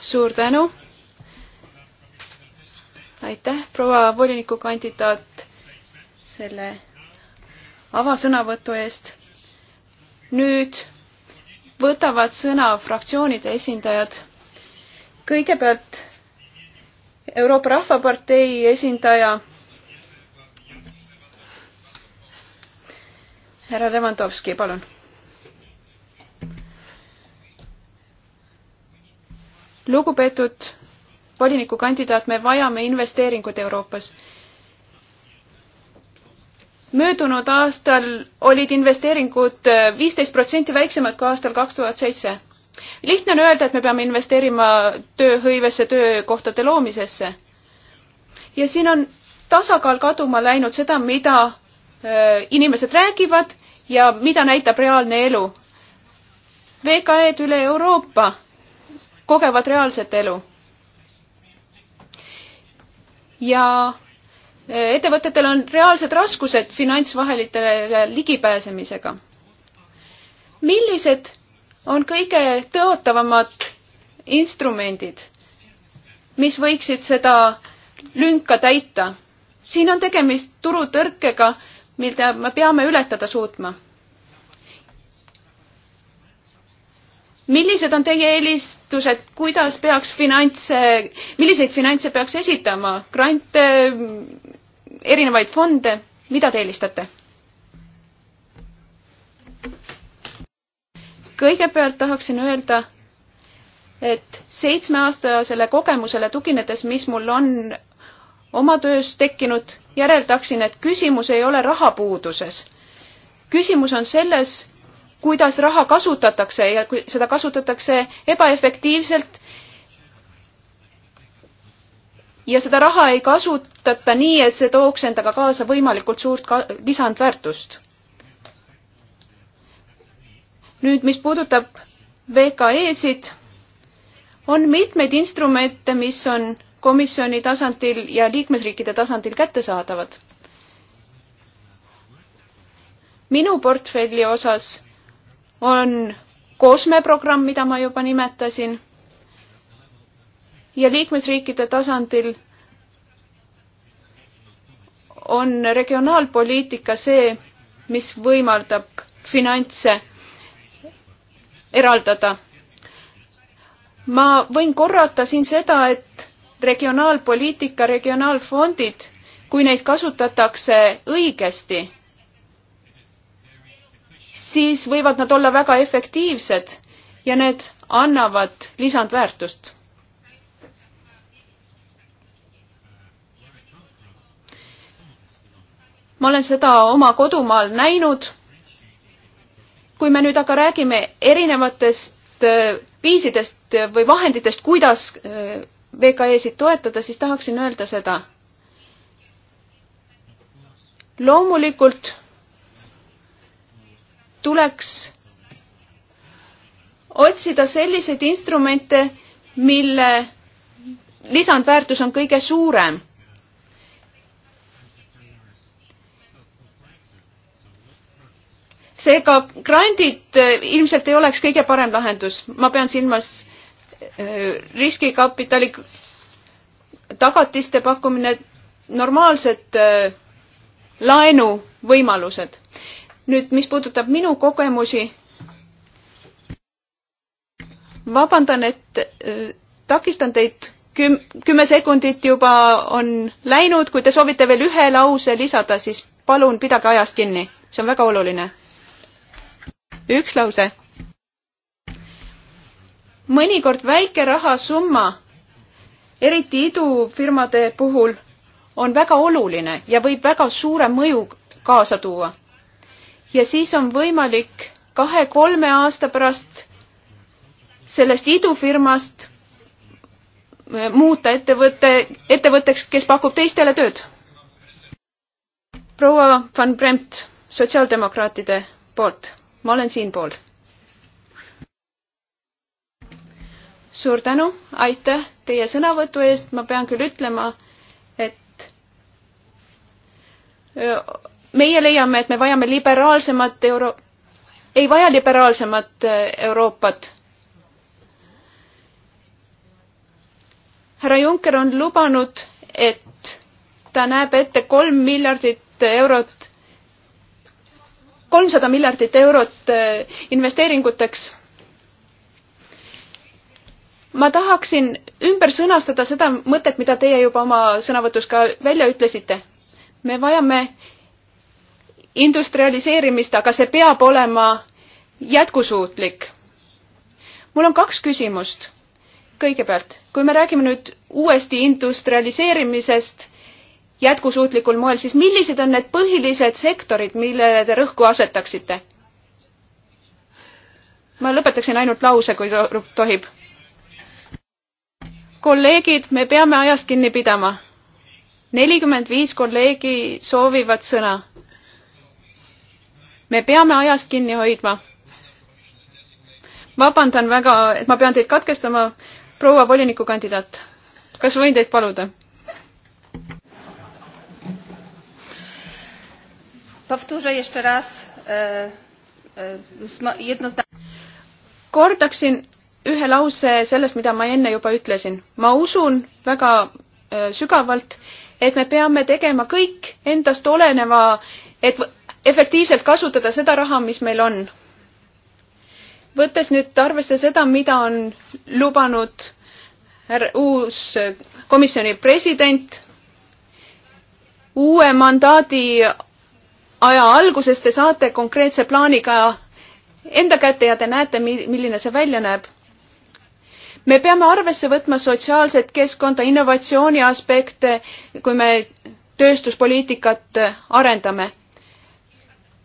suur tänu. aitäh, proua volinikukandidaat, selle avasõnavõtu eest. nüüd võtavad sõna fraktsioonide esindajad. kõigepealt Euroopa Rahvapartei esindaja härra Levandovski, palun lugupeetud volinikukandidaat, me vajame investeeringuid Euroopas. möödunud aastal olid investeeringud äh, viisteist protsenti väiksemad kui aastal kaks tuhat seitse. lihtne on öelda, et me peame investeerima tööhõivesse, töökohtade loomisesse. ja siin on tasakaal kaduma läinud seda, mida äh, inimesed räägivad ja mida näitab reaalne elu. VKE-d üle Euroopa kogevad reaalset elu. ja e, ettevõtetel on reaalsed raskused finantsvahelitele ligipääsemisega. millised on kõige tõotavamad instrumendid, mis võiksid seda lünka täita? siin on tegemist turutõrkega, mida me peame ületada suutma millised on teie eelistused, kuidas peaks finantse, milliseid finantse peaks esitama, grante, erinevaid fonde, mida te eelistate? kõigepealt tahaksin öelda, et seitsmeaastasele kogemusele tuginedes, mis mul on oma töös tekkinud, järeldaksin, et küsimus ei ole rahapuuduses. küsimus on selles, kuidas raha kasutatakse ja kui seda kasutatakse ebaefektiivselt ja seda raha ei kasutata nii, et see tooks endaga kaasa võimalikult suurt ka lisandväärtust. nüüd, mis puudutab VKE-sid, on mitmeid instrumente, mis on komisjoni tasandil ja liikmesriikide tasandil kättesaadavad. minu portfelli osas on COSME programm, mida ma juba nimetasin, ja liikmesriikide tasandil on regionaalpoliitika see, mis võimaldab finantse eraldada. ma võin korrata siin seda, et regionaalpoliitika, regionaalfondid, kui neid kasutatakse õigesti, siis võivad nad olla väga efektiivsed ja need annavad lisandväärtust. ma olen seda oma kodumaal näinud. kui me nüüd aga räägime erinevatest äh, viisidest või vahenditest, kuidas äh, VKE-sid toetada, siis tahaksin öelda seda. loomulikult tuleks otsida selliseid instrumente, mille lisandväärtus on kõige suurem. seega grandid äh, ilmselt ei oleks kõige parem lahendus, ma pean silmas äh, riskikapitali tagatiste pakkumine, normaalsed äh, laenuvõimalused nüüd, mis puudutab minu kogemusi, vabandan, et äh, takistan teid küm-, kümme sekundit juba on läinud, kui te soovite veel ühe lause lisada, siis palun pidage ajast kinni, see on väga oluline. üks lause. mõnikord väike rahasumma, eriti idufirmade puhul, on väga oluline ja võib väga suure mõju kaasa tuua ja siis on võimalik kahe-kolme aasta pärast sellest idufirmast eh, muuta ettevõte, ettevõtteks, kes pakub teistele tööd. proua Van Bremt sotsiaaldemokraatide poolt, ma olen siinpool. suur tänu, aitäh teie sõnavõtu eest, ma pean küll ütlema, et eh, meie leiame, et me vajame liberaalsemat euro-, ei vaja liberaalsemat äh, Euroopat. härra Juncker on lubanud, et ta näeb ette kolm miljardit eurot, kolmsada miljardit eurot äh, investeeringuteks. ma tahaksin ümber sõnastada seda mõtet, mida teie juba oma sõnavõtus ka välja ütlesite. me vajame industrialiseerimist, aga see peab olema jätkusuutlik. mul on kaks küsimust. kõigepealt, kui me räägime nüüd uuesti industrialiseerimisest jätkusuutlikul moel, siis millised on need põhilised sektorid, millele te rõhku asetaksite? ma lõpetaksin ainult lause, kui tohib. kolleegid, me peame ajast kinni pidama. nelikümmend viis kolleegi soovivad sõna me peame ajast kinni hoidma. vabandan väga, et ma pean teid katkestama, proua volinikukandidaat. kas võin teid paluda? E, e, kordaksin ühe lause sellest, mida ma enne juba ütlesin. ma usun väga e, sügavalt, et me peame tegema kõik endast oleneva, et efektiivselt kasutada seda raha, mis meil on. võttes nüüd arvesse seda, mida on lubanud uus komisjoni president, uue mandaadi aja alguses te saate konkreetse plaaniga enda kätte ja te näete, milline see välja näeb. me peame arvesse võtma sotsiaalset keskkonda, innovatsiooni aspekte, kui me tööstuspoliitikat arendame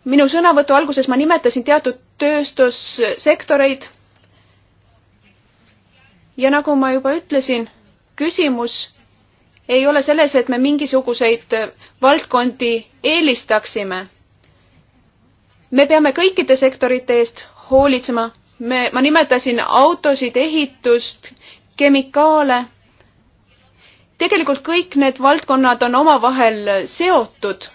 minu sõnavõtu alguses ma nimetasin teatud tööstussektoreid. ja nagu ma juba ütlesin, küsimus ei ole selles, et me mingisuguseid valdkondi eelistaksime. me peame kõikide sektorite eest hoolitsema. me, ma nimetasin autosid, ehitust, kemikaale. tegelikult kõik need valdkonnad on omavahel seotud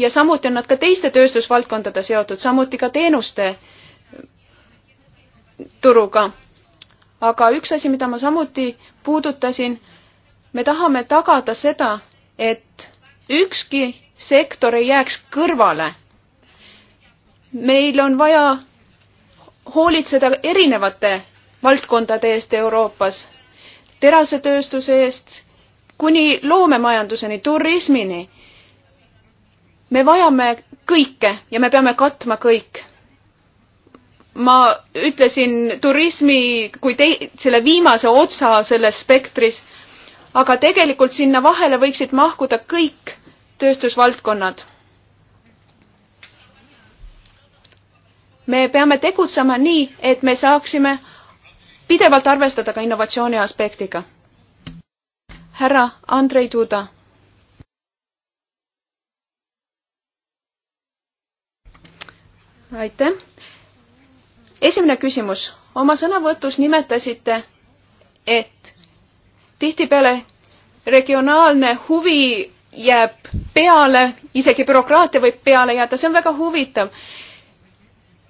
ja samuti on nad ka teiste tööstusvaldkondade seotud, samuti ka teenuste turuga. aga üks asi, mida ma samuti puudutasin, me tahame tagada seda, et ükski sektor ei jääks kõrvale. meil on vaja hoolitseda erinevate valdkondade eest Euroopas, terasetööstuse eest kuni loomemajanduseni, turismini me vajame kõike ja me peame katma kõik. ma ütlesin turismi kui tei-, selle viimase otsa selles spektris, aga tegelikult sinna vahele võiksid mahkuda kõik tööstusvaldkonnad. me peame tegutsema nii, et me saaksime pidevalt arvestada ka innovatsiooni aspektiga. härra Andrei Duda aitäh. esimene küsimus. oma sõnavõtus nimetasite, et tihtipeale regionaalne huvi jääb peale, isegi bürokraatia võib peale jääda, see on väga huvitav.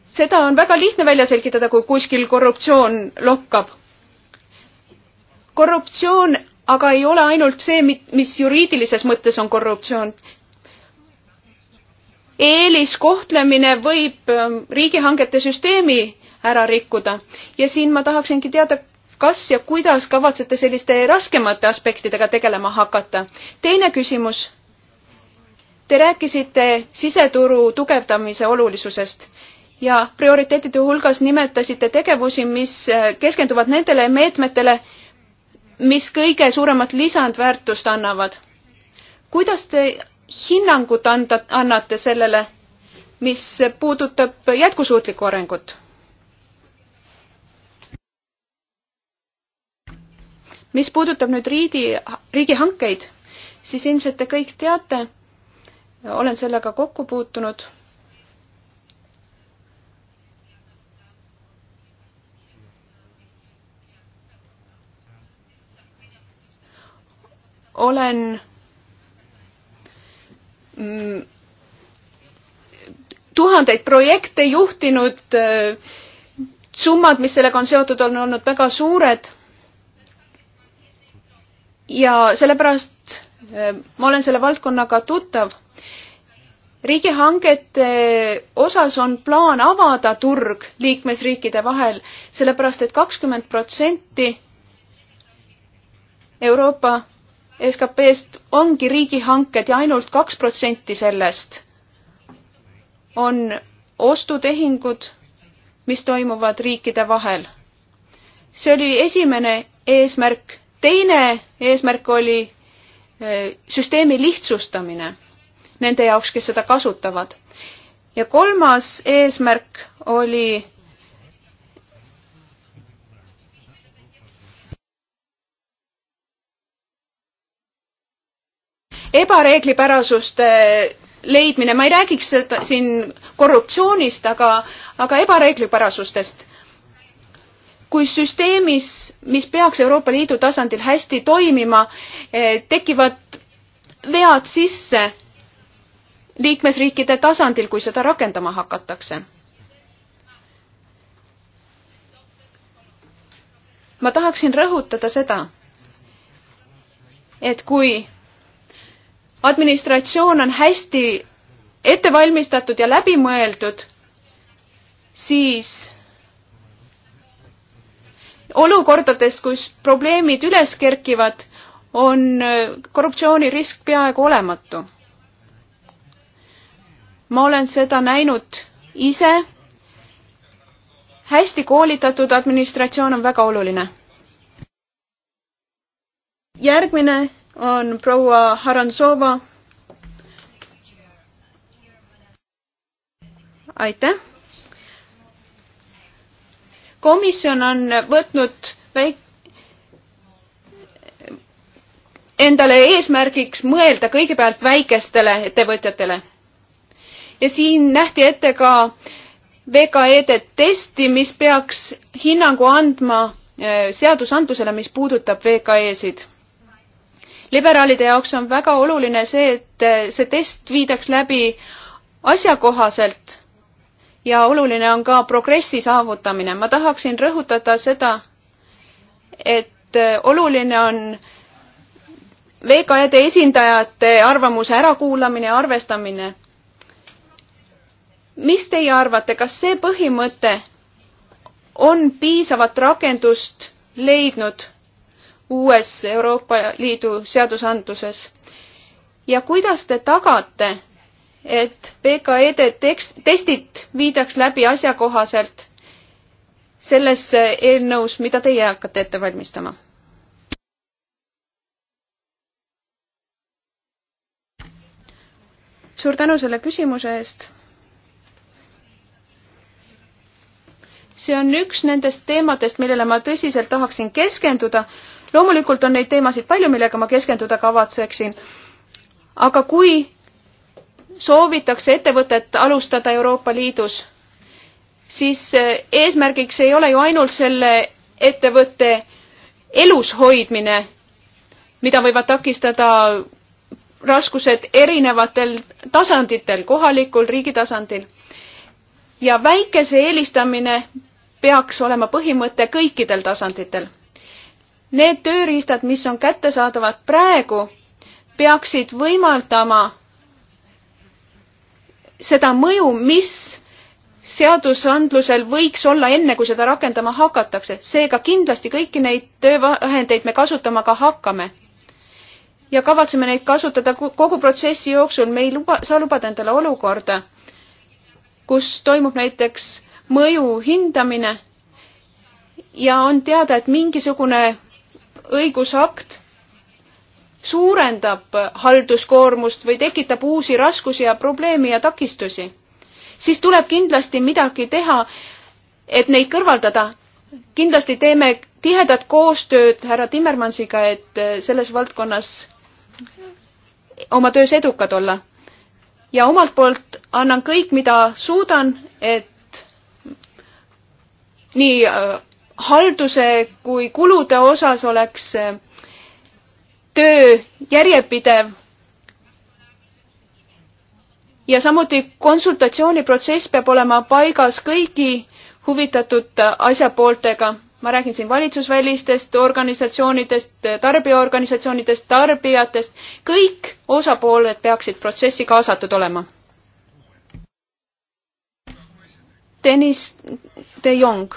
seda on väga lihtne välja selgitada, kui kuskil korruptsioon lokkab. korruptsioon aga ei ole ainult see, mis juriidilises mõttes on korruptsioon eeliskohtlemine võib ähm, riigihangete süsteemi ära rikkuda ja siin ma tahaksingi teada, kas ja kuidas kavatsete selliste raskemate aspektidega tegelema hakata? teine küsimus. Te rääkisite siseturu tugevdamise olulisusest ja prioriteetide hulgas nimetasite tegevusi, mis äh, keskenduvad nendele meetmetele, mis kõige suuremat lisandväärtust annavad. kuidas te hinnangut anda, annate sellele, mis puudutab jätkusuutlikku arengut? mis puudutab nüüd riidi, riigihankeid, siis ilmselt te kõik teate, olen sellega kokku puutunud. olen Mm, tuhandeid projekte juhtinud, äh, summad, mis sellega on seotud, on olnud väga suured. ja sellepärast äh, ma olen selle valdkonnaga tuttav. riigihangete äh, osas on plaan avada turg liikmesriikide vahel, sellepärast et kakskümmend protsenti Euroopa SKP-st ongi riigihanked ja ainult kaks protsenti sellest on ostutehingud, mis toimuvad riikide vahel. see oli esimene eesmärk. teine eesmärk oli eh, süsteemi lihtsustamine nende jaoks, kes seda kasutavad. ja kolmas eesmärk oli ebareeglipärasuste eh, leidmine, ma ei räägiks seda siin korruptsioonist, aga, aga ebareeglipärasustest. kui süsteemis, mis peaks Euroopa Liidu tasandil hästi toimima, eh, tekivad vead sisse liikmesriikide tasandil, kui seda rakendama hakatakse. ma tahaksin rõhutada seda, et kui administratsioon on hästi ette valmistatud ja läbimõeldud, siis olukordades, kus probleemid üles kerkivad, on äh, korruptsioonirisk peaaegu olematu. ma olen seda näinud ise. hästi koolitatud administratsioon on väga oluline. järgmine on proua Harantsova. aitäh. komisjon on võtnud väik-, endale eesmärgiks mõelda kõigepealt väikestele ettevõtjatele. ja siin nähti ette ka VKE-de testi, mis peaks hinnangu andma eh, seadusandlusele, mis puudutab VKE-sid liberaalide jaoks on väga oluline see, et eh, see test viidaks läbi asjakohaselt ja oluline on ka progressi saavutamine. ma tahaksin rõhutada seda, et eh, oluline on VKE-de esindajate arvamuse ärakuulamine ja arvestamine. mis teie arvate, kas see põhimõte on piisavat rakendust leidnud uues Euroopa Liidu seadusandluses ja kuidas te tagate, et VKE-de tekst, testid viidaks läbi asjakohaselt selles eelnõus, mida teie hakkate ette valmistama? suur tänu selle küsimuse eest. see on üks nendest teemadest, millele ma tõsiselt tahaksin keskenduda loomulikult on neid teemasid palju, millega ma keskenduda kavatseksin. aga kui soovitakse ettevõtet alustada Euroopa Liidus, siis eh, eesmärgiks ei ole ju ainult selle ettevõtte elus hoidmine, mida võivad takistada raskused erinevatel tasanditel, kohalikul, riigi tasandil. ja väikese eelistamine peaks olema põhimõte kõikidel tasanditel need tööriistad, mis on kättesaadavad praegu, peaksid võimaldama seda mõju, mis seadusandlusel võiks olla enne, kui seda rakendama hakatakse. seega kindlasti kõiki neid töövahendeid me kasutama ka hakkame. ja kavatseme neid kasutada kogu protsessi jooksul. me ei luba, saa lubada endale olukorda, kus toimub näiteks mõju hindamine ja on teada, et mingisugune õigusakt suurendab halduskoormust või tekitab uusi raskusi ja probleeme ja takistusi, siis tuleb kindlasti midagi teha, et neid kõrvaldada. kindlasti teeme tihedat koostööd härra Timmermansiga, et äh, selles valdkonnas oma töös edukad olla. ja omalt poolt annan kõik, mida suudan, et nii äh, halduse kui kulude osas oleks äh, töö järjepidev ja samuti konsultatsiooniprotsess peab olema paigas kõigi huvitatud äh, asjapooltega. ma räägin siin valitsusvälistest organisatsioonidest, äh, tarbijaorganisatsioonidest, tarbijatest, kõik osapooled peaksid protsessi kaasatud olema. Tõnis De Jong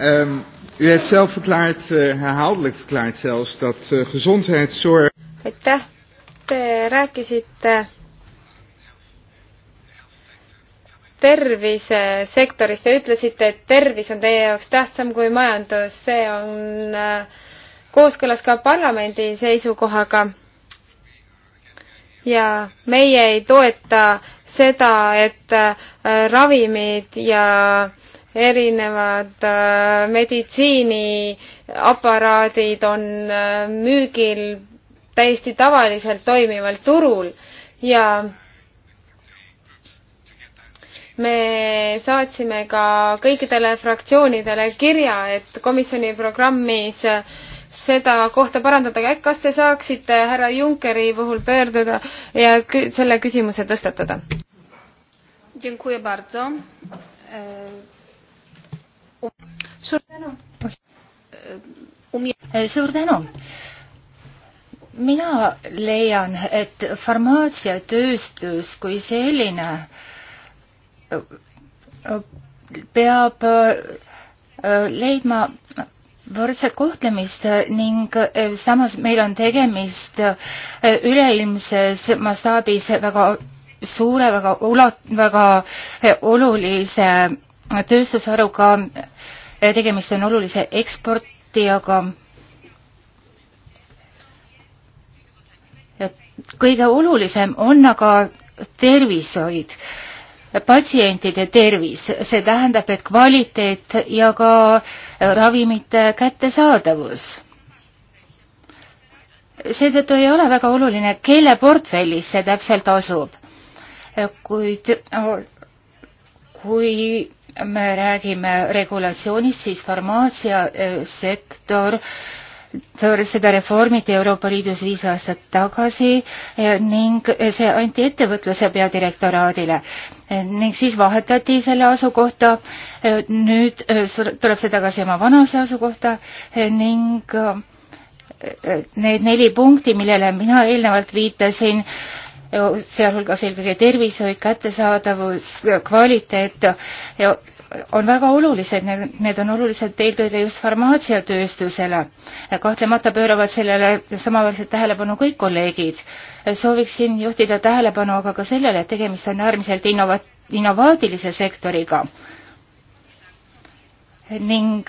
Um, u heeft zelf verklaard, uh, herhaaldelijk verklaard zelfs, dat uh, gezondheidszorg. Aitäh. Te rääkisite tervisesektorist ja ütlesite, et tervis on teie jaoks tähtsam kui majandus. see on eh, kooskõlas ka parlamendi seisukohaga. ja meie ei toeta seda, et ravimid ja erinevad äh, meditsiiniaparaadid on äh, müügil täiesti tavaliselt toimival turul ja me saatsime ka kõikidele fraktsioonidele kirja, et komisjoni programmis seda kohta parandada, et kas te saaksite härra Junckeri puhul pöörduda ja kü selle küsimuse tõstatada? suur tänu. Äh, suur tänu mina leian, et farmaatsiatööstus kui selline äh, peab äh, leidma võrdset kohtlemist ning samas meil on tegemist üleilmses mastaabis väga suure, väga ulat-, väga olulise tööstusharuga äh, tegemist on olulise eksportijaga. kõige olulisem on aga tervishoid, patsientide tervis, see tähendab, et kvaliteet ja ka ravimite kättesaadavus seetõttu ei ole väga oluline, kelle portfellis see täpselt asub. kuid, kui me räägime regulatsioonist, siis farmaatsiasektor eh, seda reformiti Euroopa Liidus viis aastat tagasi eh, ning eh, see anti ettevõtluse peadirektoraadile ning siis vahetati selle asukohta. nüüd tuleb see tagasi oma vanase asukohta ning need neli punkti, millele mina eelnevalt viitasin, sealhulgas eelkõige tervishoid, kättesaadavus, kvaliteet on väga olulised, need on olulised eelkõige just farmaatsiatööstusele. kahtlemata pööravad sellele samaväärset tähelepanu kõik kolleegid. sooviksin juhtida tähelepanu aga ka sellele, et tegemist on äärmiselt innova-, innovaatilise sektoriga ning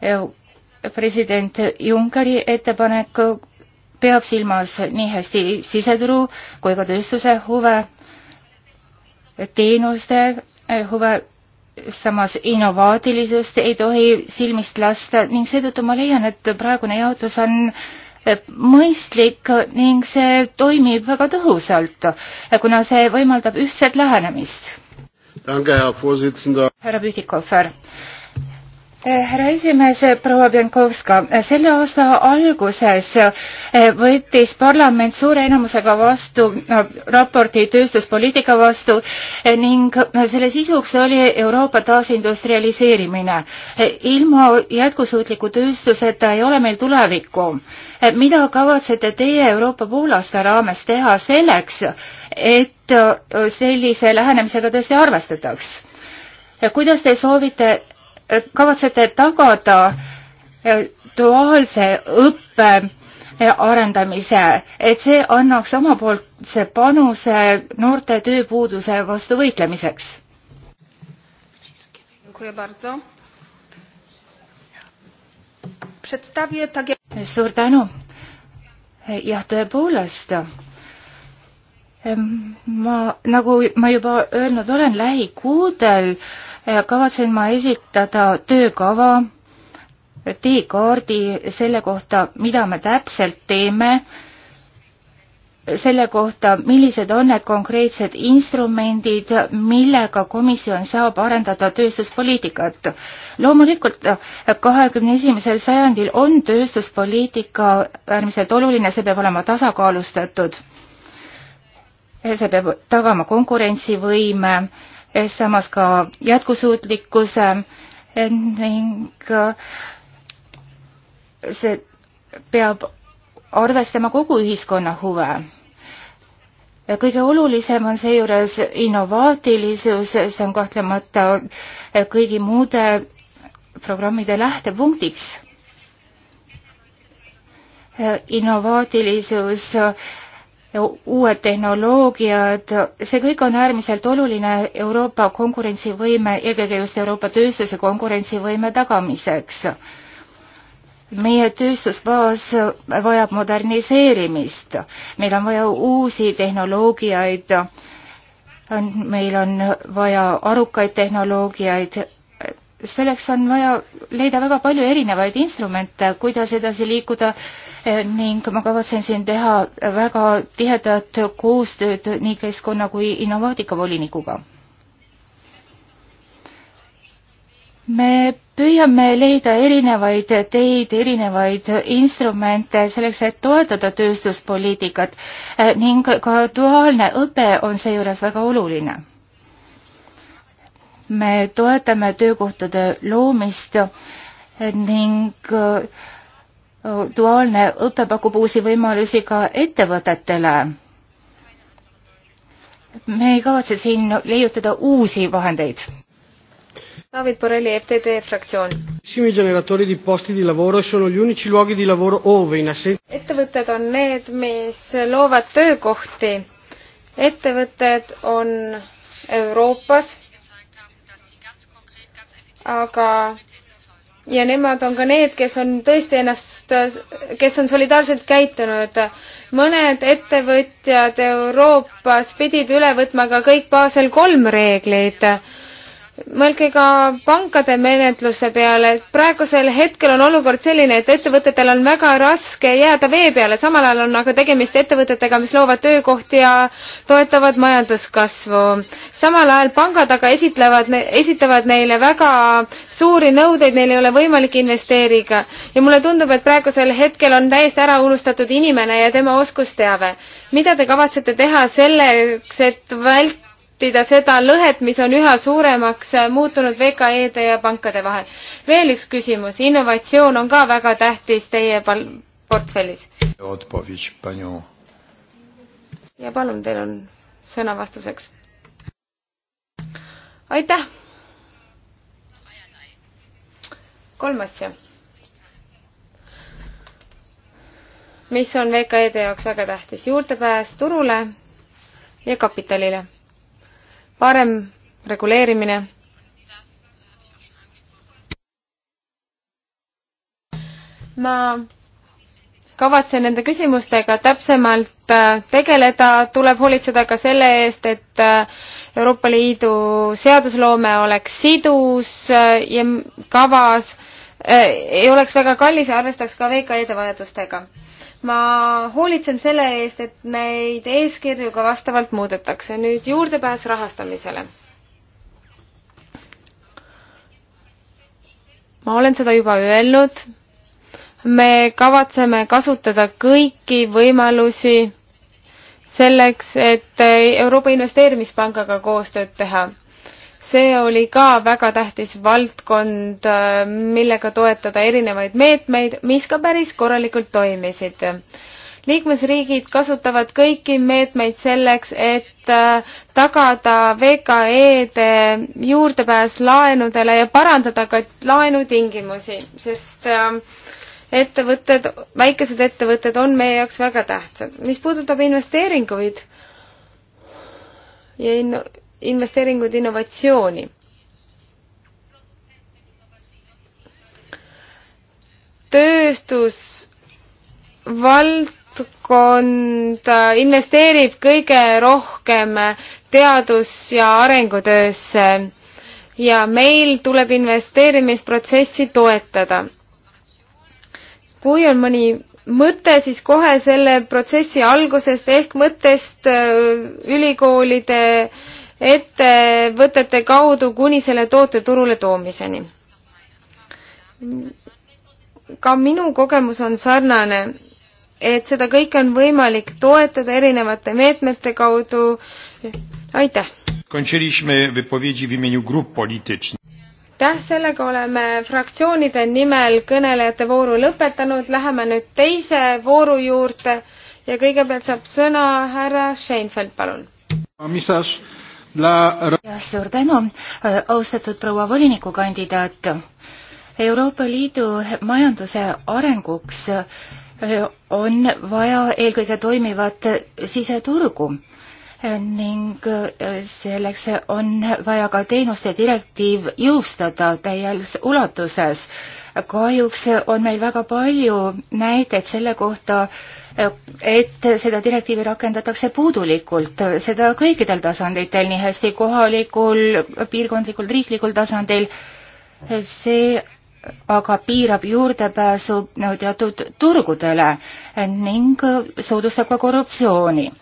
eh, president Junckeri ettepanek peab silmas nii hästi siseturu kui ka tööstuse huve, teenuste eh, huve, samas innovaatilisust ei tohi silmist lasta ning seetõttu ma leian, et praegune jaotus on eh, mõistlik ning see toimib väga tõhusalt, eh, kuna see võimaldab ühtset lähenemist. härra Pütikofer Eh, härra esimees, eh, proua Pienkovska, eh, selle aasta alguses võttis parlament suure enamusega vastu raporti tööstuspoliitika vastu ning selle sisuks oli Euroopa taasindustrialiseerimine. ilma jätkusuutliku tööstuseta ei ole meil tulevikku. mida kavatsete teie Euroopa poolaasta raames teha selleks, et sellise lähenemisega tõesti arvestataks? kuidas te soovite kavatsete tagada eh, duaalse õppe eh, arendamise, et see annaks omapoolse panuse noorte tööpuuduse vastu võitlemiseks? suur tänu. jah, tõepoolest ma, nagu ma juba öelnud olen, lähikuudel äh, kavatsen ma esitada töökava, teekaardi selle kohta, mida me täpselt teeme, selle kohta, millised on need konkreetsed instrumendid, millega komisjon saab arendada tööstuspoliitikat. loomulikult kahekümne esimesel sajandil on tööstuspoliitika äärmiselt oluline, see peab olema tasakaalustatud. see peab tagama konkurentsivõime samas ka jätkusuutlikkuse ning äh, see peab arvestama kogu ühiskonna huve. kõige olulisem on seejuures innovaatilisus, see on kahtlemata kõigi muude programmide lähtepunktiks. innovaatilisus uued tehnoloogiad, see kõik on äärmiselt oluline Euroopa konkurentsivõime, eelkõige just Euroopa tööstuse konkurentsivõime tagamiseks. meie tööstusbaas vajab moderniseerimist, meil on vaja uusi tehnoloogiaid, meil on vaja arukaid tehnoloogiaid, selleks on vaja leida väga palju erinevaid instrumente, kuidas edasi liikuda äh, Eh, ning ma kavatsen siin teha väga tihedat koostööd nii keskkonna kui innovaatika volinikuga. me püüame leida erinevaid teid, erinevaid instrumente selleks, et toetada tööstuspoliitikat eh, ning ka duaalne õpe on seejuures väga oluline. me toetame töökohtade loomist eh, ning duaalne õpe pakub uusi võimalusi ka ettevõtetele. me ei kavatse siin leiutada uusi vahendeid. David Borrelli, FTD fraktsioon. ettevõtted on need, mis loovad töökohti. ettevõtted on Euroopas, aga ja nemad on ka need, kes on tõesti ennast, kes on solidaarselt käitunud. mõned ettevõtjad Euroopas pidid üle võtma ka kõik Basel kolm reeglid mõelge ka pankade menetluse peale, et praegusel hetkel on olukord selline, et ettevõtetel on väga raske jääda vee peale, samal ajal on aga tegemist ettevõtetega, mis loovad töökohti ja toetavad majanduskasvu. samal ajal pangad aga esitlevad, esitavad neile väga suuri nõudeid, neil ei ole võimalik investeerida. ja mulle tundub, et praegusel hetkel on täiesti ära unustatud inimene ja tema oskusteave. mida te kavatsete teha selleks, et vält-, vältida seda lõhet, mis on üha suuremaks muutunud VKE-de ja pankade vahel. veel üks küsimus, innovatsioon on ka väga tähtis teie portfellis. ja palun, teil on sõna vastuseks. aitäh! kolm asja, mis on VKE-de jaoks väga tähtis, juurdepääs turule ja kapitalile parem reguleerimine. ma kavatsen nende küsimustega täpsemalt äh, tegeleda, tuleb hoolitseda ka selle eest, et äh, Euroopa Liidu seadusloome oleks sidus äh, ja kavas, ei oleks väga kallis ja arvestaks ka VKE-de vajadustega ma hoolitsen selle eest, et neid eeskirju ka vastavalt muudetakse. nüüd juurdepääs rahastamisele. ma olen seda juba öelnud. me kavatseme kasutada kõiki võimalusi selleks, et Euroopa Investeerimispangaga koostööd teha see oli ka väga tähtis valdkond, äh, millega toetada erinevaid meetmeid, mis ka päris korralikult toimisid. liikmesriigid kasutavad kõiki meetmeid selleks, et äh, tagada VKE-de juurdepääs laenudele ja parandada ka laenutingimusi, sest äh, ettevõtted, väikesed ettevõtted on meie jaoks väga tähtsad. mis puudutab investeeringuid ja in-, investeeringuid innovatsiooni. tööstusvaldkond investeerib kõige rohkem teadus- ja arengutöösse ja meil tuleb investeerimisprotsessi toetada. kui on mõni mõte siis kohe selle protsessi algusest ehk mõttest äh, ülikoolide äh, ettevõtete kaudu kuni selle toote turule toomiseni. ka minu kogemus on sarnane, et seda kõike on võimalik toetada erinevate meetmete kaudu. aitäh! aitäh, sellega oleme fraktsioonide nimel kõnelejate vooru lõpetanud, läheme nüüd teise vooru juurde ja kõigepealt saab sõna härra Scheinfeld, palun. mis asja? La... jah, suur tänu, äh, austatud proua volinikukandidaat. Euroopa Liidu majanduse arenguks äh, on vaja eelkõige toimivat siseturgu äh, ning selleks on vaja ka teenuste direktiiv jõustada täies ulatuses. kahjuks on meil väga palju näiteid selle kohta, et seda direktiivi rakendatakse puudulikult, seda kõikidel tasanditel, nii hästi kohalikul, piirkondlikul, riiklikul tasandil. see aga piirab juurdepääsu no, teatud turgudele ning soodustab ka korruptsiooni.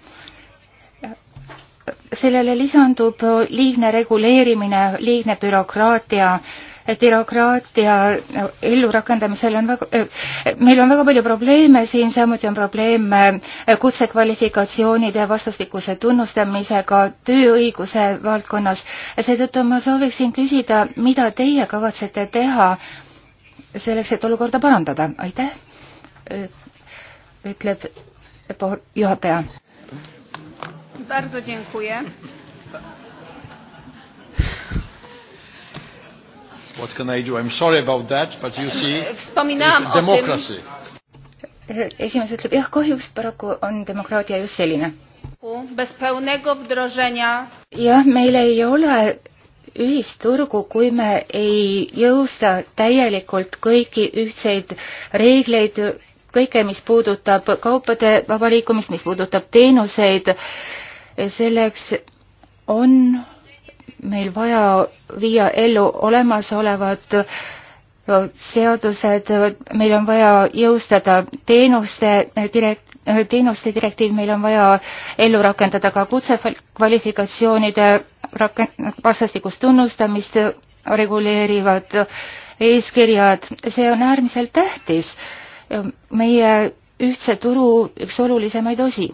sellele lisandub liigne reguleerimine, liigne bürokraatia et bürokraatia ellurakendamisel on väga, eh, meil on väga palju probleeme siin, samuti on probleeme eh, kutsekvalifikatsioonide vastastikuse tunnustamisega tööõiguse valdkonnas. seetõttu ma sooviksin küsida, mida teie kavatsete teha selleks, et olukorda parandada, aitäh, eh, ütleb juhataja. Bardzo dziękuję. What can I do? I am sorry about that, but you see, äh, it's democracy. esimees ütleb jah, kahjuks paraku on demokraatia just selline. jah, meil ei ole ühisturgu, kui me ei jõusta täielikult kõiki ühtseid reegleid, kõike, mis puudutab kaupade vaba liikumist, mis puudutab teenuseid, selleks on meil vaja viia ellu olemasolevad äh, seadused, meil on vaja jõustada teenuste direkt-, teenuste direktiiv, meil on vaja ellu rakendada ka kutsekvalifikatsioonide rak-, vastastikust tunnustamist reguleerivad eeskirjad, see on äärmiselt tähtis. meie ühtse turu üks olulisemaid osi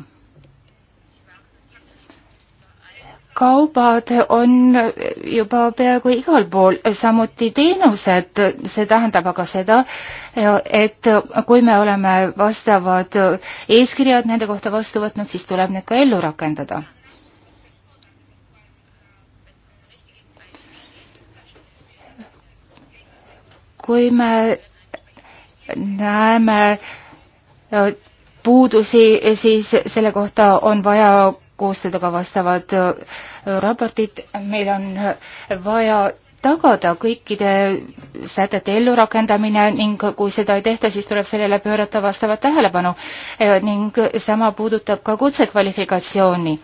kaubad on juba peaaegu igal pool, samuti teenused, see tähendab aga seda, et kui me oleme vastavad eeskirjad nende kohta vastu võtnud, siis tuleb need ka ellu rakendada. kui me näeme puudusi, siis selle kohta on vaja koostada ka vastavad äh, raportid, meil on äh, vaja tagada kõikide sätete ellurakendamine ning kui seda ei tehta, siis tuleb sellele pöörata vastavat tähelepanu äh, ning sama puudutab ka kutsekvalifikatsiooni.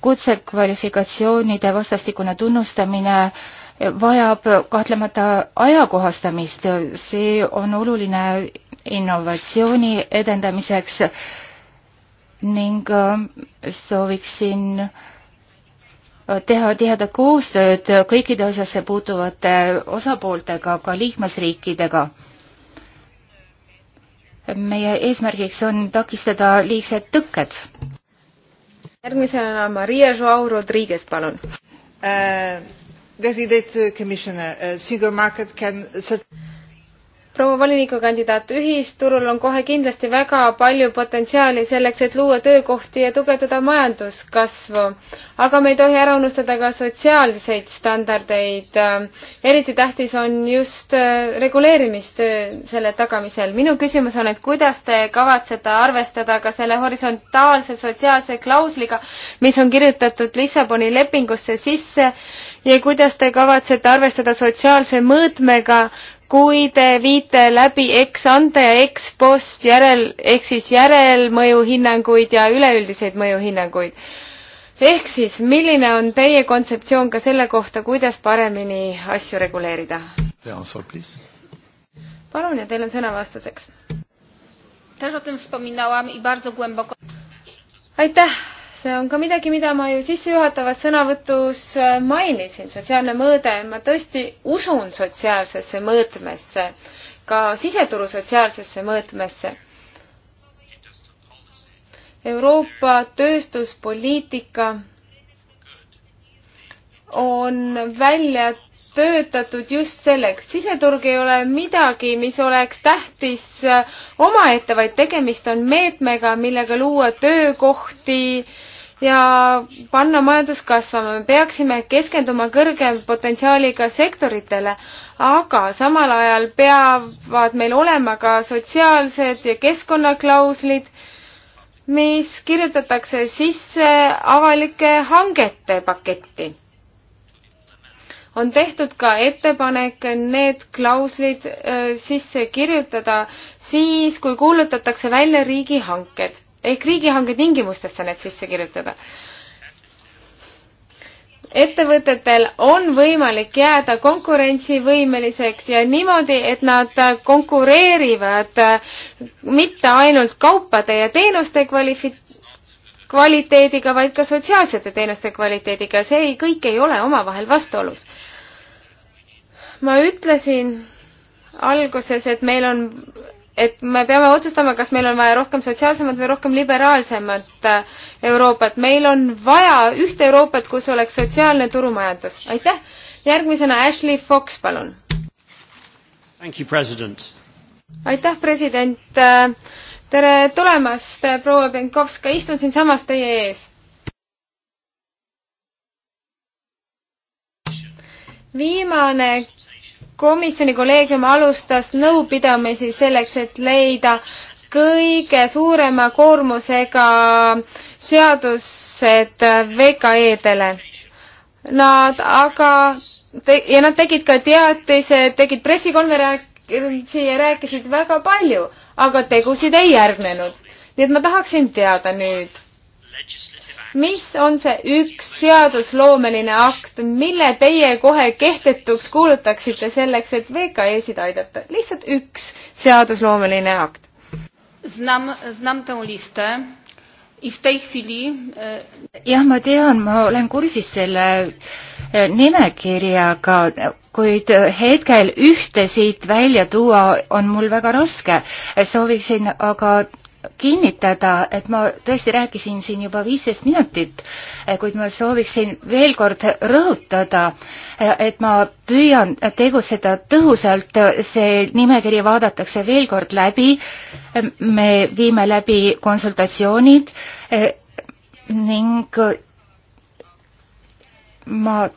kutsekvalifikatsioonide vastastikune tunnustamine vajab kahtlemata ajakohastamist, see on oluline innovatsiooni edendamiseks ning äh, sooviksin äh, teha tihedat koostööd kõikide asjasse puutuvate osapooltega, ka liikmesriikidega. meie eesmärgiks on takistada liigsed tõkked. järgmisena Maria Joao Rodriguez, palun uh,. Designated commissioner uh,, single market can proua volinikukandidaat, ühisturul on kohe kindlasti väga palju potentsiaali selleks, et luua töökohti ja tugevdada majanduskasvu. aga me ei tohi ära unustada ka sotsiaalseid standardeid. eriti tähtis on just äh, reguleerimistöö selle tagamisel. minu küsimus on, et kuidas te kavatsete arvestada ka selle horisontaalse sotsiaalse klausliga, mis on kirjutatud Lissaboni lepingusse sisse ja kuidas te kavatsete arvestada sotsiaalse mõõtmega, kui te viite läbi ex-ante ja ex-post järel, ehk siis järelmõjuhinnanguid ja üleüldiseid mõjuhinnanguid. ehk siis, milline on teie kontseptsioon ka selle kohta, kuidas paremini asju reguleerida? palun ja teil on sõna vastuseks. aitäh see on ka midagi, mida ma ju sissejuhatavas sõnavõtus äh, mainisin, sotsiaalne mõõde, ma tõesti usun sotsiaalsesse mõõtmesse, ka siseturu sotsiaalsesse mõõtmesse. Euroopa tööstuspoliitika on välja töötatud just selleks. siseturg ei ole midagi, mis oleks tähtis äh, omaette, vaid tegemist on meetmega, millega luua töökohti äh, ja panna majandus kasvama. me peaksime keskenduma kõrge potentsiaaliga sektoritele, aga samal ajal peavad meil olema ka sotsiaalsed ja keskkonnaklauslid, mis kirjutatakse sisse avalike hangete paketti. on tehtud ka ettepanek need klauslid äh, sisse kirjutada siis, kui kuulutatakse välja riigihanked ehk riigihange tingimustesse need sisse kirjutada. ettevõtetel on võimalik jääda konkurentsivõimeliseks ja niimoodi, et nad konkureerivad mitte ainult kaupade ja teenuste kvalifi-, kvaliteediga, vaid ka sotsiaalsete teenuste kvaliteediga ja see ei, kõik ei ole omavahel vastuolus. ma ütlesin alguses, et meil on et me peame otsustama, kas meil on vaja rohkem sotsiaalsemat või rohkem liberaalsemat äh, Euroopat. meil on vaja ühte Euroopat, kus oleks sotsiaalne turumajandus. aitäh. järgmisena Ashley Fox, palun. aitäh, president. Äh, tere tulemast, äh, proua Benkovska, istun siinsamas teie ees. viimane komisjoni kolleegium alustas nõupidamisi selleks, et leida kõige suurema koormusega seadused VKE-dele. Nad aga te, ja nad tegid ka teatise, tegid pressikonverentsi ja rääkisid väga palju, aga tegusid ei järgnenud. nii et ma tahaksin teada nüüd mis on see üks seadusloomeline akt, mille teie kohe kehtetuks kuulutaksite selleks, et VKE-sid aidata? lihtsalt üks seadusloomeline akt. Znam, znam tą listę i w tej chwili... E, jah, ma tean, ma olen kursis selle e, nimekirjaga, kuid hetkel ühte siit välja tuua on mul väga raske. sooviksin aga kinnitada, et ma tõesti rääkisin siin juba viisteist minutit, eh, kuid ma sooviksin veel kord rõhutada, eh, et ma püüan tegutseda tõhusalt, see nimekiri vaadatakse veel kord läbi, eh, me viime läbi konsultatsioonid ning ma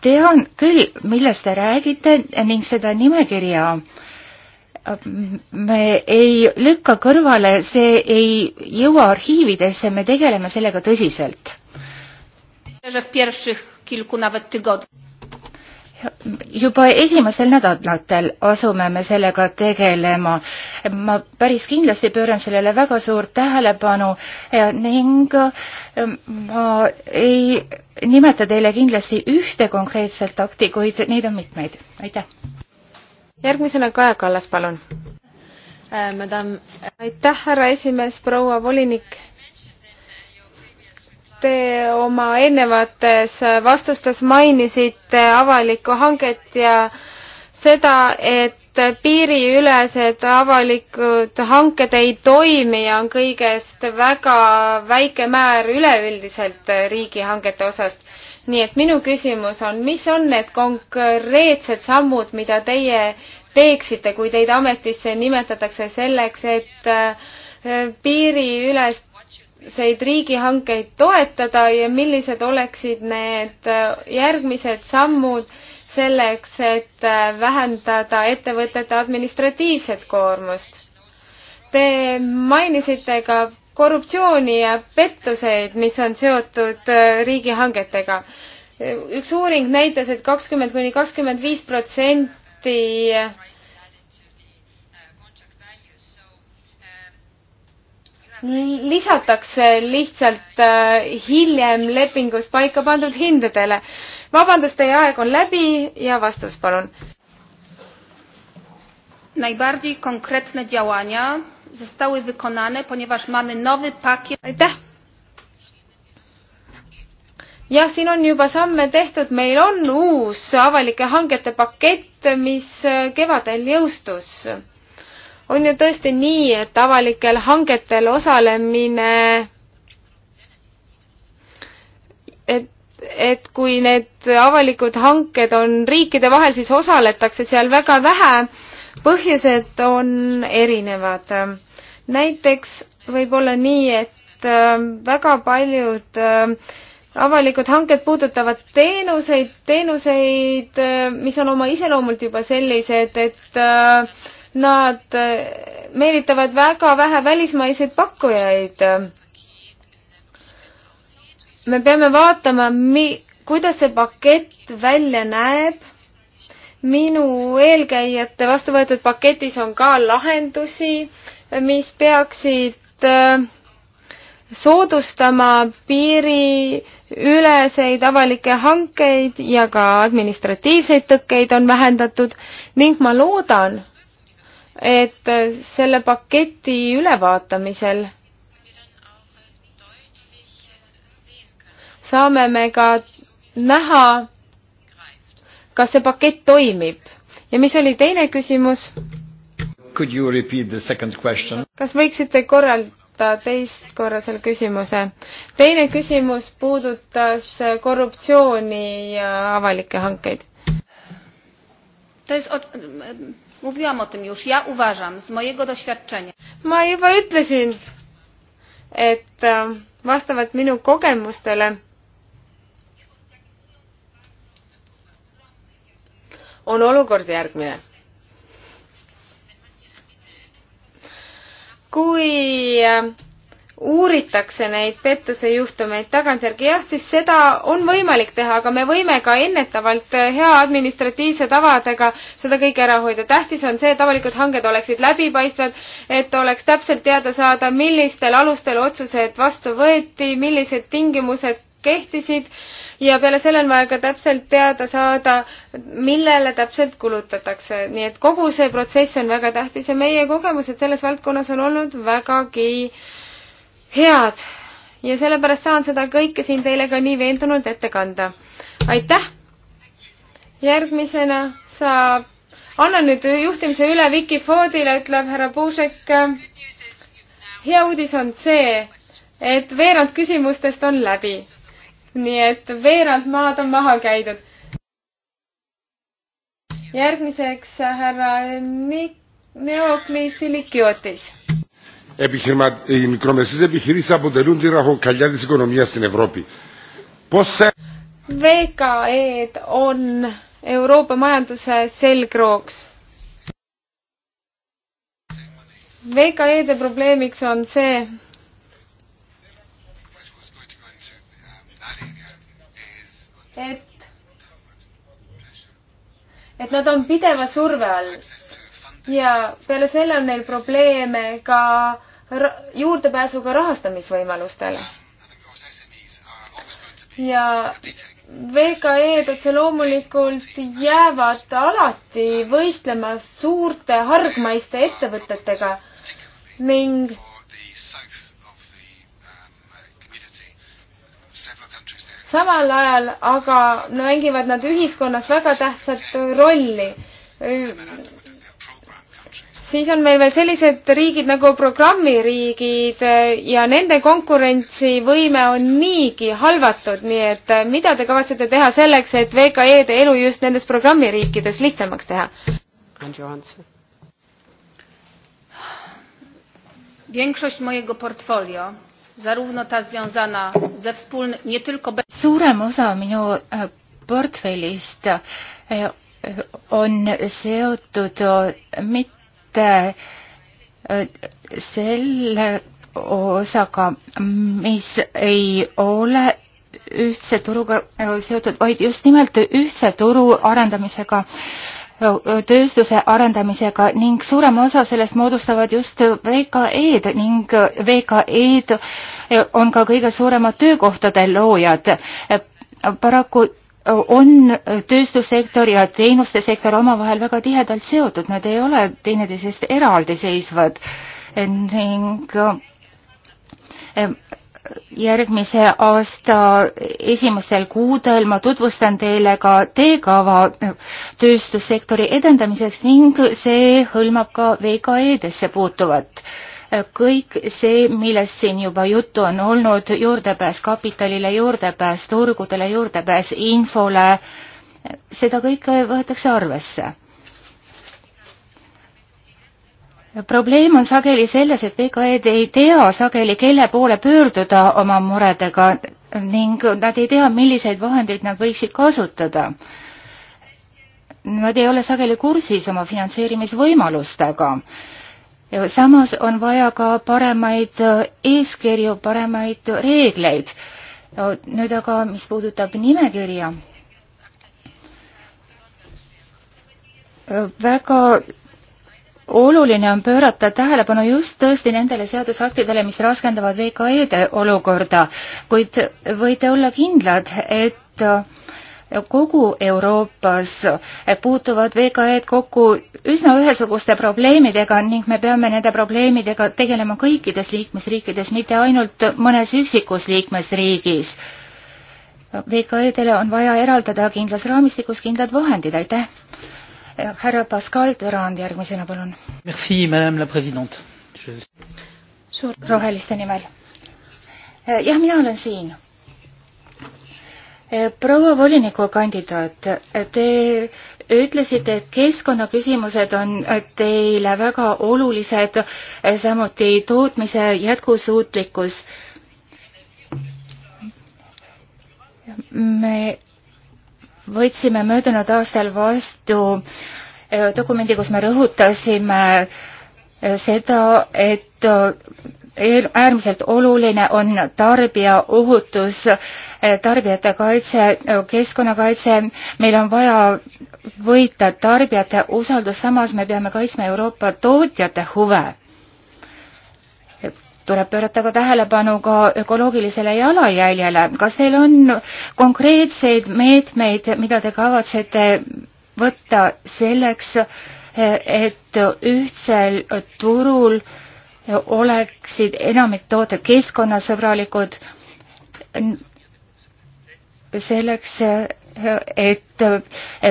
tean küll, millest te räägite ning seda nimekirja äh, me ei lükka kõrvale, see ei jõua arhiividesse, me tegeleme sellega tõsiselt. juba esimesel nädalatel asume me sellega tegelema. ma päris kindlasti pööran sellele väga suurt tähelepanu ning ähm, ma ei nimeta teile kindlasti ühte konkreetset akti, kuid neid on mitmeid. aitäh! järgmisena Kaja Kallas, palun. Äh, madam. Äh, aitäh, härra esimees, proua volinik. Te oma eelnevates vastustes mainisite avalikku hanget ja seda, et piiriülesed avalikud hanked ei toimi ja on kõigest väga väike määr üleüldiselt riigihangete osast nii et minu küsimus on, mis on need konkreetsed sammud, mida teie teeksite, kui teid ametisse nimetatakse selleks, et äh, piiriüleseid riigihankeid toetada ja millised oleksid need äh, järgmised sammud selleks, et äh, vähendada ettevõtete administratiivset koormust? Te mainisite ka korruptsiooni ja pettuseid, mis on seotud äh, riigihangetega. üks uuring näitas et, et kakskümmend kuni kakskümmend viis protsenti äh, lisatakse lihtsalt äh, hiljem lepingus paika pandud hindadele. vabandust, teie aeg on läbi ja vastus palun. Najbardziej konkretne działania zostały wykonane, ponieważ mamy nowy pakiet. aitäh! jah, siin on juba samme tehtud, meil on uus avalike hangete pakett, mis äh, kevadel jõustus. on ju tõesti nii, et avalikel hangetel osalemine, et et kui need avalikud hanked on riikide vahel, siis osaletakse seal väga vähe. põhjused on erinevad näiteks võib olla nii, et ähm, väga paljud ähm, avalikud hanked puudutavad teenuseid, teenuseid, äh, mis on oma iseloomult juba sellised, et äh, nad äh, meelitavad väga vähe välismaiseid pakkujaid. me peame vaatama, mi-, kuidas see pakett välja näeb. minu eelkäijate vastu võetud paketis on ka lahendusi äh, mis peaksid äh, soodustama piiriüleseid avalikke hankeid ja ka administratiivseid tõkkeid on vähendatud ning ma loodan, et äh, selle paketi ülevaatamisel saame me ka näha, kas see pakett toimib. ja mis oli teine küsimus? Could you repeat the second question? kas võiksite korrata teist korra selle küsimuse? teine küsimus puudutas korruptsiooni ja avalikke hankeid. Mówiłam o tym już. Ja uważam z mojego doświadczenia. Ma juba ütlesin, et ähm, vastavalt minu kogemustele on olukord järgmine kui äh, uuritakse neid pettuse juhtumeid tagantjärgi, jah, siis seda on võimalik teha, aga me võime ka ennetavalt äh, hea administratiivse tavadega seda kõike ära hoida. tähtis on see, et avalikud hanged oleksid läbipaistvad, et oleks täpselt teada saada, millistel alustel otsused vastu võeti, millised tingimused kehtisid ja peale selle on vaja ka täpselt teada saada, millele täpselt kulutatakse. nii et kogu see protsess on väga tähtis ja meie kogemused selles valdkonnas on olnud vägagi head. ja sellepärast saan seda kõike siin teile ka nii veendunult ette kanda. aitäh! järgmisena saab, annan nüüd juhtimise üle Vicky Fordile, ütleb härra Puusek. hea uudis on see, et veerand küsimustest on läbi nii et veerand maad on maha käidud. järgmiseks härra Nik-, Neoklis Silikiotis. Οι μικρομεσαίες επιχειρήσεις αποτελούν τη ραχοκαλιά της οικονομίας στην Ευρώπη. Πώς σε... VKE-d on Euroopa majanduse selgrooks. VKE-de probleemiks on see, et, et nad on pideva surve all ja peale selle on neil probleeme ka ra juurdepääsuga rahastamisvõimalustele. ja VKE-d otse loomulikult jäävad alati võistlema suurte hargmaiste ettevõtetega ning samal ajal aga mängivad nad ühiskonnas väga tähtsat rolli. siis on meil veel sellised riigid nagu programmiriigid ja nende konkurentsivõime on niigi halvatud, nii et mida te kavatsete teha selleks, et VKE-de elu just nendes programmiriikides lihtsamaks teha? większość mojego portfolio zarówno ta związana ze wspólnym, nie tylko... Suurem osa minu e, portfellist e, on seotud mitte e, selle osaga, mis ei ole ühtse turuga seotud, vaid just nimelt ühtse turu arendamisega äh, tööstuse arendamisega ning suurema osa sellest moodustavad just VKE-d ning VKE-d on ka kõige suuremad töökohtade loojad. paraku on tööstussektor ja teenuste sektor omavahel väga tihedalt seotud, nad ei ole teineteisest eraldiseisvad ning järgmise aasta esimesel kuudel ma tutvustan teile ka teekava tööstussektori edendamiseks ning see hõlmab ka VKE-desse puutuvat. kõik see, millest siin juba juttu on olnud, juurdepääs kapitalile, juurdepääs turgudele, juurdepääs infole, seda kõike võetakse arvesse probleem on sageli selles, et VKE-d ei tea sageli, kelle poole pöörduda oma muredega ning nad ei tea, milliseid vahendeid nad võiksid kasutada. Nad ei ole sageli kursis oma finantseerimisvõimalustega. samas on vaja ka paremaid eeskirju, paremaid reegleid. nüüd aga, mis puudutab nimekirja, väga oluline on pöörata tähelepanu just tõesti nendele seadusaktidele, mis raskendavad VKE-de olukorda, kuid võite olla kindlad, et kogu Euroopas puutuvad VKE-d kokku üsna ühesuguste probleemidega ning me peame nende probleemidega tegelema kõikides liikmesriikides, mitte ainult mõnes üksikus liikmesriigis. VKE-dele on vaja eraldada kindlas raamistikus kindlad vahendid, aitäh! härra Pascal Durand järgmisena, palun. Merci, madame la president Je.... suur roheliste nimel. Eh, jah, mina olen siin. Eh, proua volinikukandidaat, eh, te ütlesite, et keskkonnaküsimused on teile väga olulised, samuti tootmise jätkusuutlikkus. me võtsime möödunud aastal vastu äh, dokumendi, kus me rõhutasime äh, seda, et äh, äärmiselt oluline on tarbija ohutus, tarbijate kaitse, keskkonnakaitse, meil on vaja võita tarbijate usaldus, samas me peame kaitsma Euroopa tootjate huve tuleb pöörata ka tähelepanu ka ökoloogilisele jalajäljele. kas teil on konkreetseid meetmeid, mida te kavatsete võtta selleks, et ühtsel turul oleksid enamik tooted keskkonnasõbralikud selleks, et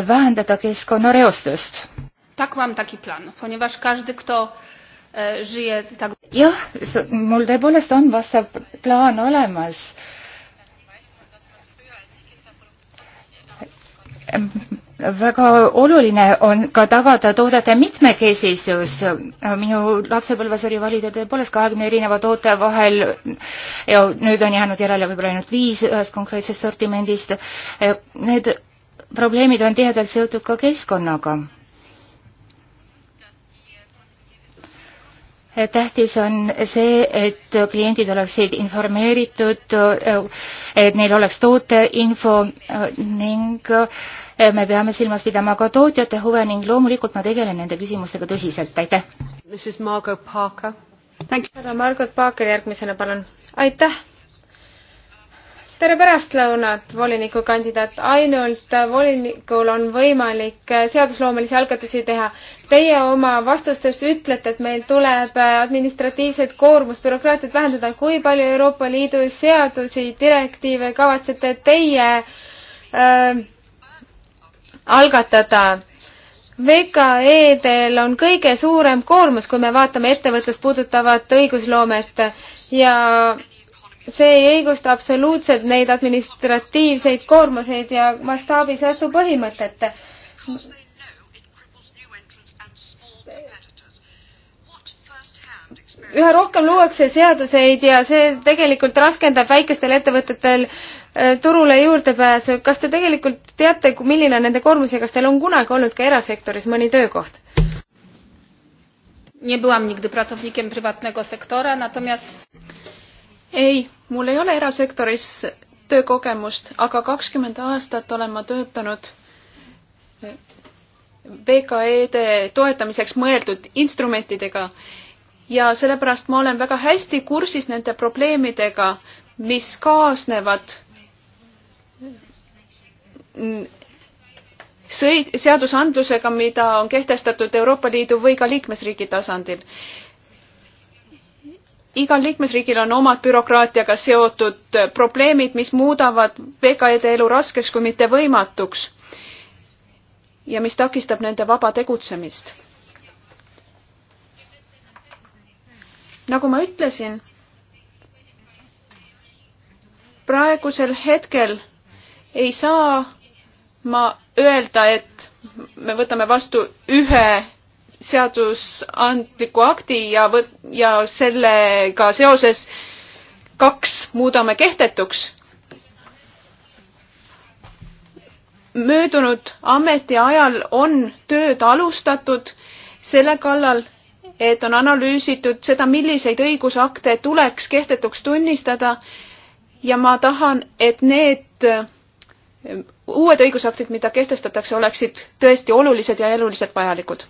vähendada keskkonnareostust? Tak mam taki plan, ponieważ każdy, kto Äh, žije tak... jah, mul tõepoolest on vastav plaan olemas. väga oluline on ka tagada toodete mitmekesisus. minu lapsepõlves oli valida tõepoolest kahekümne erineva toote vahel ja nüüd on jäänud järele võib-olla ainult viis ühest konkreetsest sortimendist. Need probleemid on tihedalt seotud ka keskkonnaga tähtis on see, et kliendid oleksid informeeritud, et neil oleks tooteinfo ning me peame silmas pidama ka tootjate huve ning loomulikult ma tegelen nende küsimustega tõsiselt, aitäh! härra Margot Parker järgmisena, palun! aitäh! tere pärastlõunat, volinikukandidaat. ainult äh, volinikul on võimalik äh, seadusloomelisi algatusi teha. Teie oma vastustes ütlete, et meil tuleb äh, administratiivset koormust, bürokraatiat vähendada. kui palju Euroopa Liidu seadusi, direktiive kavatsete teie äh, algatada? VKE-del on kõige suurem koormus, kui me vaatame ettevõtlust puudutavat õigusloomet ja see ei õigusta absoluutselt neid administratiivseid koormuseid ja mastaabisäästu põhimõtet. üha rohkem luuakse seaduseid ja see tegelikult raskendab väikestel ettevõtetel äh, turule juurdepääsu. kas te tegelikult teate, milline on nende koormus ja kas teil on kunagi olnud ka erasektoris mõni töökoht? nie byłam nigdy pracownikiem prywatnego sektora natomiast ei, mul ei ole erasektoris töökogemust, aga kakskümmend aastat olen ma töötanud VKE-de toetamiseks mõeldud instrumentidega ja sellepärast ma olen väga hästi kursis nende probleemidega, mis kaasnevad sõid-, seadusandlusega, mida on kehtestatud Euroopa Liidu või ka liikmesriigi tasandil igal liikmesriigil on omad bürokraatiaga seotud probleemid, mis muudavad VKE-de elu raskeks, kui mitte võimatuks. ja mis takistab nende vaba tegutsemist. nagu ma ütlesin, praegusel hetkel ei saa ma öelda, et me võtame vastu ühe seadusandliku akti ja võt- ja sellega seoses kaks muudame kehtetuks. möödunud ametiajal on tööd alustatud selle kallal, et on analüüsitud seda, milliseid õigusakte tuleks kehtetuks tunnistada ja ma tahan, et need äh, uued õigusaktid, mida kehtestatakse, oleksid tõesti olulised ja eluliselt vajalikud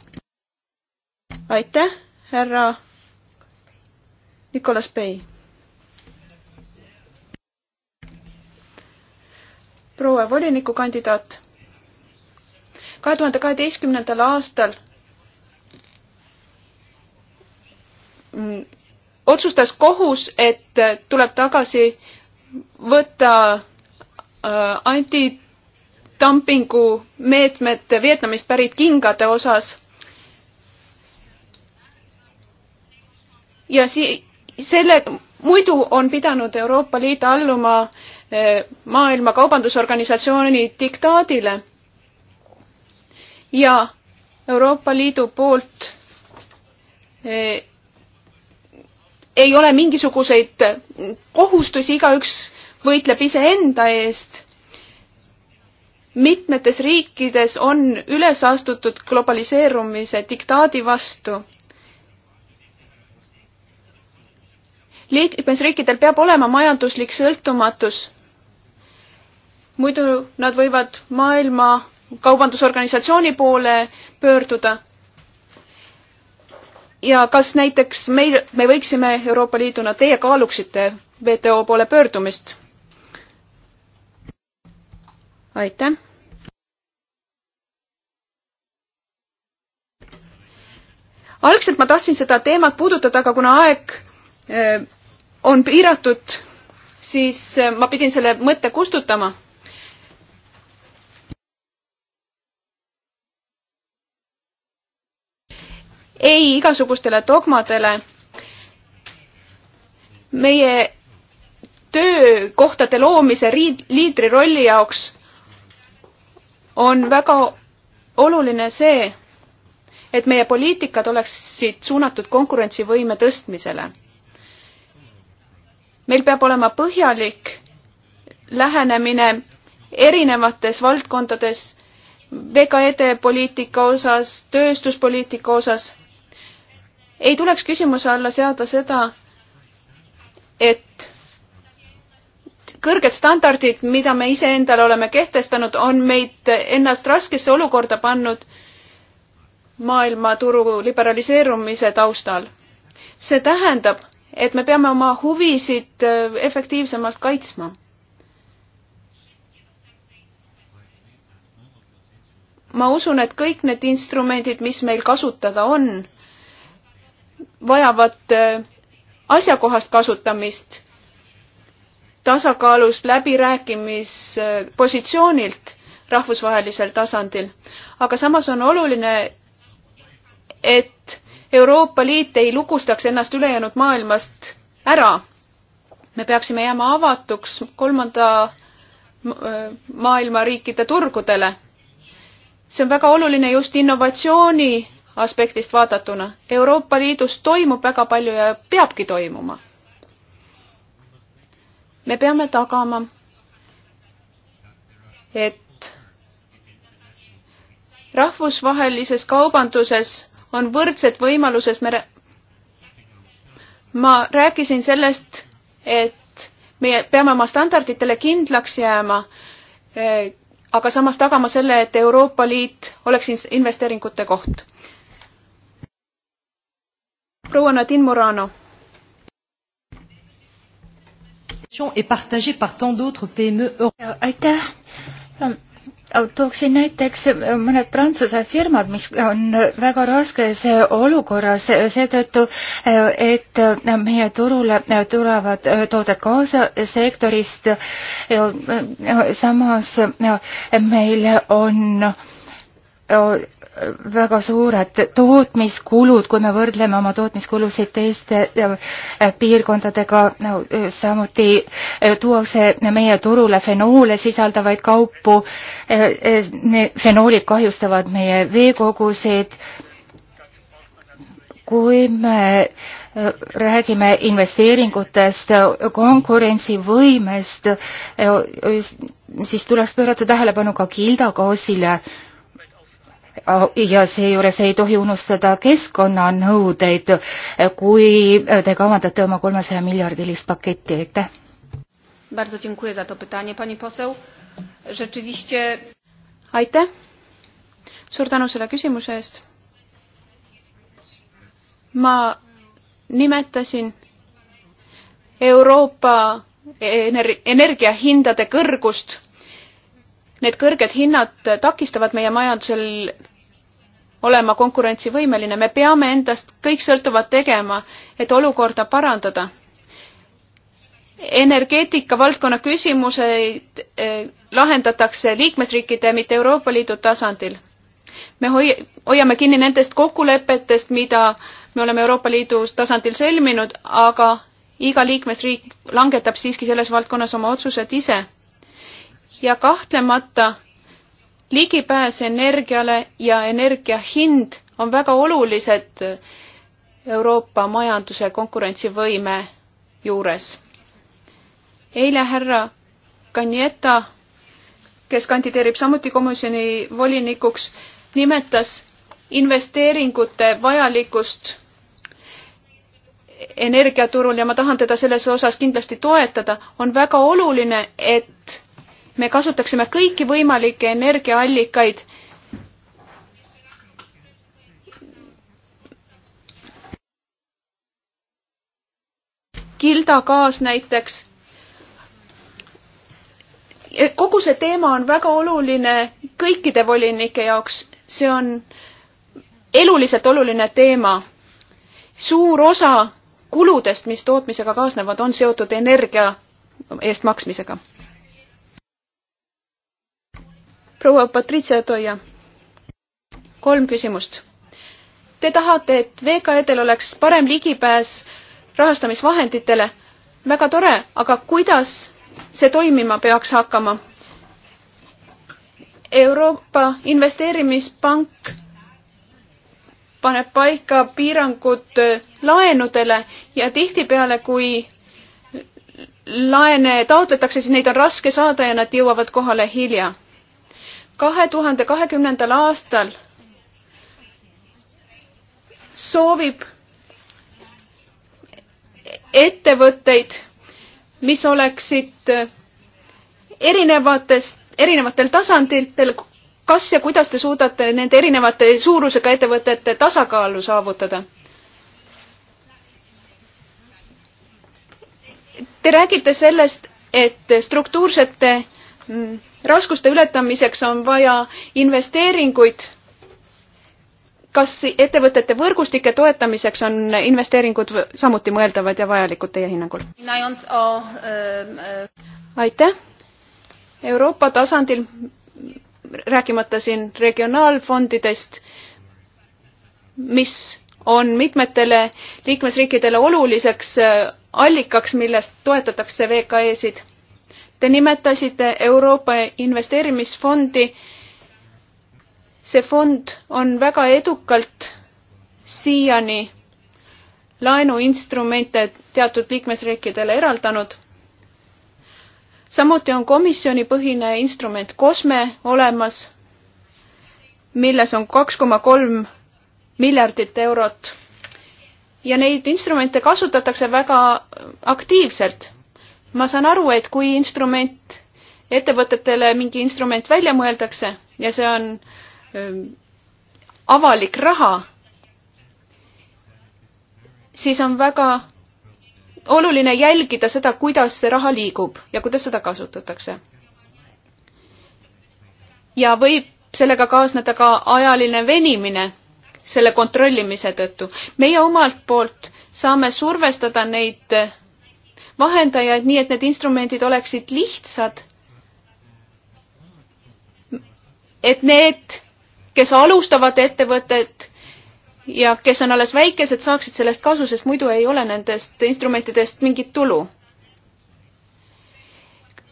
aitäh, härra Nicolas Bay. proua volinikukandidaat. kahe tuhande kaheteistkümnendal aastal mm, otsustas kohus, et tuleb tagasi võtta äh, antidumpingu meetmed Vietnamist pärit kingade osas ja si-, selle, muidu on pidanud Euroopa Liit alluma eh, Maailma Kaubandusorganisatsiooni diktaadile ja Euroopa Liidu poolt eh, ei ole mingisuguseid kohustusi, igaüks võitleb iseenda eest. mitmetes riikides on üles astutud globaliseerumise diktaadi vastu liikmesriikidel peab olema majanduslik sõltumatus. muidu nad võivad maailma kaubandusorganisatsiooni poole pöörduda. ja kas näiteks meil, me võiksime Euroopa Liiduna, teie kaaluksite WTO poole pöördumist? aitäh. algselt ma tahtsin seda teemat puudutada, aga kuna aeg äh, on piiratud, siis äh, ma pidin selle mõtte kustutama. ei igasugustele dogmadele. meie töökohtade loomise riid, liidri rolli jaoks on väga oluline see, et meie poliitikad oleksid suunatud konkurentsivõime tõstmisele meil peab olema põhjalik lähenemine erinevates valdkondades, VKE-de poliitika osas, tööstuspoliitika osas. ei tuleks küsimuse alla seada seda, et kõrged standardid, mida me iseendale oleme kehtestanud, on meid ennast raskesse olukorda pannud maailmaturu liberaliseerumise taustal. see tähendab, et me peame oma huvisid äh, efektiivsemalt kaitsma. ma usun, et kõik need instrumendid, mis meil kasutada on, vajavad äh, asjakohast kasutamist tasakaalust läbirääkimispositsioonilt rahvusvahelisel tasandil. aga samas on oluline, et Euroopa Liit ei lukustaks ennast ülejäänud maailmast ära. me peaksime jääma avatuks kolmanda äh, maailma riikide turgudele. see on väga oluline just innovatsiooni aspektist vaadatuna. Euroopa Liidus toimub väga palju ja peabki toimuma. me peame tagama, et rahvusvahelises kaubanduses on võrdsed võimalused, me, ma rääkisin sellest, et me peame oma standarditele kindlaks jääma, eh, aga samas tagama selle, et Euroopa Liit oleks investeeringute koht. proua Nadine Murano est partagée par tant d'autres PME européennes tooksin näiteks äh, mõned Prantsuse firmad, mis on äh, väga raskes äh, olukorras seetõttu, et meie turule tulevad tooted kaasa sektorist. samas meil on Äh, väga suured tootmiskulud, kui me võrdleme oma tootmiskulusid teiste äh, äh, piirkondadega no,, samuti tuuakse meie turule fenoole sisaldavaid kaupu, fenoolid kahjustavad meie veekogusid, kui me räägime investeeringutest, konkurentsivõimest, siis tuleks pöörata tähelepanu ka kildagaasile Äh, ja seejuures ei tohi unustada keskkonnanõudeid, äh, kui te kavandate oma kolmesaja miljardilist paketti, aitäh. Bardzo dziękuję za to pytanie, pani poseł. Rzeczywiście... Aitäh! Suur tänu selle küsimuse eest. Ma nimetasin Euroopa ener energiahindade kõrgust. Need kõrged hinnad takistavad meie majandusel olema konkurentsivõimeline, me peame endast kõik sõltuvad tegema, et olukorda parandada. energeetika valdkonna küsimuseid eh, lahendatakse liikmesriikide, mitte Euroopa Liidu tasandil. me hoi-, hoiame kinni nendest kokkulepetest, mida me oleme Euroopa Liidu tasandil sõlminud, aga iga liikmesriik langetab siiski selles valdkonnas oma otsused ise. ja kahtlemata ligipääs energiale ja energia hind on väga olulised Euroopa majanduse konkurentsivõime juures. eile härra Kanieta, kes kandideerib samuti komisjoni volinikuks, nimetas investeeringute vajalikkust energiaturul ja ma tahan teda selles osas kindlasti toetada, on väga oluline, et me kasutaksime kõiki võimalikke energiaallikaid kildagaas näiteks. kogu see teema on väga oluline kõikide volinike jaoks, see on eluliselt oluline teema. suur osa kuludest, mis tootmisega kaasnevad, on seotud energia eest maksmisega proua Patricia Toia, kolm küsimust. Te tahate, et VKE-del oleks parem ligipääs rahastamisvahenditele. väga tore, aga kuidas see toimima peaks hakkama? Euroopa Investeerimispank paneb paika piirangud laenudele ja tihtipeale, kui laene taotletakse, siis neid on raske saada ja nad jõuavad kohale hilja kahe tuhande kahekümnendal aastal soovib ettevõtteid, mis oleksid erinevatest, erinevatel tasanditel, kas ja kuidas te suudate nende erinevate suurusega ettevõtete tasakaalu saavutada? Te räägite sellest, et struktuursete mm, raskuste ületamiseks on vaja investeeringuid. kas ettevõtete võrgustike toetamiseks on investeeringud samuti mõeldavad ja vajalikud teie hinnangul? aitäh. Euroopa tasandil, rääkimata siin regionaalfondidest, mis on mitmetele liikmesriikidele oluliseks äh, allikaks, millest toetatakse VKE-sid Te nimetasite Euroopa Investeerimisfondi. see fond on väga edukalt siiani laenuinstrumente teatud liikmesriikidele eraldanud. samuti on komisjonipõhine instrument COSME olemas, milles on kaks koma kolm miljardit eurot ja neid instrumente kasutatakse väga aktiivselt ma saan aru, et kui instrument, ettevõtetele mingi instrument välja mõeldakse ja see on ähm, avalik raha, siis on väga oluline jälgida seda, kuidas see raha liigub ja kuidas seda kasutatakse. ja võib sellega kaasneda ka ajaline venimine selle kontrollimise tõttu. meie omalt poolt saame survestada neid vahendajaid, nii et need instrumendid oleksid lihtsad. et need, kes alustavad ettevõtet ja kes on alles väikesed, saaksid sellest kasu, sest muidu ei ole nendest instrumentidest mingit tulu.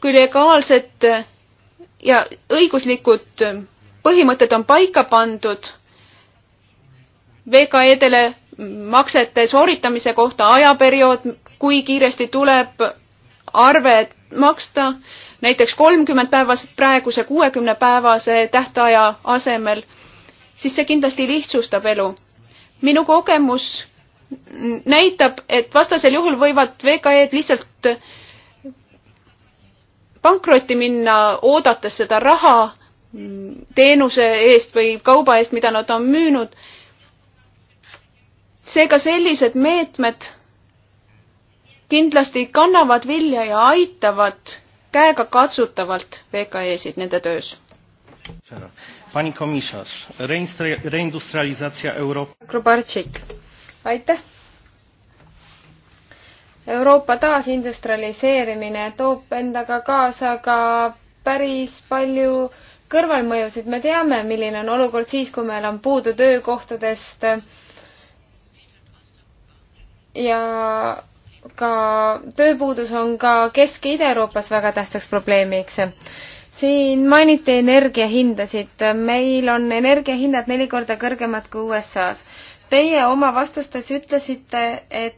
kui legaalsed ja õiguslikud põhimõtted on paika pandud VKE-dele maksete sooritamise kohta ajaperiood, kui kiiresti tuleb arve maksta, näiteks kolmkümmend päevast praeguse kuuekümne päevase tähtaja asemel, siis see kindlasti lihtsustab elu. minu kogemus näitab, et vastasel juhul võivad VKE-d lihtsalt pankrotti minna, oodates seda raha teenuse eest või kauba eest, mida nad on müünud. seega sellised meetmed kindlasti kannavad vilja ja aitavad käegakatsutavalt VKE-sid nende töös. Pani komisar, reindustrialiseerimine Euroopa. Grubartšik, aitäh. Euroopa taasindustrialiseerimine toob endaga kaasa ka päris palju kõrvalmõjusid. me teame, milline on olukord siis, kui meil on puudu töökohtadest ja ka, tööpuudus on ka Kesk- ja Ida-Euroopas väga tähtsaks probleemiks. siin mainiti energiahindasid, meil on energiahinnad neli korda kõrgemad kui USA-s. Teie oma vastustes ütlesite, et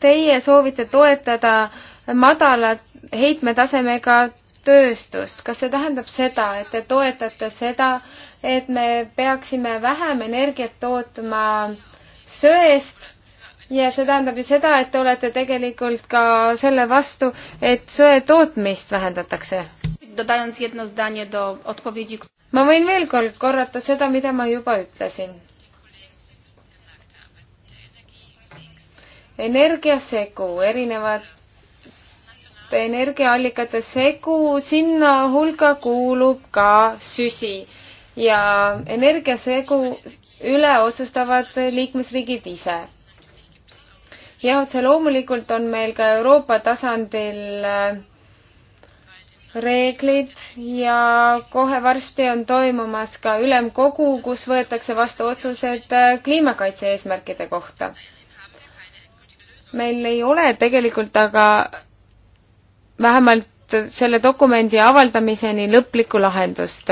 Teie soovite toetada madala heitmetasemega tööstust, kas see tähendab seda, et te toetate seda, et me peaksime vähem energiat tootma söest ja see tähendab ju seda, et te olete tegelikult ka selle vastu, et söe tootmist vähendatakse. ma võin veel kord korrata seda, mida ma juba ütlesin. energiasegu, erinevate energiaallikate segu, sinna hulka kuulub ka süsi ja energiasegu üle otsustavad liikmesriigid ise. jah, otse loomulikult on meil ka Euroopa tasandil äh, reeglid ja kohe varsti on toimumas ka ülemkogu, kus võetakse vastu otsused äh, kliimakaitse eesmärkide kohta. meil ei ole tegelikult aga vähemalt selle dokumendi avaldamiseni lõplikku lahendust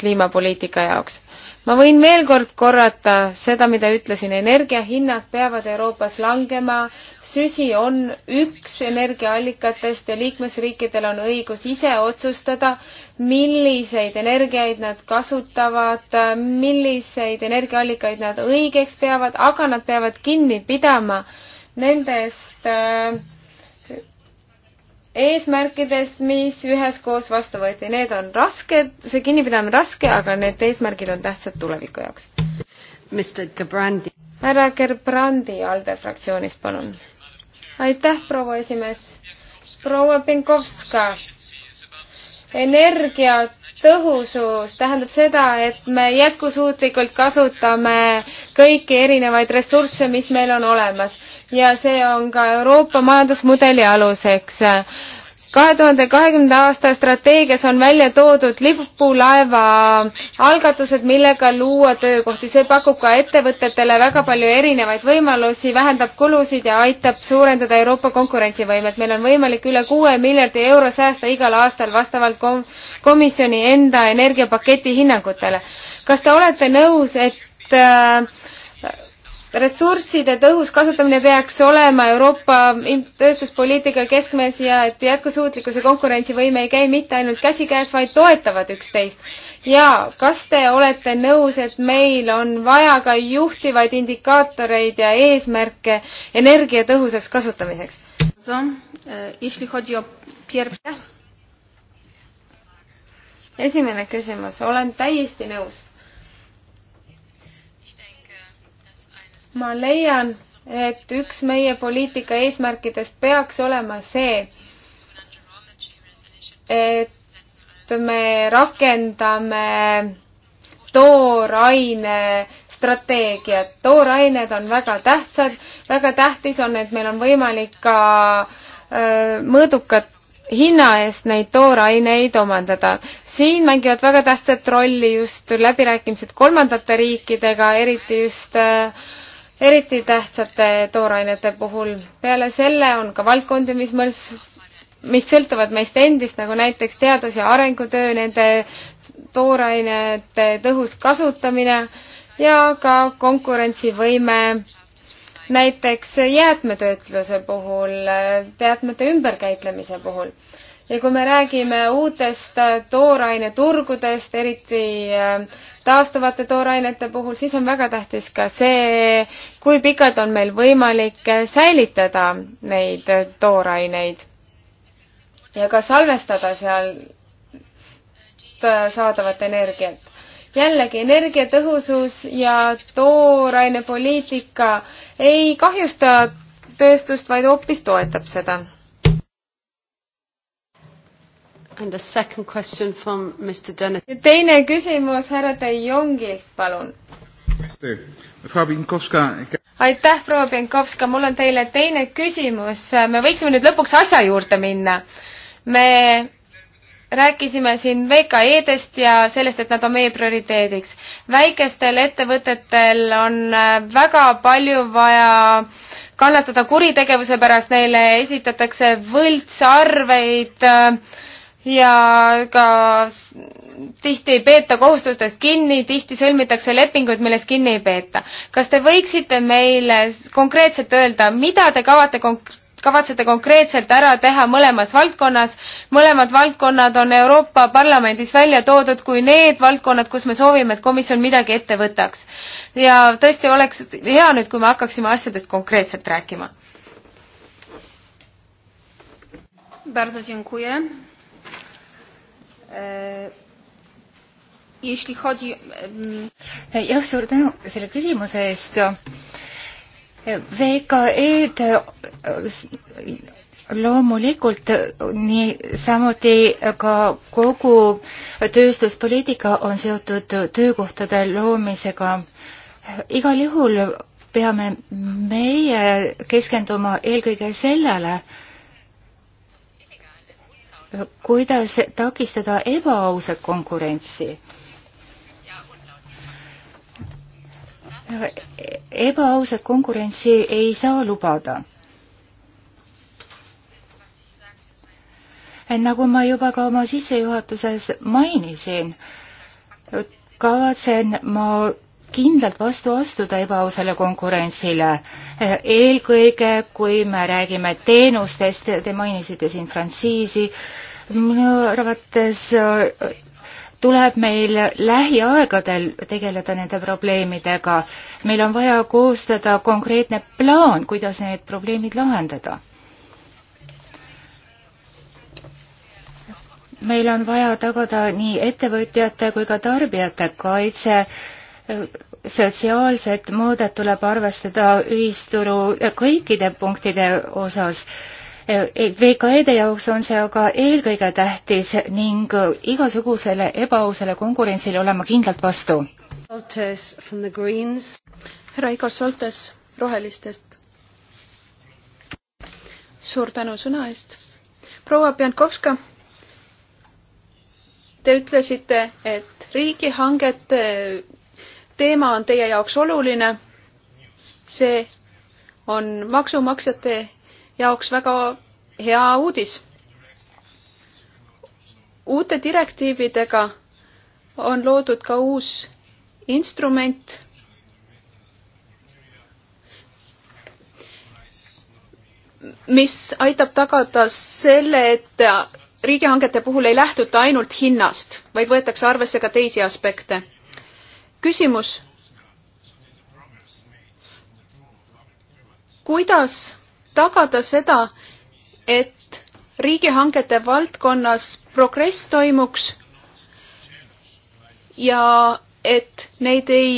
kliimapoliitika jaoks. ma võin veel kord korrata seda, mida ütlesin, energiahinnad peavad Euroopas langema, süsi on üks energiaallikatest ja liikmesriikidel on õigus ise otsustada, milliseid energiaid nad kasutavad, milliseid energiaallikaid nad õigeks peavad, aga nad peavad kinni pidama nendest äh, eesmärkidest, mis üheskoos vastu võeti. Need on rasked, see kinnipidamine on raske, aga need eesmärgid on tähtsad tuleviku jaoks. härra Gerbrandi ALDE fraktsioonist, palun. aitäh, proua esimees. proua Pinkovska, energia tõhusus tähendab seda, et me jätkusuutlikult kasutame kõiki erinevaid ressursse, mis meil on olemas ja see on ka Euroopa majandusmudeli aluseks kahe tuhande kahekümnenda aasta strateegias on välja toodud lipulaeva algatused, millega luua töökohti. see pakub ka ettevõtetele väga palju erinevaid võimalusi, vähendab kulusid ja aitab suurendada Euroopa konkurentsivõimet. meil on võimalik üle kuue miljardi euro säästa igal aastal vastavalt kom komisjoni enda energiapaketi hinnangutele. kas te olete nõus, et äh, ressursside tõhus kasutamine peaks olema Euroopa tööstuspoliitika keskmes ja et jätkusuutlikkus ja konkurentsivõime ei käi mitte ainult käsikäes, vaid toetavad üksteist. ja kas te olete nõus, et meil on vaja ka juhtivaid indikaatoreid ja eesmärke energia tõhusaks kasutamiseks? esimene küsimus, olen täiesti nõus ma leian, et üks meie poliitika eesmärkidest peaks olema see, et me rakendame tooraine strateegiat. toorained on väga tähtsad, väga tähtis on, et meil on võimalik ka öö, äh, mõõdukat hinna eest neid tooraineid omandada. siin mängivad väga tähtsat rolli just läbirääkimised kolmandate riikidega, eriti just äh, eriti tähtsate toorainete puhul. peale selle on ka valdkondi, mis mõrs-, mis sõltuvad meist endist, nagu näiteks teadus- ja arengutöö, nende toorainete tõhus kasutamine ja ka konkurentsivõime näiteks jäätmetöötluse puhul, jäätmete ümberkäitlemise puhul. ja kui me räägime uutest tooraineturgudest, eriti taastuvate toorainete puhul, siis on väga tähtis ka see, kui pikalt on meil võimalik säilitada neid tooraineid ja ka salvestada sealt saadavat energiat. jällegi, energiatõhusus ja toorainepoliitika ei kahjusta tööstust, vaid hoopis toetab seda And the second question from Mr Dennis. ja teine küsimus härra De Jongilt, palun. aitäh, proua Pienkovska, mul on teile teine küsimus. me võiksime nüüd lõpuks asja juurde minna. me rääkisime siin VKE-dest ja sellest, et nad on meie prioriteediks. väikestel ettevõtetel on äh, väga palju vaja kannatada kuritegevuse pärast, neile esitatakse võltsarveid äh, ja ka tihti ei peeta kohustustest kinni, tihti sõlmitakse lepinguid, millest kinni ei peeta. kas te võiksite meile konkreetselt öelda, mida te kavate konk-, kavatsete konkreetselt ära teha mõlemas valdkonnas. mõlemad valdkonnad on Euroopa Parlamendis välja toodud kui need valdkonnad, kus me soovime, et komisjon midagi ette võtaks. ja tõesti oleks hea nüüd, kui me hakkaksime asjadest konkreetselt rääkima. Bardzo dziękuję. Äh, jah, suur tänu selle küsimuse eest. VKE-d äh, loomulikult nii samuti ka kogu tööstuspoliitika on seotud töökohtade loomisega. igal juhul peame meie keskenduma eelkõige sellele, kuidas takistada ebaausat konkurentsi. ebaausat konkurentsi ei saa lubada. nagu ma juba ka oma sissejuhatuses mainisin, kavatsen ma kindlalt vastu astuda ebaausale konkurentsile. eelkõige, kui me räägime teenustest, te mainisite siin frantsiisi, minu arvates äh, tuleb meil lähiaegadel tegeleda nende probleemidega. meil on vaja koostada konkreetne plaan, kuidas need probleemid lahendada. meil on vaja tagada nii ettevõtjate kui ka tarbijate kaitse, sotsiaalset mõõdet tuleb arvestada ühisturu kõikide punktide osas Eh, VKE-de jaoks on see aga eelkõige tähtis ning eh, igasugusele ebaausale konkurentsile olema kindlalt vastu. härra Igor Soltes Rohelistest. suur tänu sõna eest. proua Piankovska, te ütlesite, et riigihangete teema on teie jaoks oluline. see on maksumaksjate jaoks väga hea uudis. uute direktiividega on loodud ka uus instrument, mis aitab tagada selle, et riigihangete puhul ei lähtuta ainult hinnast, vaid võetakse arvesse ka teisi aspekte. küsimus. kuidas tagada seda, et riigihangete valdkonnas progress toimuks ja et neid ei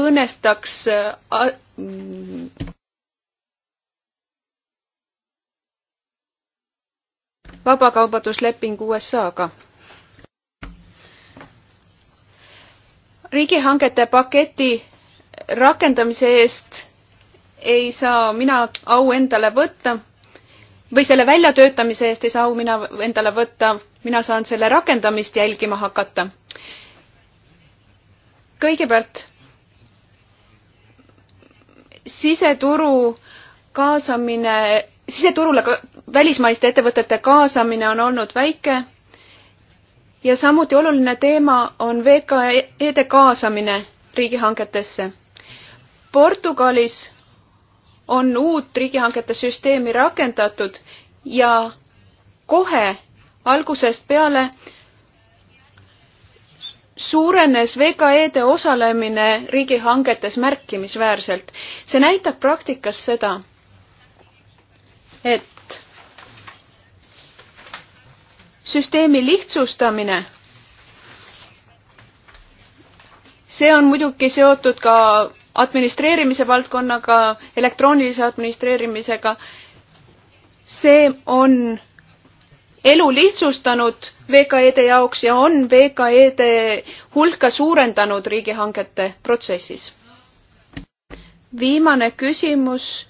õõnestaks äh, mm, vabakaubandusleping USA-ga. riigihangete paketi rakendamise eest ei saa mina au endale võtta või selle väljatöötamise eest ei saa au mina endale võtta, mina saan selle rakendamist jälgima hakata. kõigepealt siseturu kaasamine, siseturule ka, välismaiste ettevõtete kaasamine on olnud väike ja samuti oluline teema on VKE-de kaasamine riigihangetesse. Portugalis on uut riigihangete süsteemi rakendatud ja kohe algusest peale suurenes VKE-de osalemine riigihangetes märkimisväärselt. see näitab praktikas seda, et süsteemi lihtsustamine, see on muidugi seotud ka administreerimise valdkonnaga, elektroonilise administreerimisega. see on elu lihtsustanud VKE-de jaoks ja on VKE-de hulka suurendanud riigihangete protsessis. viimane küsimus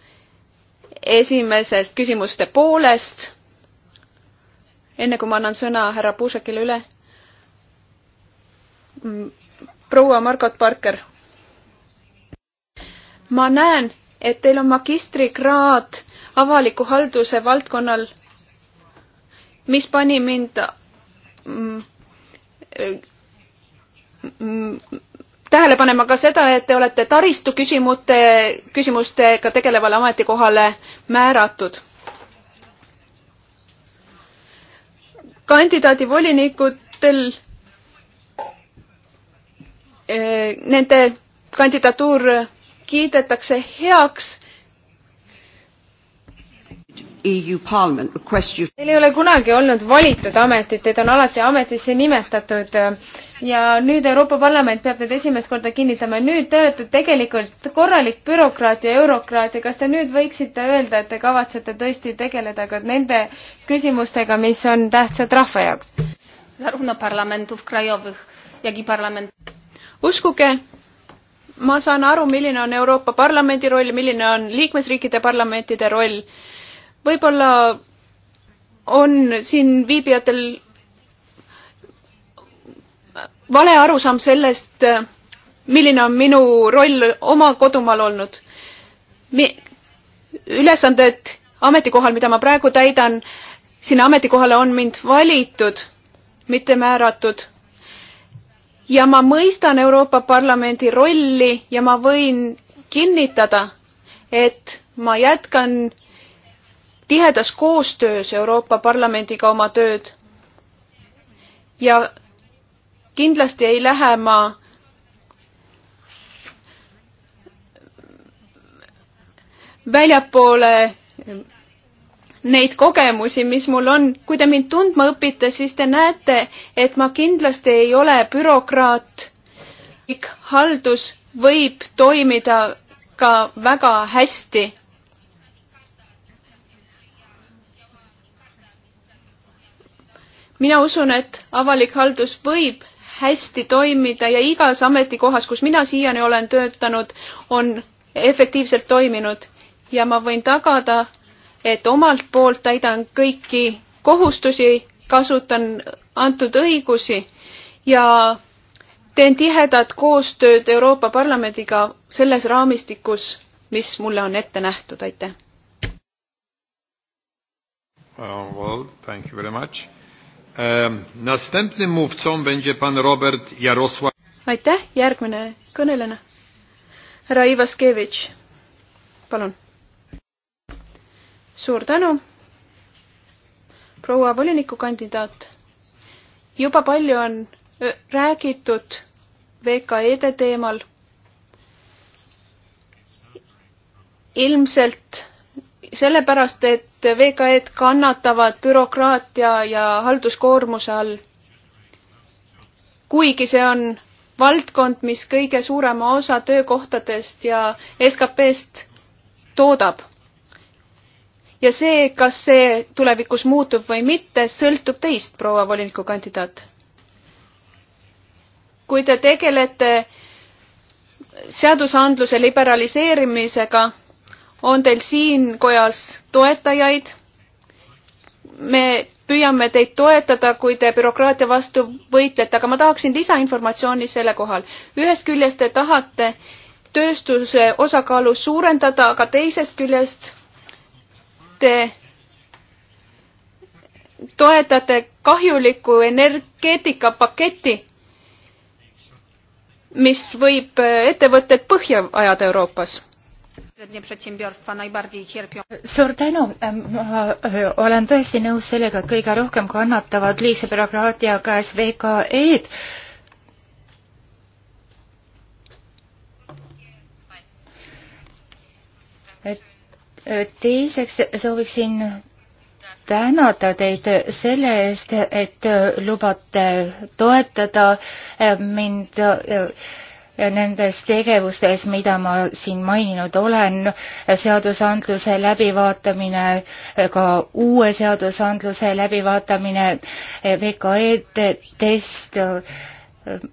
esimesest küsimuste poolest. enne kui ma annan sõna härra Puusakile üle. Mm, proua Margot Parker ma näen, et teil on magistrikraad avaliku halduse valdkonnal, mis pani mind mm, mm, tähele panema ka seda, et te olete taristu küsimute, küsimustega tegelevale ametikohale määratud. kandidaadi volinikutel, eh, nende kandidatuur kiidetakse heaks. E Teil ei ole kunagi olnud valitud ametit, teid on alati ametisse nimetatud ja nüüd Euroopa Parlament peab need esimest korda kinnitama. nüüd te olete tegelikult korralik bürokraat ja eurokraat ja kas te nüüd võiksite öelda, et te kavatsete tõesti tegeleda ka nende küsimustega, mis on tähtsad rahva jaoks? uskuge, ma saan aru, milline on Euroopa Parlamendi roll, milline on liikmesriikide parlamentide roll. võib-olla on siin viibijatel vale arusaam sellest, milline on minu roll oma kodumaal olnud. ülesanded ametikohal, mida ma praegu täidan, sinna ametikohale on mind valitud, mitte määratud ja ma mõistan Euroopa Parlamendi rolli ja ma võin kinnitada, et ma jätkan tihedas koostöös Euroopa Parlamendiga oma tööd. ja kindlasti ei lähe ma väljapoole neid kogemusi, mis mul on. kui te mind tundma õpite, siis te näete, et ma kindlasti ei ole bürokraat. haldus võib toimida ka väga hästi. mina usun, et avalik haldus võib hästi toimida ja igas ametikohas, kus mina siiani olen töötanud, on efektiivselt toiminud ja ma võin tagada, et omalt poolt täidan kõiki kohustusi, kasutan antud õigusi ja teen tihedat koostööd Euroopa Parlamendiga selles raamistikus, mis mulle on ette nähtud, aitäh. Oh, well, thank you very much. Um, następnym mówcą będzie pan Robert Jarosław. Aitäh, järgmine kõneleja. härra Ivaskevitš, palun suur tänu, proua volinikukandidaat. juba palju on räägitud VKE-de teemal. ilmselt sellepärast, et VKE-d kannatavad bürokraatia ja halduskoormuse all. kuigi see on valdkond, mis kõige suurema osa töökohtadest ja SKP-st toodab ja see, kas see tulevikus muutub või mitte, sõltub teist, proua volinikukandidaat. kui te tegelete seadusandluse liberaliseerimisega, on teil siin kojas toetajaid. me püüame teid toetada, kui te bürokraatia vastu võitlete, aga ma tahaksin lisainformatsiooni selle kohal. ühest küljest te tahate tööstuse osakaalu suurendada, aga teisest küljest te toetate kahjulikku energeetikapaketti, mis võib äh, ettevõtted põhja ajada Euroopas średnie przedsiębiorstwa najbardziej cierpią. Suur tänu. Ma e, olen tõesti nõus sellega, et kõige rohkem kannatavad liigse bürokraatia käes VKE-d teiseks sooviksin tänada teid selle eest, et lubate toetada mind äh, nendes tegevustes, mida ma siin maininud olen, seadusandluse läbivaatamine, äh, ka uue seadusandluse läbivaatamine, äh, VKE-d test,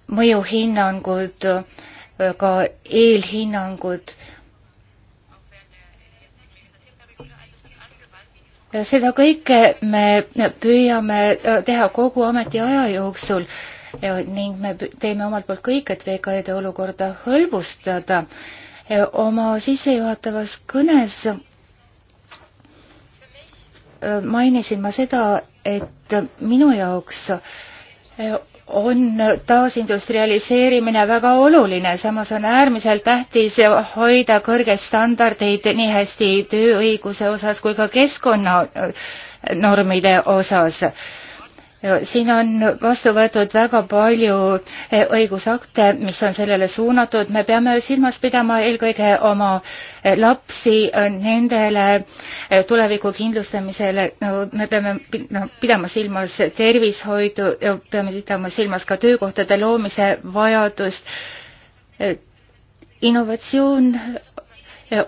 mõjuhinnangud, ka eelhinnangud seda kõike me püüame äh, teha kogu ametiaja jooksul ning me teeme omalt poolt kõik, et VKE-de olukorda hõlbustada. oma sissejuhatavas kõnes äh, mainisin ma seda, et minu jaoks äh, on taasindustrialiseerimine väga oluline, samas on äärmiselt tähtis hoida kõrgeid standardeid nii hästi tööõiguse osas kui ka keskkonnanormide osas siin on vastu võetud väga palju eh, õigusakte, mis on sellele suunatud, me peame silmas pidama eelkõige oma eh, lapsi eh, nendele tuleviku kindlustamisele, no me peame pidama silmas tervishoidu, peame pidama silmas ka töökohtade loomise vajadust. innovatsioon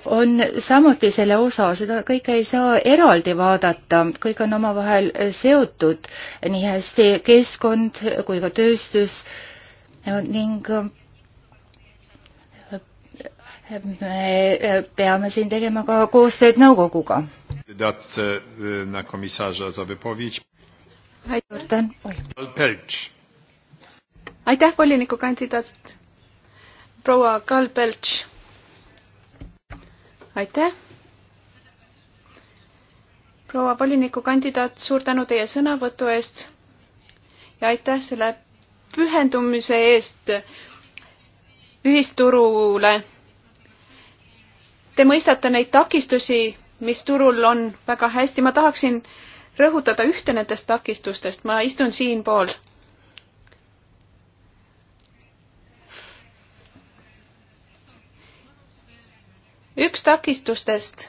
on samuti selle osa, seda kõike ei saa eraldi vaadata, kõik on omavahel seotud, nii hästi keskkond kui ka tööstus ning me peame siin tegema ka koostööd nõukoguga. E, aitäh, volinikukandidaat proua Karl Pelts aitäh! proua volinikukandidaat, suur tänu teie sõnavõtu eest ja aitäh selle pühendumise eest ühisturule. Te mõistate neid takistusi, mis turul on väga hästi, ma tahaksin rõhutada ühte nendest takistustest, ma istun siinpool üks takistustest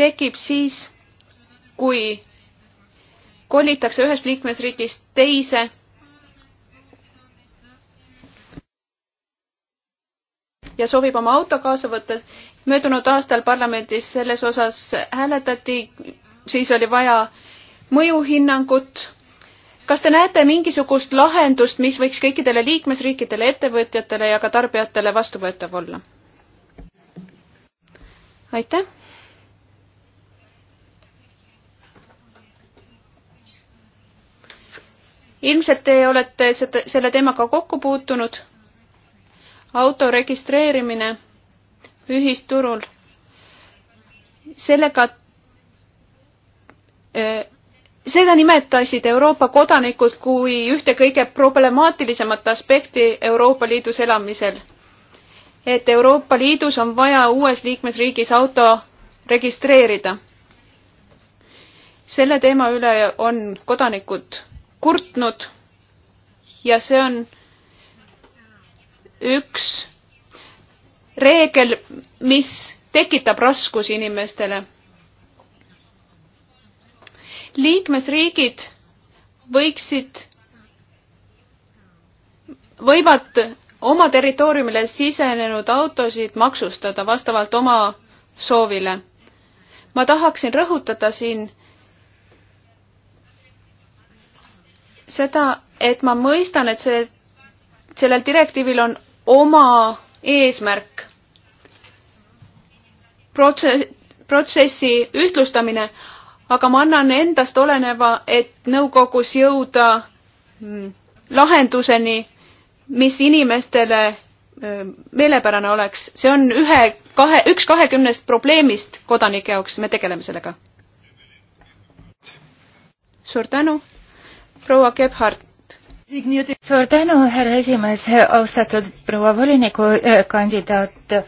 tekib siis, kui kolitakse ühest liikmesriigist teise. ja soovib oma auto kaasa võtta. möödunud aastal parlamendis selles osas hääletati, siis oli vaja mõjuhinnangut kas te näete mingisugust lahendust, mis võiks kõikidele liikmesriikidele, ettevõtjatele ja ka tarbijatele vastuvõetav olla? aitäh. ilmselt te olete selle teemaga kokku puutunud. auto registreerimine ühisturul, sellega seda nimetasid Euroopa kodanikud kui ühte kõige problemaatilisemat aspekti Euroopa Liidus elamisel. et Euroopa Liidus on vaja uues liikmesriigis auto registreerida. selle teema üle on kodanikud kurtnud ja see on üks reegel, mis tekitab raskusi inimestele liikmesriigid võiksid, võivad oma territooriumile sisenenud autosid maksustada vastavalt oma soovile. ma tahaksin rõhutada siin seda, et ma mõistan, et see, sellel direktiivil on oma eesmärk. protse-, protsessi ühtlustamine, aga ma annan endast oleneva, et nõukogus jõuda mm, lahenduseni, mis inimestele mm, meelepärane oleks, see on ühe, kahe, üks kahekümnest probleemist kodanike jaoks, me tegeleme sellega. suur tänu, proua Gebhardt suur tänu, härra esimees, austatud proua volinikukandidaat. Eh,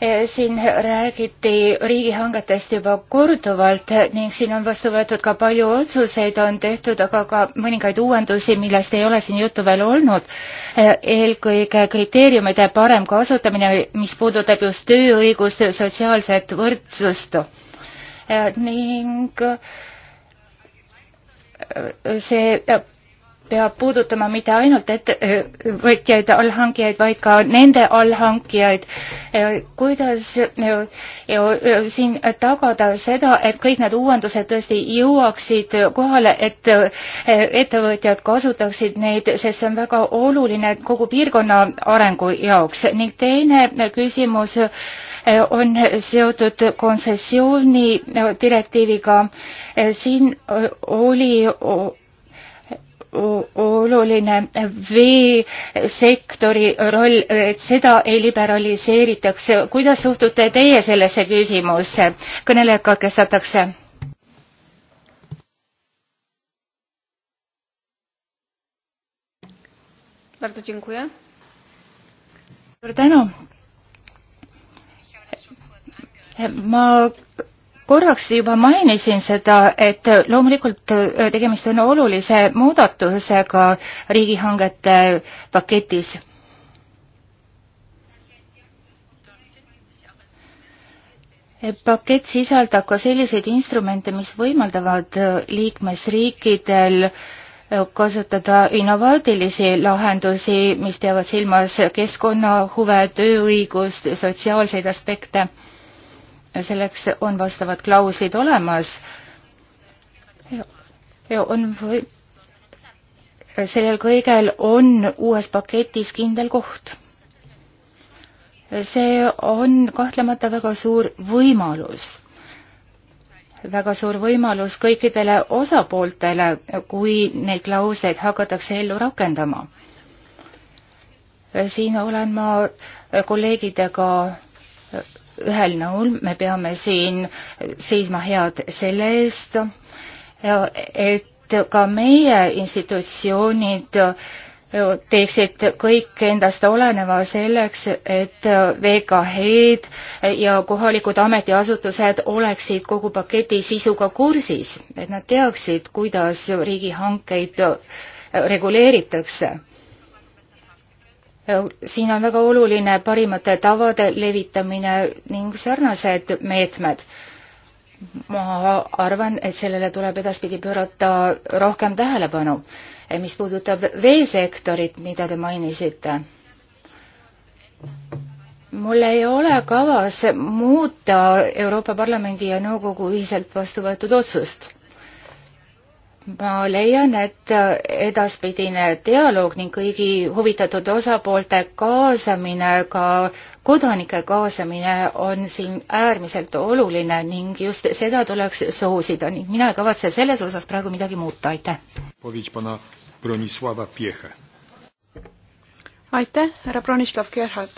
eh, siin räägiti riigihangetest juba korduvalt ning siin on vastu võetud ka palju otsuseid, on tehtud aga ka mõningaid uuendusi, millest ei ole siin juttu veel olnud. Eh, eelkõige kriteeriumide parem kasutamine, mis puudutab just tööõigust, sotsiaalset võrdsust ning see peab puudutama mitte ainult ettevõtjaid, äh, allhankijaid, vaid ka nende allhankijaid. Äh, kuidas äh, siin tagada seda, et kõik need uuendused tõesti jõuaksid kohale, et ettevõtjad kasutaksid neid, sest see on väga oluline kogu piirkonna arengu jaoks ning teine küsimus on seotud kontsessiooni direktiiviga. siin oli oluline veesektori roll, et seda ei liberaliseeritaks. kuidas suhtute teie sellesse küsimusse? kõnelejad katkestatakse. suur tänu. ma korraks juba mainisin seda, et loomulikult äh, tegemist on olulise muudatusega riigihangete paketis. pakett sisaldab ka selliseid instrumente, mis võimaldavad äh, liikmesriikidel äh, kasutada innovaatilisi lahendusi, mis peavad silmas keskkonnahuve, tööõigust, sotsiaalseid aspekte selleks on vastavad klauslid olemas. Ja, ja on või, sellel kõigel on uues paketis kindel koht. See on kahtlemata väga suur võimalus väga suur võimalus kõikidele osapooltele, kui neid lauseid hakatakse ellu rakendama. siin olen ma kolleegidega ühel nõul, me peame siin seisma head selle eest, et ka meie institutsioonid teeksid kõik endast oleneva selleks, et VKH-d ja kohalikud ametiasutused oleksid kogu paketi sisuga kursis, et nad teaksid, kuidas riigihankeid reguleeritakse. Äh, siin on väga oluline parimate tavade levitamine ning sarnased meetmed. ma arvan, et sellele tuleb edaspidi pöörata rohkem tähelepanu. Äh, mis puudutab veesektorit, mida te mainisite, mul ei ole kavas muuta Euroopa Parlamendi ja Nõukogu ühiselt vastu võetud otsust ma leian, et äh, edaspidine dialoog ning kõigi huvitatud osapoolte kaasamine, ka kodanike kaasamine on siin äärmiselt oluline ning just seda tuleks soosida ning mina ei kavatse selles osas praegu midagi muuta, aitäh. aitäh, härra Bronislav Gerhard.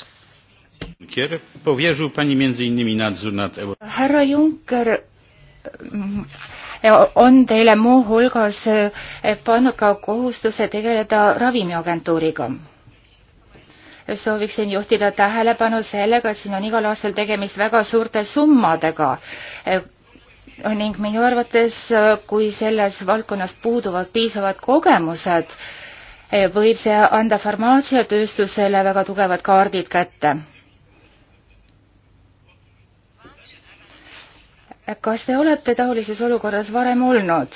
härra Juncker on teile muuhulgas eh, pannud ka kohustuse tegeleda ravimiagentuuriga. sooviksin juhtida tähelepanu sellega, et siin on igal aastal tegemist väga suurte summadega eh, ning minu arvates, eh, kui selles valdkonnas puuduvad piisavad kogemused, võib see anda farmaatsiatööstusele väga tugevad kaardid kätte kas te olete taolises olukorras varem olnud?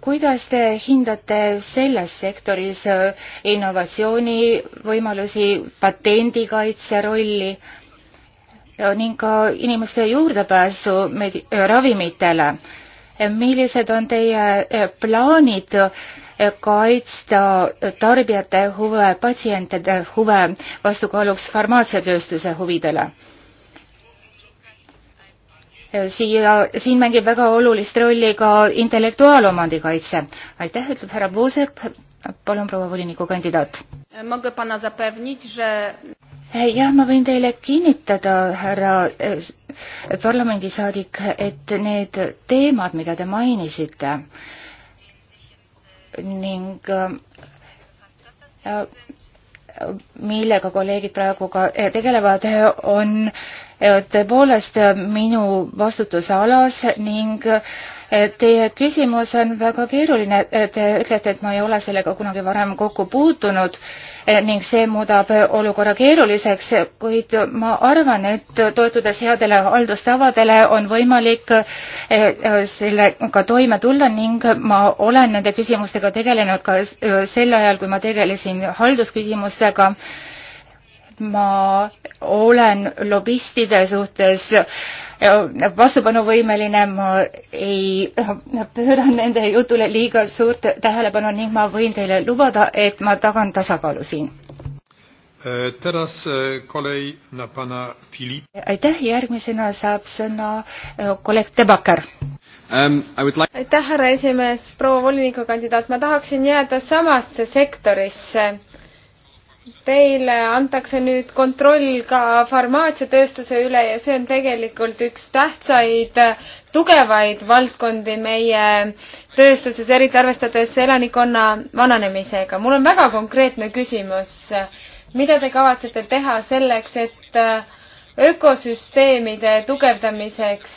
kuidas te hindate selles sektoris äh, innovatsioonivõimalusi, patendikaitse rolli ning ka inimeste juurdepääsu äh, ravimitele? millised on teie äh, plaanid kaitsta tarbijate huve, patsientide huve vastukaaluks farmaatsiatööstuse huvidele? siia, siin mängib väga olulist rolli ka intellektuaalomandi kaitse. aitäh, ütleb härra Puusek, palun, proua volinikukandidaat. jah, ma võin teile kinnitada, härra eh, parlamendisaadik, et need teemad, mida te mainisite ning eh, millega kolleegid praegu ka eh, tegelevad, on äh, tõepoolest äh, minu vastutusalas ning äh, teie küsimus on väga keeruline. Äh, te ütlete, et ma ei ole sellega kunagi varem kokku puutunud ning see muudab olukorra keeruliseks, kuid ma arvan, et toetudes headele haldustavadele on võimalik sellega toime tulla ning ma olen nende küsimustega tegelenud ka sel ajal, kui ma tegelesin haldusküsimustega ma olen lobistide suhtes äh, vastupanuvõimeline, ma ei äh, pööra nende jutule liiga suurt tähelepanu ning ma võin teile lubada, et ma tagan tasakaalu siin. Äh, teraz kolej na pana Filip. aitäh, järgmisena saab sõna kolleeg Tebakar. Um, like... aitäh, härra esimees, proua volinikukandidaat, ma tahaksin jääda samasse sektorisse Teile antakse nüüd kontroll ka farmaatsiatööstuse üle ja see on tegelikult üks tähtsaid tugevaid valdkondi meie tööstuses, eriti arvestades elanikkonna vananemisega. mul on väga konkreetne küsimus. mida te kavatsete teha selleks, et äh, ökosüsteemide tugevdamiseks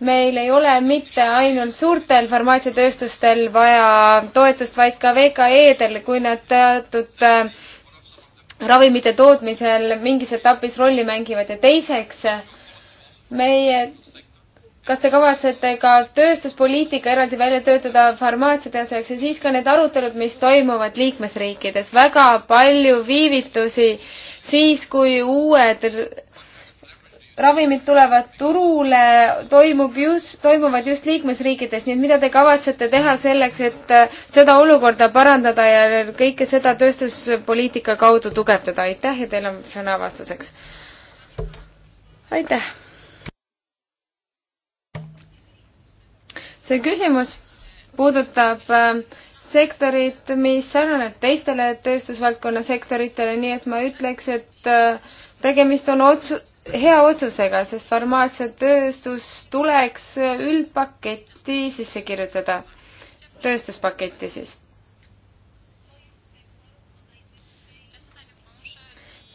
meil ei ole mitte ainult suurtel farmaatsiatööstustel vaja toetust, vaid ka VKE-del, kui nad teatud äh, ravimite tootmisel mingis etapis rolli mängivad ja teiseks meie, kas te kavatsete ka tööstuspoliitika eraldi välja töötada farmaatsiateseks ja siis ka need arutelud, mis toimuvad liikmesriikides, väga palju viivitusi siis, kui uued ravimid tulevad turule, toimub just, toimuvad just liikmesriikides, nii et mida te kavatsete teha selleks, et äh, seda olukorda parandada ja kõike seda tööstuspoliitika kaudu tugevdada, aitäh ja teil on sõna vastuseks. aitäh. see küsimus puudutab äh, sektorit, mis sarnaneb teistele tööstusvaldkonna sektoritele, nii et ma ütleks, et äh, tegemist on otsu-, hea otsusega, sest farmaatsiatööstus tuleks üldpaketti sisse kirjutada, tööstuspaketti siis.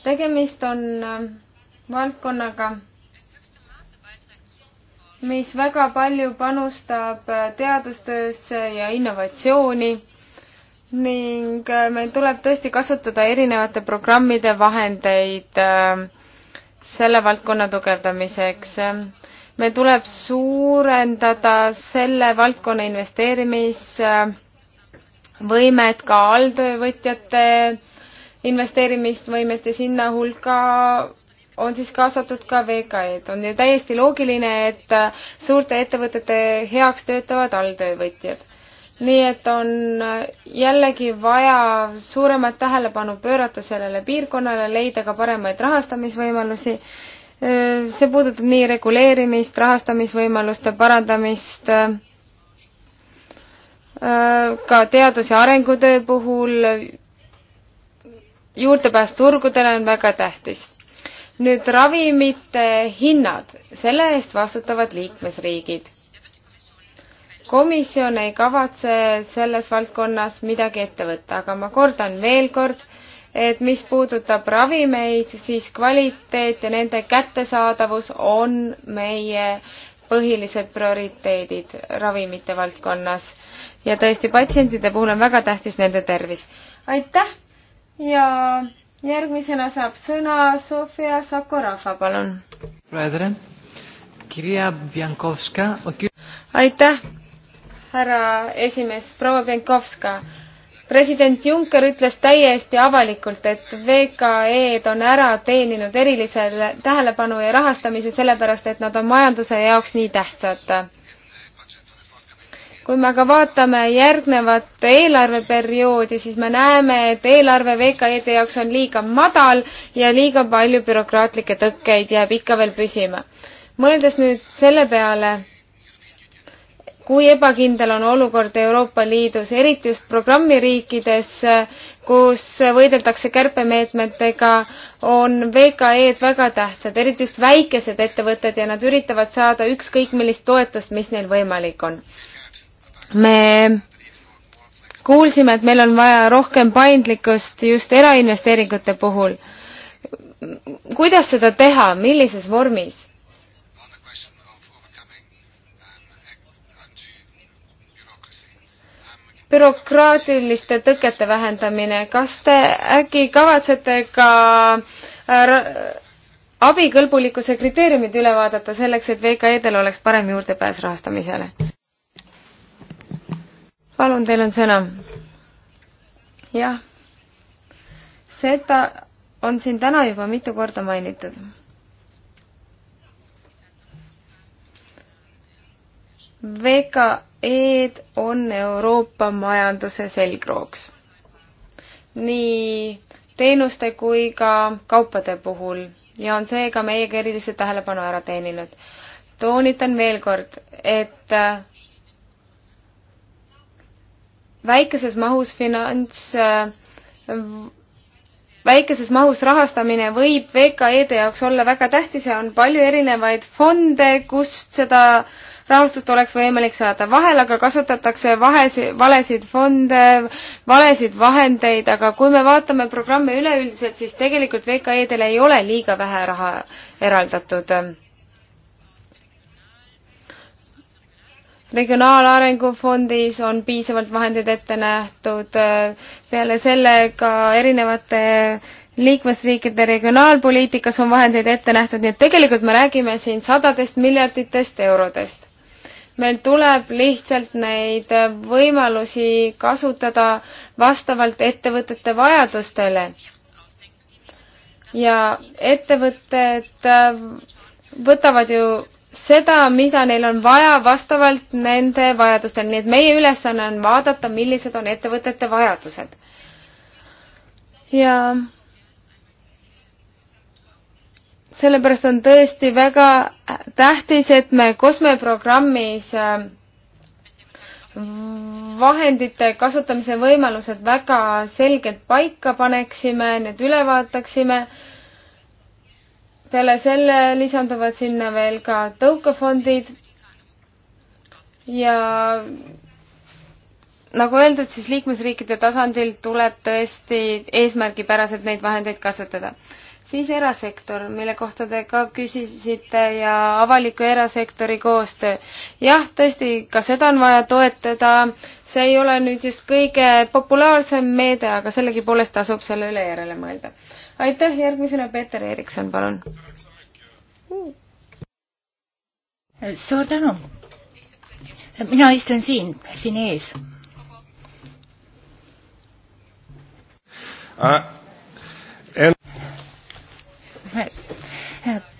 tegemist on äh, valdkonnaga, mis väga palju panustab äh, teadustöösse ja innovatsiooni ning äh, meil tuleb tõesti kasutada erinevate programmide vahendeid äh, selle valdkonna tugevdamiseks. meil tuleb suurendada selle valdkonna investeerimisvõimet, ka alltöövõtjate investeerimisvõimet ja sinna hulka on siis kaasatud ka VKE-d. on ju täiesti loogiline, et suurte ettevõtete heaks töötavad alltöövõtjad nii et on jällegi vaja suuremat tähelepanu pöörata sellele piirkonnale, leida ka paremaid rahastamisvõimalusi. see puudutab nii reguleerimist, rahastamisvõimaluste parandamist, ka teadus- ja arengutöö puhul juurdepääs turgudele on väga tähtis nüüd ravimite hinnad, selle eest vastutavad liikmesriigid komisjon ei kavatse selles valdkonnas midagi ette võtta, aga ma kordan veel kord, et mis puudutab ravimeid, siis kvaliteet ja nende kättesaadavus on meie põhilised prioriteedid ravimite valdkonnas. ja tõesti, patsientide puhul on väga tähtis nende tervis. aitäh ja järgmisena saab sõna Sofia Sakorafa, palun. aitäh härra esimees, proua Penkovska. president Juncker ütles täiesti avalikult, et VKE-d on ära teeninud erilise tähelepanu ja rahastamise sellepärast, et nad on majanduse jaoks nii tähtsad. kui me aga vaatame järgnevat eelarveperioodi, siis me näeme, et eelarve VKE-de jaoks on liiga madal ja liiga palju bürokraatlikke tõkkeid jääb ikka veel püsima. mõeldes nüüd selle peale, kui ebakindel on olukord Euroopa Liidus, eriti just programmiriikides, kus võideldakse kärpemeetmetega, on VKE-d väga tähtsad, eriti just väikesed ettevõtted ja nad üritavad saada ükskõik millist toetust, mis neil võimalik on. me kuulsime, et meil on vaja rohkem paindlikkust just erainvesteeringute puhul. kuidas seda teha, millises vormis? bürokraatiliste tõkete vähendamine, kas te äkki kavatsete ka äh, abikõlbulikkuse kriteeriumid üle vaadata selleks, et VKE-del oleks parem juurdepääs rahastamisele? palun, teil on sõna. jah, seda on siin täna juba mitu korda mainitud VKE-d on Euroopa majanduse selgrooks. nii teenuste kui ka kaupade puhul ja on seega meiega erilise tähelepanu ära teeninud. toonitan veel kord, et väikeses mahus finants väikeses mahus rahastamine võib VKE-de jaoks olla väga tähtis ja on palju erinevaid fonde, kust seda äh, rahastust oleks võimalik saada. vahel aga kasutatakse vahesid, valesid fonde, valesid vahendeid, aga kui me vaatame programme üleüldiselt, siis tegelikult VKE-dele ei ole liiga vähe raha eraldatud. regionaalarengu fondis on piisavalt vahendeid ette nähtud, peale selle ka erinevate liikmesriikide regionaalpoliitikas on vahendeid ette nähtud, nii et tegelikult me räägime siin sadadest miljarditest eurodest meil tuleb lihtsalt neid võimalusi kasutada vastavalt ettevõtete vajadustele. ja ettevõtted äh, võtavad ju seda, mida neil on vaja vastavalt nende vajadustele, nii et meie ülesanne on vaadata, millised on ettevõtete vajadused. ja sellepärast on tõesti väga tähtis, et me kosmeprogrammis äh, vahendite kasutamise võimalused väga selgelt paika paneksime, need üle vaataksime. peale selle lisanduvad sinna veel ka tõukefondid ja nagu öeldud, siis liikmesriikide tasandil tuleb tõesti eesmärgipäraselt neid vahendeid kasutada siis erasektor, mille kohta te ka küsisite ja avaliku ja erasektori koostöö. jah, tõesti, ka seda on vaja toetada, see ei ole nüüd just kõige populaarsem meede, aga sellegipoolest tasub selle üle järele mõelda. aitäh, järgmisena Peeter Erikson, palun. suur tänu. mina istun siin, siin ees uh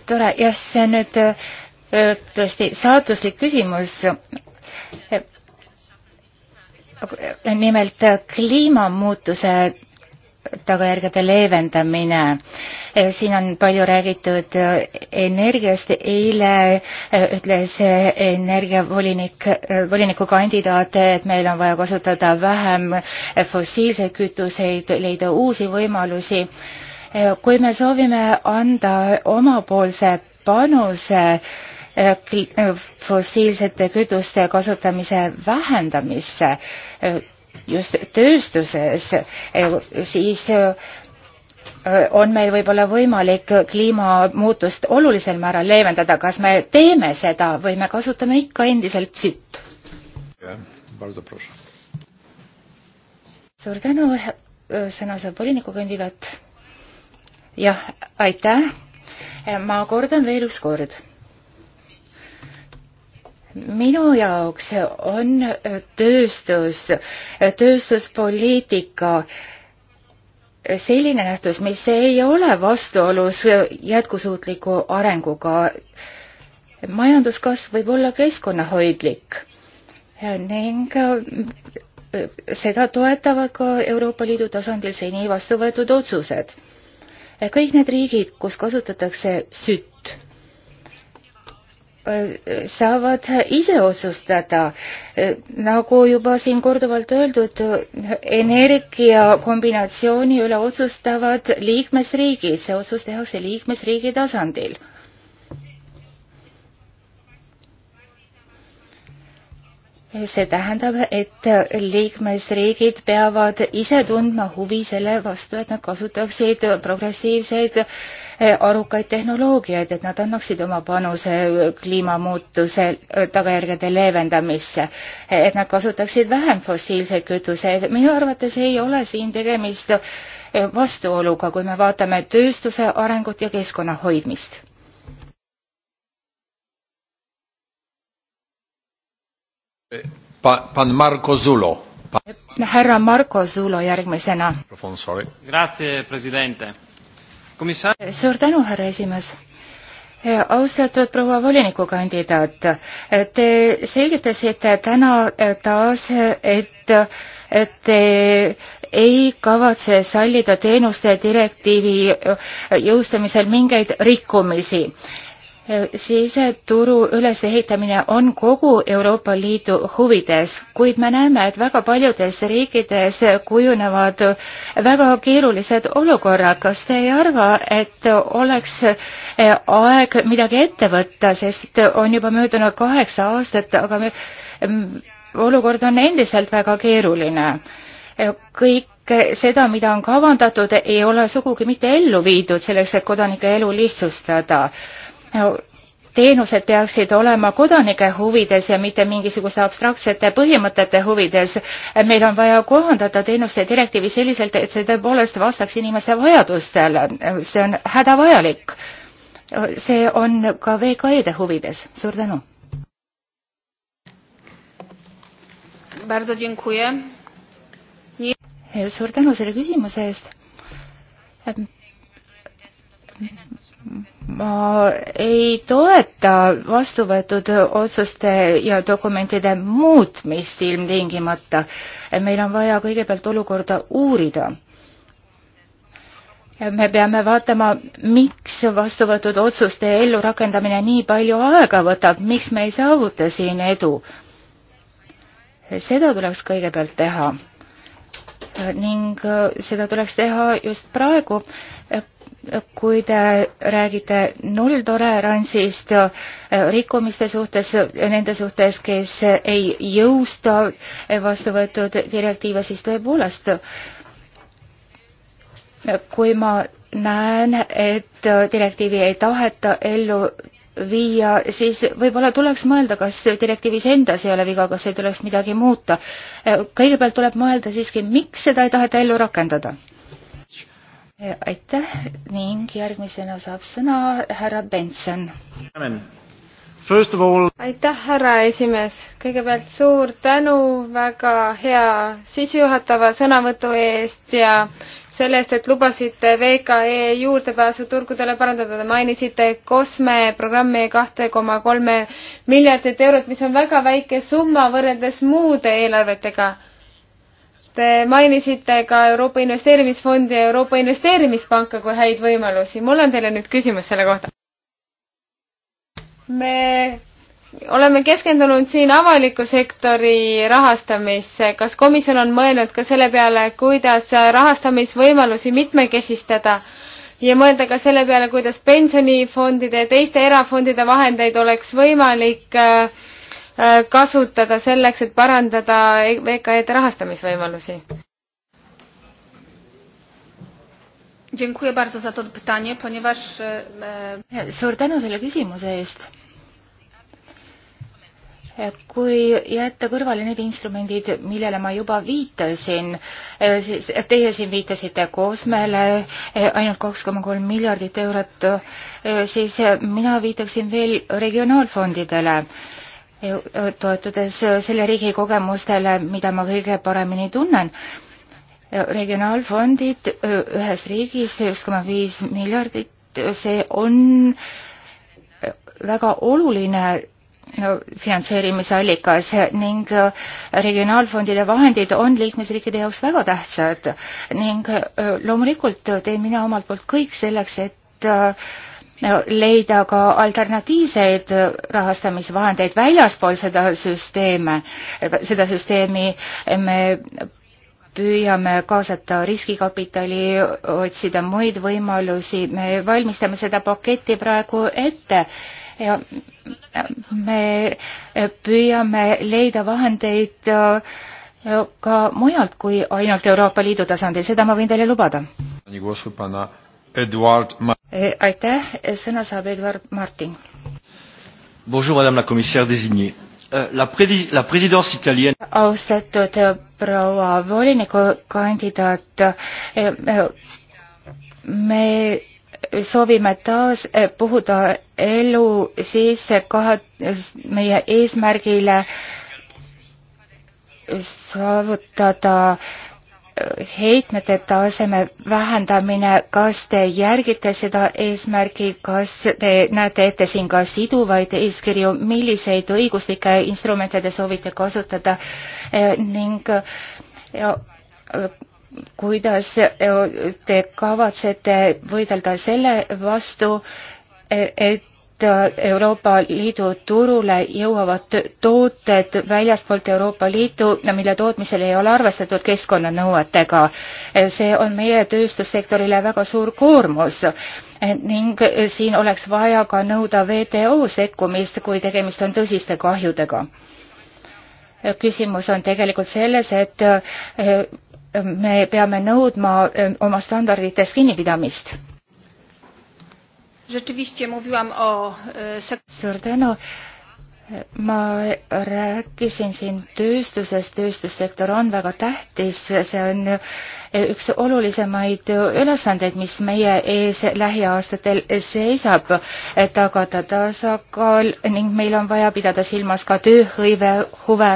tore, jah, see on nüüd äh, tõesti saatuslik küsimus. nimelt äh, kliimamuutuse tagajärgede leevendamine. Äh, siin on palju räägitud energiast, eile ütles energiavolinik, volinikukandidaat, et meil on vaja kasutada vähem fossiilseid kütuseid, leida uusi võimalusi Eh, kui me soovime anda omapoolse panuse eh, eh, fossiilsete kütuste kasutamise vähendamisse just tööstuses, siis on meil võib-olla võimalik kliimamuutust olulisel määral leevendada, kas me teeme seda või me kasutame ikka endiselt sitt? suur tänu, sõna saab volinikukandidaat jah, aitäh. ma kordan veel üks kord minu jaoks on tööstus, tööstuspoliitika selline nähtus, mis ei ole vastuolus jätkusuutliku arenguga. majanduskasv võib olla keskkonnahoidlik ning seda toetavad ka Euroopa Liidu tasandil seni vastu võetud otsused kõik need riigid, kus kasutatakse sütt, äh, saavad ise otsustada, äh, nagu juba siin korduvalt öeldud, energiakombinatsiooni üle otsustavad liikmesriigid, see otsus tehakse liikmesriigi tasandil see tähendab, et liikmesriigid peavad ise tundma huvi selle vastu, et nad kasutaksid progressiivseid eh, arukaid tehnoloogiaid, et nad annaksid oma panuse kliimamuutuse eh, tagajärgede leevendamisse, eh, et nad kasutaksid vähem fossiilseid kütuseid. minu arvates ei ole siin tegemist vastuoluga, kui me vaatame tööstuse arengut ja keskkonna hoidmist pa,. Pan Marko Zulo pa.. härra Marko Zulo järgmisena. Komissar... suur tänu, härra esimees austatud proua volinikukandidaat, te selgitasite täna taas, et, et te ei kavatse sallida teenuste direktiivi jõustamisel mingeid rikkumisi siseturu ülesehitamine on kogu Euroopa Liidu huvides, kuid me näeme, et väga paljudes riikides kujunevad väga keerulised olukorrad. kas te ei arva, et oleks eh, aeg midagi ette võtta, sest on juba möödunud kaheksa aastat, aga me, mm, olukord on endiselt väga keeruline. kõik seda, mida on kavandatud, ei ole sugugi mitte ellu viidud selleks, et kodanike elu lihtsustada teenused peaksid olema kodanike huvides ja mitte mingisuguste abstraktsete põhimõtete huvides. meil on vaja kohandada teenuste direktiivi selliselt, et see tõepoolest vastaks inimeste vajadustele. see on hädavajalik. see on ka VKE-de huvides. suur tänu. suur tänu selle küsimuse eest ma ei toeta vastu võetud otsuste ja dokumentide muutmist ilmtingimata. meil on vaja kõigepealt olukorda uurida. me peame vaatama, miks vastu võetud otsuste ellurakendamine nii palju aega võtab, miks me ei saavuta siin edu. seda tuleks kõigepealt teha ning seda tuleks teha just praegu kui te räägite nulltolerantsist e, rikkumiste suhtes, nende suhtes, kes ei jõusta vastu võetud direktiive, siis tõepoolest, kui ma näen, et direktiivi ei taheta ellu viia, siis võib-olla tuleks mõelda, kas direktiivis endas ei ole viga, kas ei tuleks midagi muuta. E, kõigepealt tuleb mõelda siiski, miks seda ei taheta ellu rakendada aitäh ning järgmisena saab sõna härra Benson. All... aitäh, härra esimees. kõigepealt suur tänu väga hea sissejuhatava sõnavõtu eest ja selle eest, et lubasite VKE juurdepääsu turgudele parandada. Te mainisite COSME programmi kahte koma kolme miljardit eurot, mis on väga väike summa võrreldes muude eelarvetega Te mainisite ka Euroopa Investeerimisfondi ja Euroopa Investeerimispanka kui häid võimalusi. mul on teile nüüd küsimus selle kohta. me oleme keskendunud siin avaliku sektori rahastamisse. kas komisjon on mõelnud ka selle peale, kuidas rahastamisvõimalusi mitmekesistada ja mõelda ka selle peale, kuidas pensionifondide ja teiste erafondide vahendeid oleks võimalik äh, Äh, kasutada selleks, et parandada e- VKE-de rahastamisvõimalusi? Dziękuję bardzo za to pytanie, ponieważ... E, e, Suur tänu selle küsimuse eest. Kui jätta kõrvale need instrumentid, millele ma juba viitasin, siis teie siin viitasite koosmeele ainult 2,3 miljardit eurot, siis mina viitaksin veel regionaalfondidele toetudes selle riigi kogemustele, mida ma kõige paremini tunnen. regionaalfondid ühes riigis üks koma viis miljardit, see on väga oluline finantseerimisallikas ning regionaalfondide vahendid on liikmesriikide jaoks väga tähtsad ning loomulikult teen mina omalt poolt kõik selleks, et leida ka alternatiivseid rahastamisvahendeid väljaspool seda süsteeme, seda süsteemi me püüame kaasata riskikapitali, otsida muid võimalusi, me valmistame seda paketti praegu ette ja me püüame leida vahendeid ka mujalt kui ainult Euroopa Liidu tasandil, seda ma võin teile lubada. Eduard Ma-. Eh, aitäh, sõna saab Eduard Martin. Bonjour, madame la commissaire désignée. Euh, la predi-, la présidence italienne austatud euh, proua volinikukandidaat, eh, eh, me soovime taas puhuda elu sisse kahe, meie eesmärgile saavutada äh, heitmete taseme vähendamine, kas te järgite seda eesmärki, kas te näete ette siin ka siduvaid eeskirju, milliseid õiguslikke instrumente te soovite kasutada eh, ning ja, kuidas eh, te kavatsete võidelda selle vastu, eh, et Äh, Euroopa Liidu turule jõuavad tooted väljaspoolt Euroopa Liitu, mille tootmisel ei ole arvestatud keskkonnanõuetega. Äh, see on meie tööstussektorile väga suur koormus äh, ning siin oleks vaja ka nõuda WTO sekkumist, kui tegemist on tõsiste kahjudega. küsimus on tegelikult selles, et me peame nõudma oma standarditest kinnipidamist rzeczywiście mówiłam o... E, Suur tänu. Ma rääkisin siin tööstusest. Tööstussektor on väga tähtis. See on e, üks olulisemaid ülesandeid, mis meie ees lähiaastatel seisab e, tagada tasakaal ning meil on vaja pidada silmas ka tööhõive huve. huve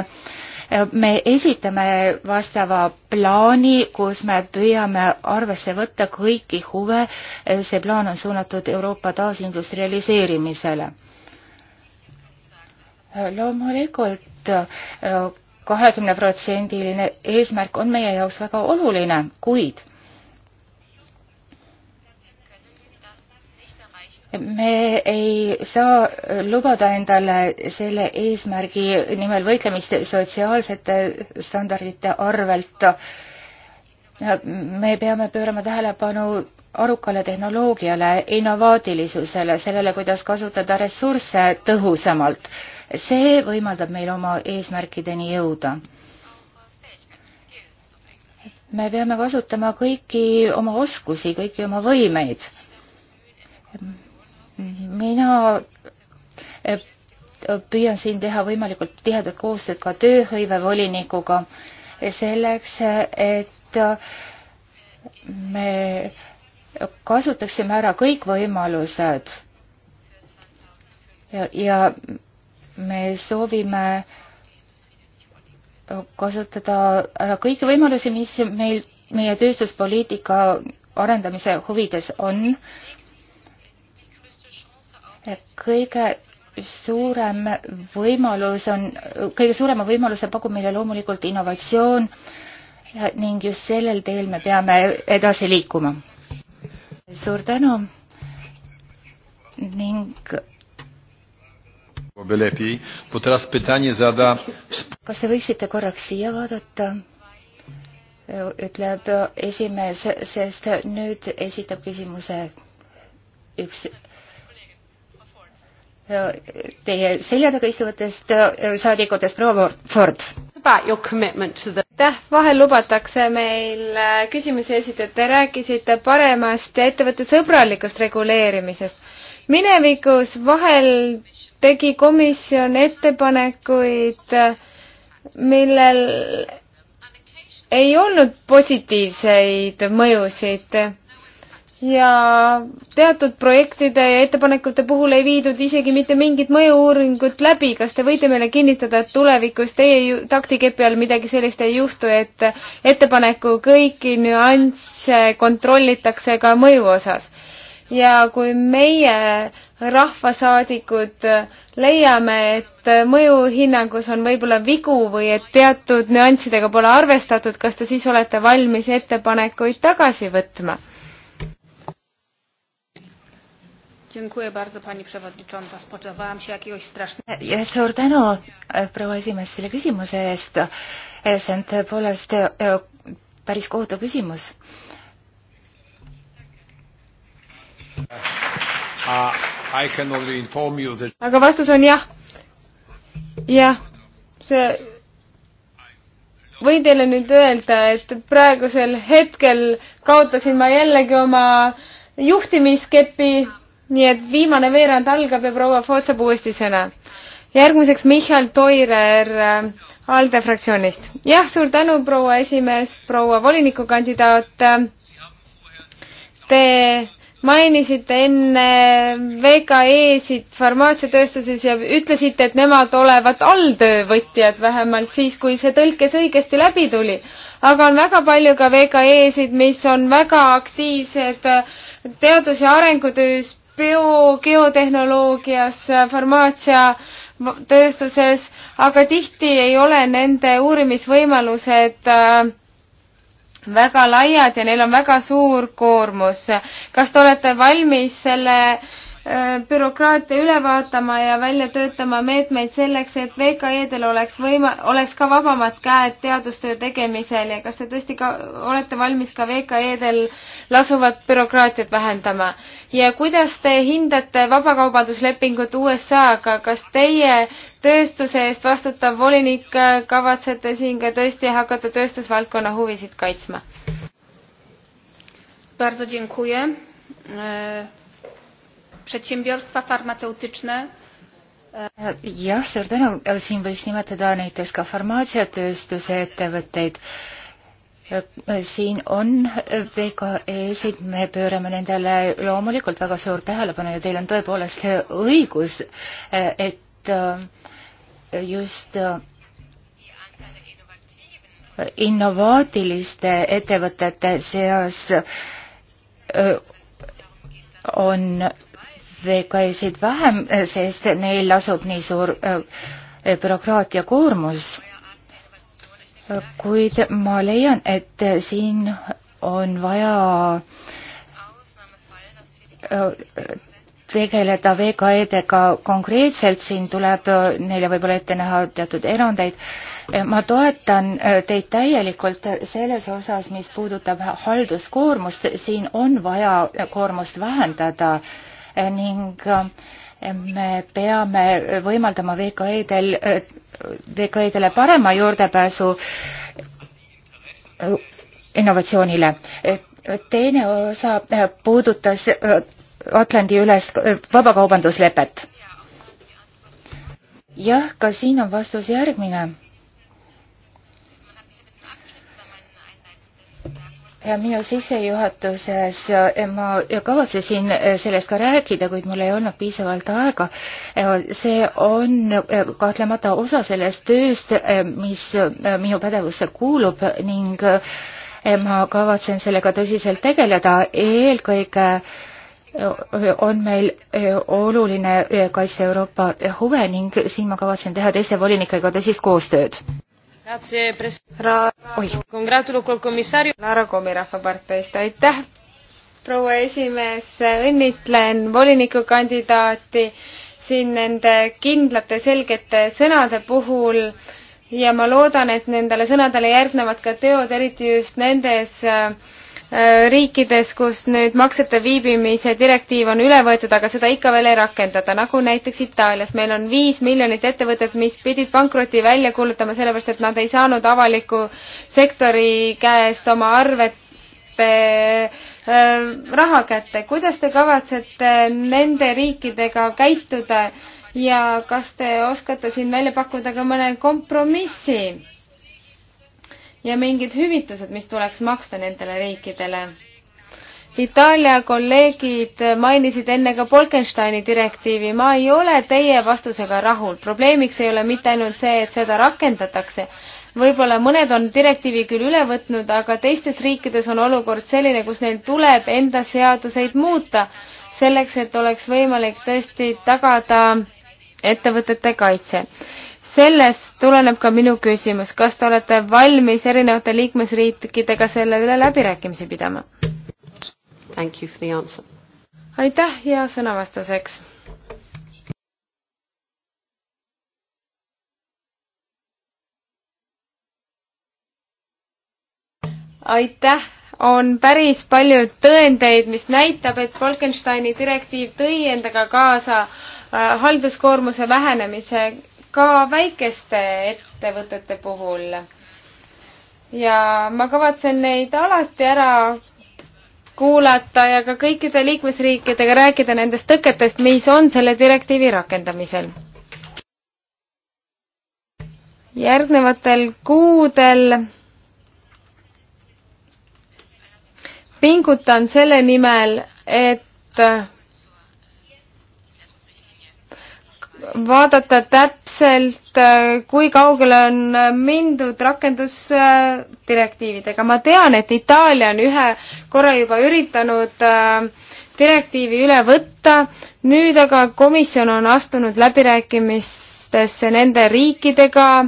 Äh, me esitame vastava plaani, kus me püüame arvesse võtta kõiki huve. Äh, see plaan on suunatud Euroopa taasindustrialiseerimisele. Äh, loomulikult kahekümne protsendiline eesmärk on meie jaoks väga oluline, kuid me ei saa lubada endale selle eesmärgi nimel võitlemist sotsiaalsete standardite arvelt. me peame pöörama tähelepanu arukale tehnoloogiale, innovaatilisusele, sellele, kuidas kasutada ressursse tõhusamalt. see võimaldab meil oma eesmärkideni jõuda me peame kasutama kõiki oma oskusi, kõiki oma võimeid mina e, püüan siin teha võimalikult tihedat koostööd ka tööhõivevolinikuga e, selleks, e, et me kasutaksime ära kõik võimalused ja, ja me soovime kasutada ära kõiki võimalusi, mis meil meie tööstuspoliitika arendamise huvides on äh, kõige suurem võimalus on, kõige suurema võimaluse pakub meile loomulikult innovatsioon ning just sellel teel me peame edasi liikuma. suur tänu ning kas te võiksite korraks siia vaadata? ütleb esimees, sest nüüd esitab küsimuse üks Äh, teie selja taga istuvatest äh, saadikutest, proua Ford. aitäh, vahel lubatakse meil äh, küsimusi esitada, te rääkisite paremast ja ettevõttesõbralikust reguleerimisest. minevikus vahel tegi komisjon ettepanekuid, millel ei olnud positiivseid mõjusid ja teatud projektide ja ettepanekute puhul ei viidud isegi mitte mingit mõju-uuringut läbi. kas te võite meile kinnitada, et tulevikus teie taktikepi all midagi sellist ei juhtu, et ettepaneku kõiki nüansse kontrollitakse ka mõju osas? ja kui meie rahvasaadikud leiame, et mõjuhinnangus on võib-olla vigu või et teatud nüanssidega pole arvestatud, kas te siis olete valmis ettepanekuid tagasi võtma? Dziękuję bardzo pani przewodnicząca. Spodziewałam się jakiegoś strasznego. Suur tänu, proua esimees, selle küsimuse eest. see on tõepoolest päris kohutav küsimus. aga vastus on jah. jah, see, võin teile nüüd öelda, et praegusel hetkel kaotasin ma jällegi oma juhtimiskepi nii et viimane veerand algab ja proua Ford saab uuesti sõna. järgmiseks Michal Toirer äh, ALDE fraktsioonist. jah, suur tänu, proua esimees, proua volinikukandidaat. Te mainisite enne VKE-sid farmaatsiatööstuses ja ütlesite, et nemad olevat alltöövõtjad, vähemalt siis, kui see tõlkes õigesti läbi tuli. aga on väga palju ka VKE-sid, mis on väga aktiivsed äh, teadus- ja arengutöös bio, geotehnoloogias, farmaatsiatööstuses, aga tihti ei ole nende uurimisvõimalused äh, väga laiad ja neil on väga suur koormus. kas te olete valmis selle äh, Äh, bürokraatia üle vaatama ja välja töötama meetmeid selleks, et VKE-del oleks võima-, oleks ka vabamad käed teadustöö tegemisel ja kas te tõesti ka olete valmis ka VKE-del lasuvat bürokraatiat vähendama? ja kuidas te hindate vabakaubanduslepingut USA-ga, kas teie tööstuse eest vastutav volinik äh, kavatsete siin ka tõesti hakata tööstusvaldkonna huvisid kaitsma? Bardzo dziękuję e, Przedsiębiorstwa farmatseutyczne jah, suur tänu, siin võiks nimetada näiteks ka farmaatsiatööstuse ettevõtteid. siin on VKE-sid, me pöörame nendele loomulikult väga suurt tähelepanu ja teil on tõepoolest õigus, et äh, just äh, innovaatiliste ettevõtete seas äh, on VKS-id vähem, eh, sest neil lasub nii suur eh, eh, bürokraatia koormus. kuid ma leian, et siin on vaja tegeleda VKE-dega konkreetselt, siin tuleb neile võib-olla ette näha teatud erandeid. ma toetan teid täielikult selles osas, mis puudutab halduskoormust, siin on vaja koormust vähendada ning eh, me peame võimaldama VKE-del, VKE-dele parema juurdepääsu eh, innovatsioonile. teine osa eh, puudutas Atlandi üles vabakaubanduslepet. jah, ka siin on vastus järgmine ja minu sissejuhatuses ma kavatsesin eh, sellest ka rääkida, kuid mul ei olnud piisavalt aega. Eh, see on eh, kahtlemata osa sellest tööst, mis minu pädevusse kuulub ning ma kavatsen sellega tõsiselt tegeleda, eelkõige on meil oluline kaitsta Euroopa huve ning siin ma kavatsen teha teiste volinikega tõsist koostööd. Lara Komi Rahvaparteist, aitäh, proua esimees, õnnitlen volinikukandidaati siin nende kindlate selgete sõnade puhul ja ma loodan, et nendele sõnadele järgnevad ka teod, eriti just nendes äh, Äh, riikides, kus nüüd maksete viibimise direktiiv on üle võetud, aga seda ikka veel ei rakendata, nagu näiteks Itaalias. meil on viis miljonit ettevõtet, mis pidid pankroti välja kuulutama, sellepärast et nad ei saanud avaliku sektori käest oma arvete äh, raha kätte. kuidas te kavatsete nende riikidega käituda ja kas te oskate siin välja pakkuda ka mõne kompromissi? ja mingid hüvitused, mis tuleks maksta nendele riikidele. Itaalia kolleegid mainisid enne ka Bolkensteini direktiivi, ma ei ole teie vastusega rahul, probleemiks ei ole mitte ainult see, et seda rakendatakse, võib-olla mõned on direktiivi küll üle võtnud, aga teistes riikides on olukord selline, kus neil tuleb enda seaduseid muuta, selleks et oleks võimalik tõesti tagada ettevõtete kaitse sellest tuleneb ka minu küsimus, kas te olete valmis erinevate liikmesriikidega selle üle läbirääkimisi pidama? aitäh hea sõna vastuseks. aitäh, on päris palju tõendeid, mis näitab, et Bolkensteini direktiiv tõi endaga kaasa äh, halduskoormuse vähenemise ka väikeste ettevõtete puhul. ja ma kavatsen neid alati ära kuulata ja ka kõikide liikmesriikidega rääkida nendest tõketest, mis on selle direktiivi rakendamisel. järgnevatel kuudel pingutan selle nimel, et vaadata täpselt, äh, kui kaugele on mindud rakendusdirektiividega. ma tean, et Itaalia on ühe korra juba üritanud äh, direktiivi üle võtta, nüüd aga komisjon on astunud läbirääkimistesse nende riikidega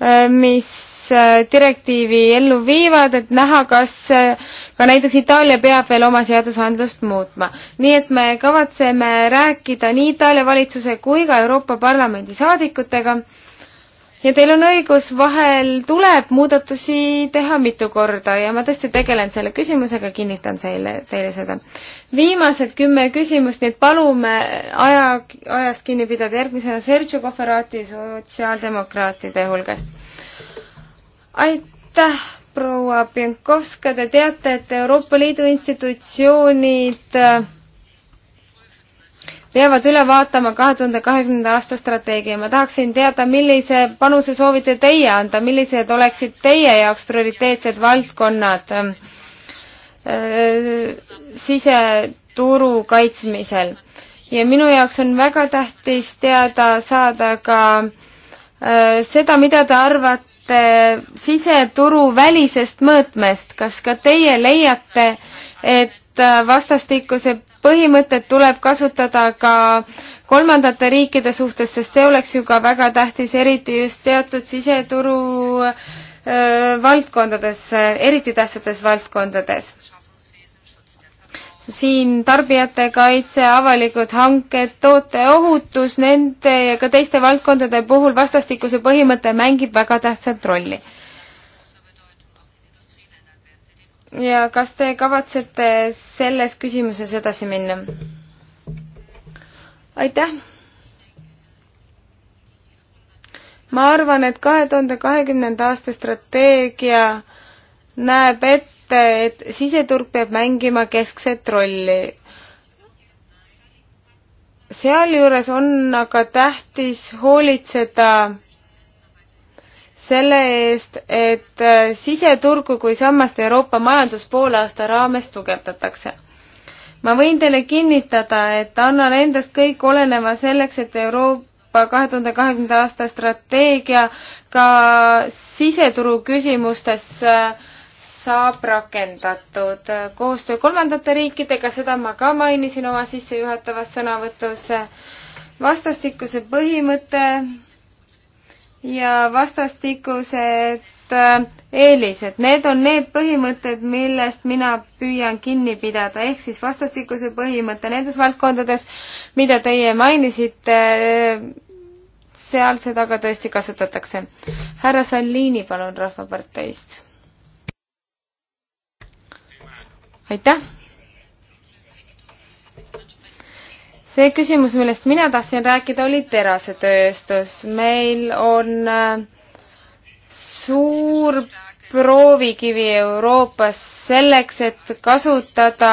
Äh, mis äh, direktiivi ellu viivad, et näha, kas äh, ka näiteks Itaalia peab veel oma seadusandlust muutma. nii et me kavatseme rääkida nii Itaalia valitsuse kui ka Euroopa Parlamendi saadikutega ja teil on õigus, vahel tuleb muudatusi teha mitu korda ja ma tõesti tegelen selle küsimusega, kinnitan seile, teile seda. viimased kümme küsimust, nii et palume aja, ajast kinni pidada. järgmisena Sergio Cofferati sotsiaaldemokraatide hulgast. aitäh, proua Pienkovska, te teate, et Euroopa Liidu institutsioonid peavad üle vaatama kahe tuhande kahekümnenda aasta strateegia. ma tahaksin teada, millise panuse soovite teie anda, millised oleksid teie jaoks prioriteetsed valdkonnad ähm, äh, siseturu kaitsmisel? ja minu jaoks on väga tähtis teada saada ka äh, seda, mida te arvate siseturu välisest mõõtmest, kas ka teie leiate, et äh, vastastikuse põhimõtet tuleb kasutada ka kolmandate riikide suhtes, sest see oleks ju ka väga tähtis, eriti just teatud siseturu öö, valdkondades, eriti tähtsates valdkondades. siin tarbijate kaitse, avalikud hanked, tooteohutus, nende ja ka teiste valdkondade puhul vastastikuse põhimõte mängib väga tähtsat rolli ja kas te kavatsete selles küsimuses edasi minna? aitäh! ma arvan, et kahe tuhande kahekümnenda aasta strateegia näeb ette, et siseturg peab mängima keskset rolli. sealjuures on aga tähtis hoolitseda selle eest, et äh, siseturgu kui sammast Euroopa majandus poolaasta raames tugevdatakse. ma võin teile kinnitada, et annan endast kõik oleneva selleks, et Euroopa kahe tuhande kahekümnenda aasta strateegia ka siseturu küsimustes äh, saab rakendatud. koostöö kolmandate riikidega, seda ma ka mainisin oma sissejuhatavas sõnavõtus, vastastikuse põhimõte ja vastastikused äh, eelised, need on need põhimõtted, millest mina püüan kinni pidada, ehk siis vastastikuse põhimõte nendes valdkondades, mida teie mainisite, äh, seal seda ka tõesti kasutatakse. härra Salliini, palun Rahvaparteist. aitäh see küsimus, millest mina tahtsin rääkida, oli terasetööstus. meil on äh, suur proovikivi Euroopas selleks, et kasutada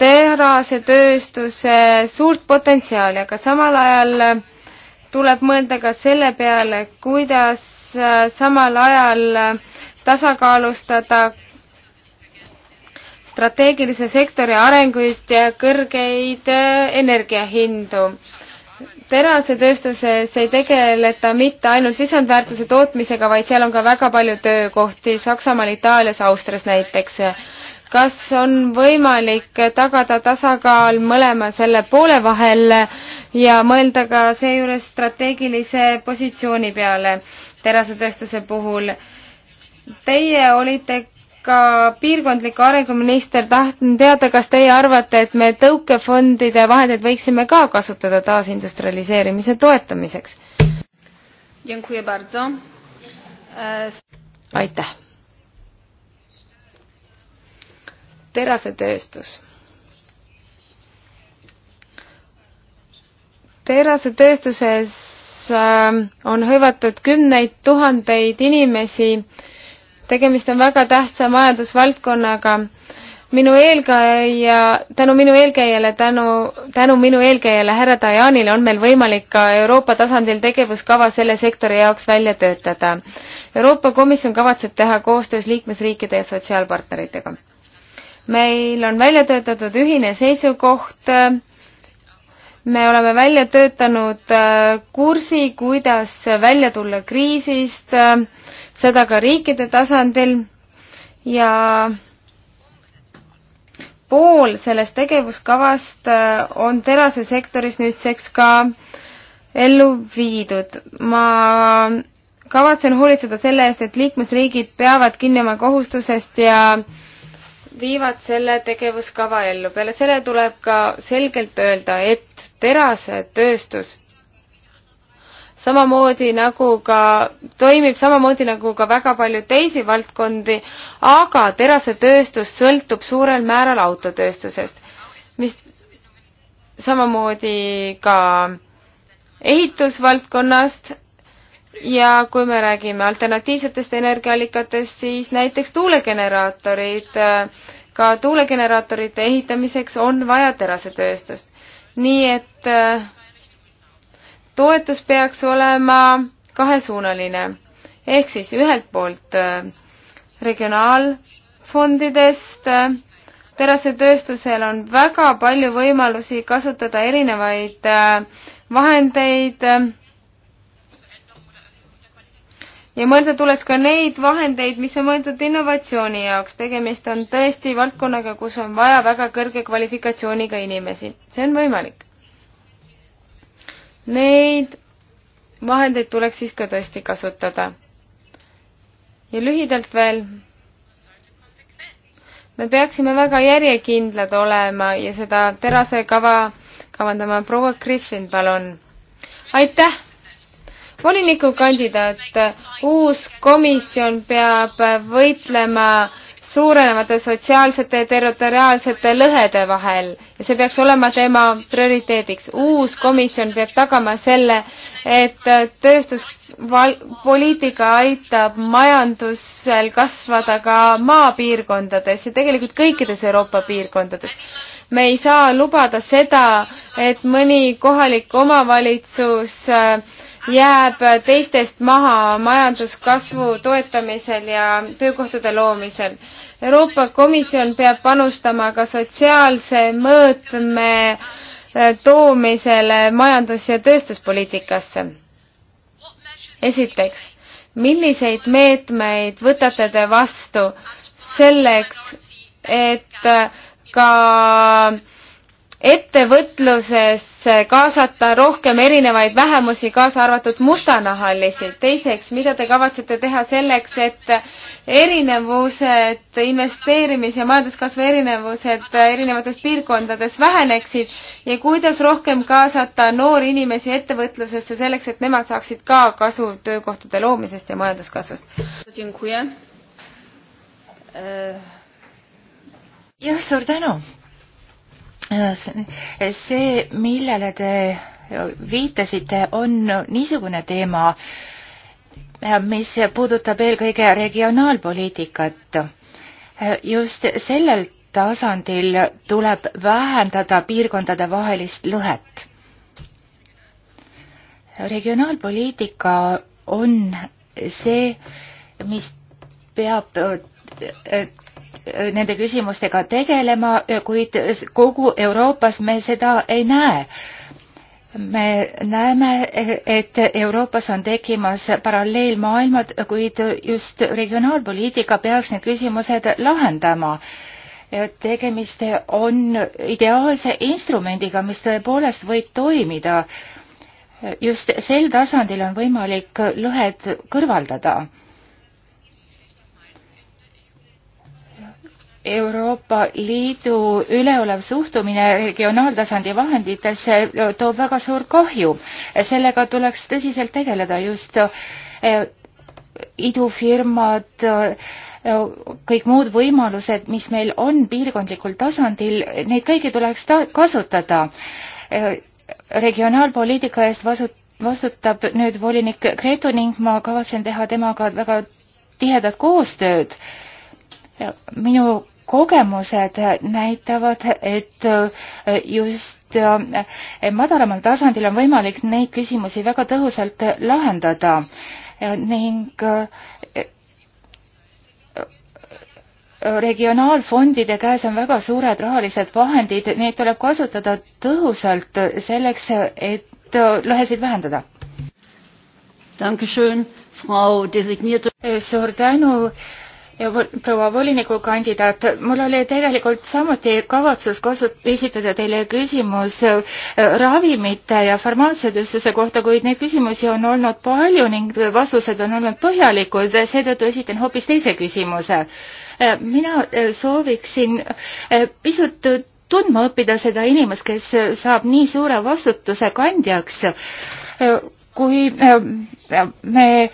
terasetööstuse suurt potentsiaali, aga samal ajal äh, tuleb mõelda ka selle peale, kuidas äh, samal ajal tasakaalustada strateegilise sektori arenguid ja kõrgeid äh, energiahindu. terasetööstuses ei tegeleta mitte ainult lisandväärtuse tootmisega, vaid seal on ka väga palju töökohti Saksamaal, Itaalias, Austrias näiteks. kas on võimalik tagada tasakaal mõlema selle poole vahel ja mõelda ka seejuures strateegilise positsiooni peale terasetööstuse puhul? Teie olite ka piirkondlik arenguminister, tahtsin teada, kas teie arvate, et me tõukefondide vahendeid võiksime ka kasutada taasindustrialiseerimise toetamiseks? E, aitäh. terasetööstus. terasetööstuses ähm, on hõivatud kümneid tuhandeid inimesi tegemist on väga tähtsa majandusvaldkonnaga. minu eelkäija, tänu minu eelkäijale, tänu, tänu minu eelkäijale härra Dajanile on meil võimalik ka Euroopa tasandil tegevuskava selle sektori jaoks välja töötada. Euroopa Komisjon kavatseb teha koostöös liikmesriikide ja sotsiaalpartneritega. meil on välja töötatud ühine seisukoht me oleme välja töötanud kursi, kuidas välja tulla kriisist, seda ka riikide tasandil ja pool sellest tegevuskavast äh, on terasesektoris nüüdseks ka ellu viidud. ma kavatsen hoolitseda selle eest, et liikmesriigid peavad kinni oma kohustusest ja viivad selle tegevuskava ellu. peale selle tuleb ka selgelt öelda, et terasetööstus samamoodi nagu ka, toimib samamoodi nagu ka väga palju teisi valdkondi, aga terasetööstus sõltub suurel määral autotööstusest, mis samamoodi ka ehitusvaldkonnast ja kui me räägime alternatiivsetest energiaallikatest, siis näiteks tuulegeneraatorid, ka tuulegeneraatorite ehitamiseks on vaja terasetööstust. nii et äh, toetus peaks olema kahesuunaline ehk siis ühelt poolt äh, regionaalfondidest äh, terasetööstusel on väga palju võimalusi kasutada erinevaid äh, vahendeid ja mõelda tuleks ka neid vahendeid, mis on mõeldud innovatsiooni jaoks. tegemist on tõesti valdkonnaga, kus on vaja väga kõrge kvalifikatsiooniga inimesi. see on võimalik. Neid vahendeid tuleks siis ka tõesti kasutada. ja lühidalt veel, me peaksime väga järjekindlad olema ja seda terase kava kavandama proua Griffin, palun. aitäh! volinikukandidaat, uus komisjon peab võitlema suurenevate sotsiaalsete ja territoriaalsete lõhede vahel ja see peaks olema tema prioriteediks. uus komisjon peab tagama selle, et tööstuspoliitika aitab majandusel kasvada ka maapiirkondades ja tegelikult kõikides Euroopa piirkondades. me ei saa lubada seda, et mõni kohalik omavalitsus äh, jääb teistest maha majanduskasvu toetamisel ja töökohtade loomisel. Euroopa Komisjon peab panustama ka sotsiaalse mõõtme äh, toomisele majandus- ja tööstuspoliitikasse. esiteks, milliseid meetmeid võtate te vastu selleks, et äh, ka äh, ettevõtlusesse kaasata rohkem erinevaid vähemusi, kaasa arvatud mustanahalisi. teiseks, mida te kavatsete teha selleks, et erinevused, investeerimis- ja majanduskasvu erinevused erinevates piirkondades väheneksid ja kuidas rohkem kaasata noori inimesi ettevõtlusesse selleks, et nemad saaksid ka kasu töökohtade loomisest ja majanduskasvust? E, jah, suur tänu Äh, äh, see, millele te äh, viitasite, on niisugune teema, mis puudutab eelkõige regionaalpoliitikat. just sellel tasandil tuleb vähendada piirkondade vahelist lõhet. regionaalpoliitika on see, mis peab nende küsimustega tegelema, kuid kogu Euroopas me seda ei näe me näeme, et Euroopas on tekkimas paralleelmaailmad, kuid just regionaalpoliitika peaks need küsimused lahendama. tegemist on ideaalse instrumendiga, mis tõepoolest võib toimida. just sel tasandil on võimalik lõhed kõrvaldada Euroopa Liidu üleolev suhtumine regionaaltasandi vahenditesse toob väga suurt kahju. sellega tuleks tõsiselt tegeleda just idufirmad, kõik muud võimalused, mis meil on piirkondlikul tasandil, neid kõiki tuleks ta-, kasutada. regionaalpoliitika eest vasu-, vastutab nüüd volinik Gretu ning ma kavatsen teha temaga väga tihedat koostööd. minu kogemused näitavad, et äh, just äh, madalamal tasandil on võimalik neid küsimusi väga tõhusalt lahendada ning äh, regionaalfondide käes on väga suured rahalised vahendid, neid tuleb kasutada tõhusalt selleks, et lõhesid vähendada. suur tänu proua volinikukandidaat, mul oli tegelikult samuti kavatsus kasut-, esitada teile küsimus äh, ravimite ja farmaatsiatööstuse kohta, kuid neid küsimusi on olnud palju ning vastused on olnud põhjalikud, seetõttu esitan hoopis teise küsimuse. Äh, mina äh, sooviksin pisut tundma õppida seda inimest, kes saab nii suure vastutuse kandjaks kui äh, me, äh,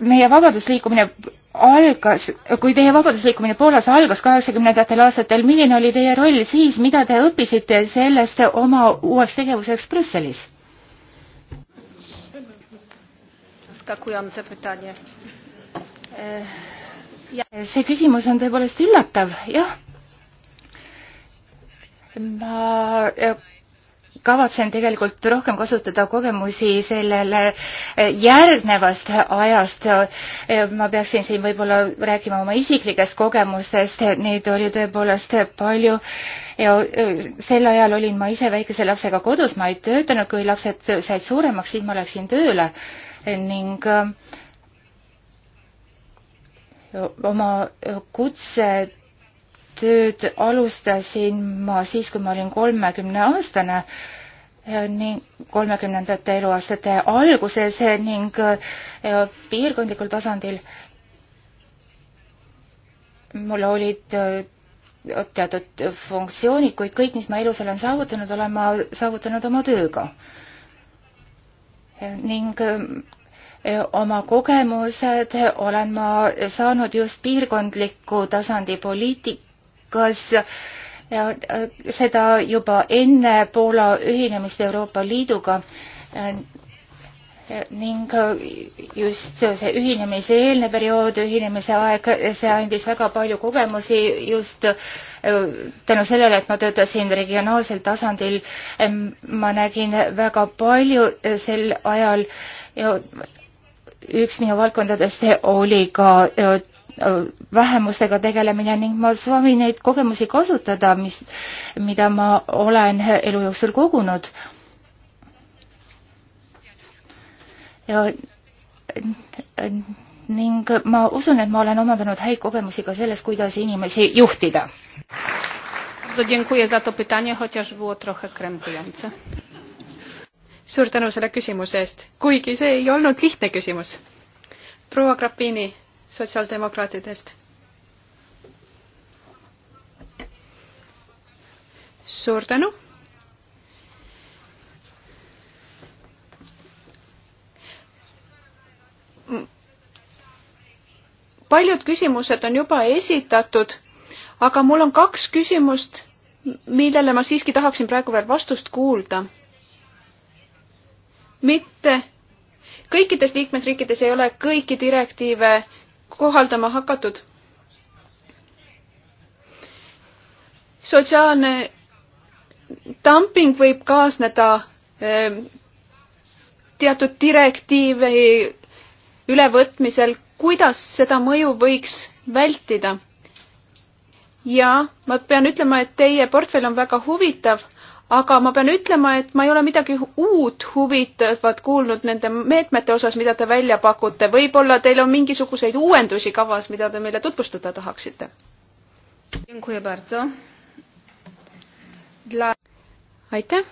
meie vabadusliikumine algas, kui teie vabadusliikumine Poolas algas kaheksakümnendatel aastatel, milline oli teie roll siis, mida te õppisite sellest oma uueks tegevuseks Brüsselis? Äh, see küsimus on tõepoolest üllatav, jah. ma kavatsen tegelikult rohkem kasutada kogemusi sellele eh, järgnevast ajast. Eh, ma peaksin siin võib-olla rääkima oma isiklikest kogemustest, neid oli tõepoolest palju ja eh, sel ajal olin ma ise väikese lapsega kodus, ma ei töötanud, kui lapsed said suuremaks, siis ma läksin tööle ning oma kutse tööd alustasin ma siis, kui ma olin kolmekümneaastane eh, ning kolmekümnendate eluaastate alguses eh, ning eh, piirkondlikul tasandil mul olid teatud funktsioonid, kuid kõik, mis ma elus olen saavutanud, olen ma saavutanud oma tööga. ning oma kogemused olen ma saanud just piirkondliku tasandi poliitik-, hakkas äh, seda juba enne Poola ühinemist Euroopa Liiduga äh, ning äh, just see ühinemise eelne periood, ühinemise aeg, see andis väga palju kogemusi just tänu sellele, et ma töötasin regionaalsel tasandil. Ähm, ma nägin väga palju sel ajal. üks minu valdkondadest oli ka Äh, vähemustega tegelemine ning ma soovin neid kogemusi kasutada, mis, mida ma olen elu jooksul kogunud. ja ning ma usun, et ma olen omandanud häid kogemusi ka selles, kuidas inimesi juhtida. suur tänu selle küsimuse eest, kuigi see ei olnud lihtne küsimus. proua Grappini sotsiaaldemokraatidest. suur tänu. paljud küsimused on juba esitatud, aga mul on kaks küsimust, millele ma siiski tahaksin praegu veel vastust kuulda. mitte kõikides liikmesriikides ei ole kõiki direktiive kohaldama hakatud. sotsiaalne dumping võib kaasneda ehm, teatud direktiivi ülevõtmisel, kuidas seda mõju võiks vältida. ja ma pean ütlema, et teie portfell on väga huvitav aga ma pean ütlema, et ma ei ole midagi uut huvitavat kuulnud nende meetmete osas, mida te välja pakute. võib-olla teil on mingisuguseid uuendusi kavas, mida te meile tutvustada tahaksite? aitäh.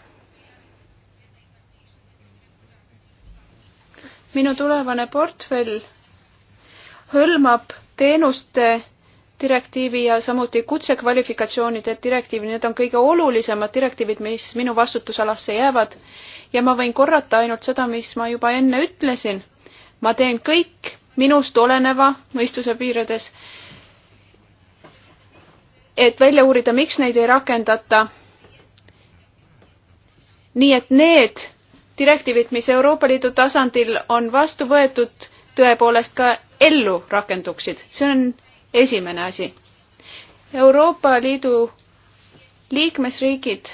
minu tulevane portfell hõlmab teenuste direktiivi ja samuti kutsekvalifikatsioonide direktiivi, need on kõige olulisemad direktiivid, mis minu vastutusalasse jäävad. ja ma võin korrata ainult seda, mis ma juba enne ütlesin. ma teen kõik minust oleneva mõistuse piirides, et välja uurida, miks neid ei rakendata. nii et need direktiivid, mis Euroopa Liidu tasandil on vastu võetud, tõepoolest ka ellu rakenduksid. see on esimene asi. Euroopa Liidu liikmesriigid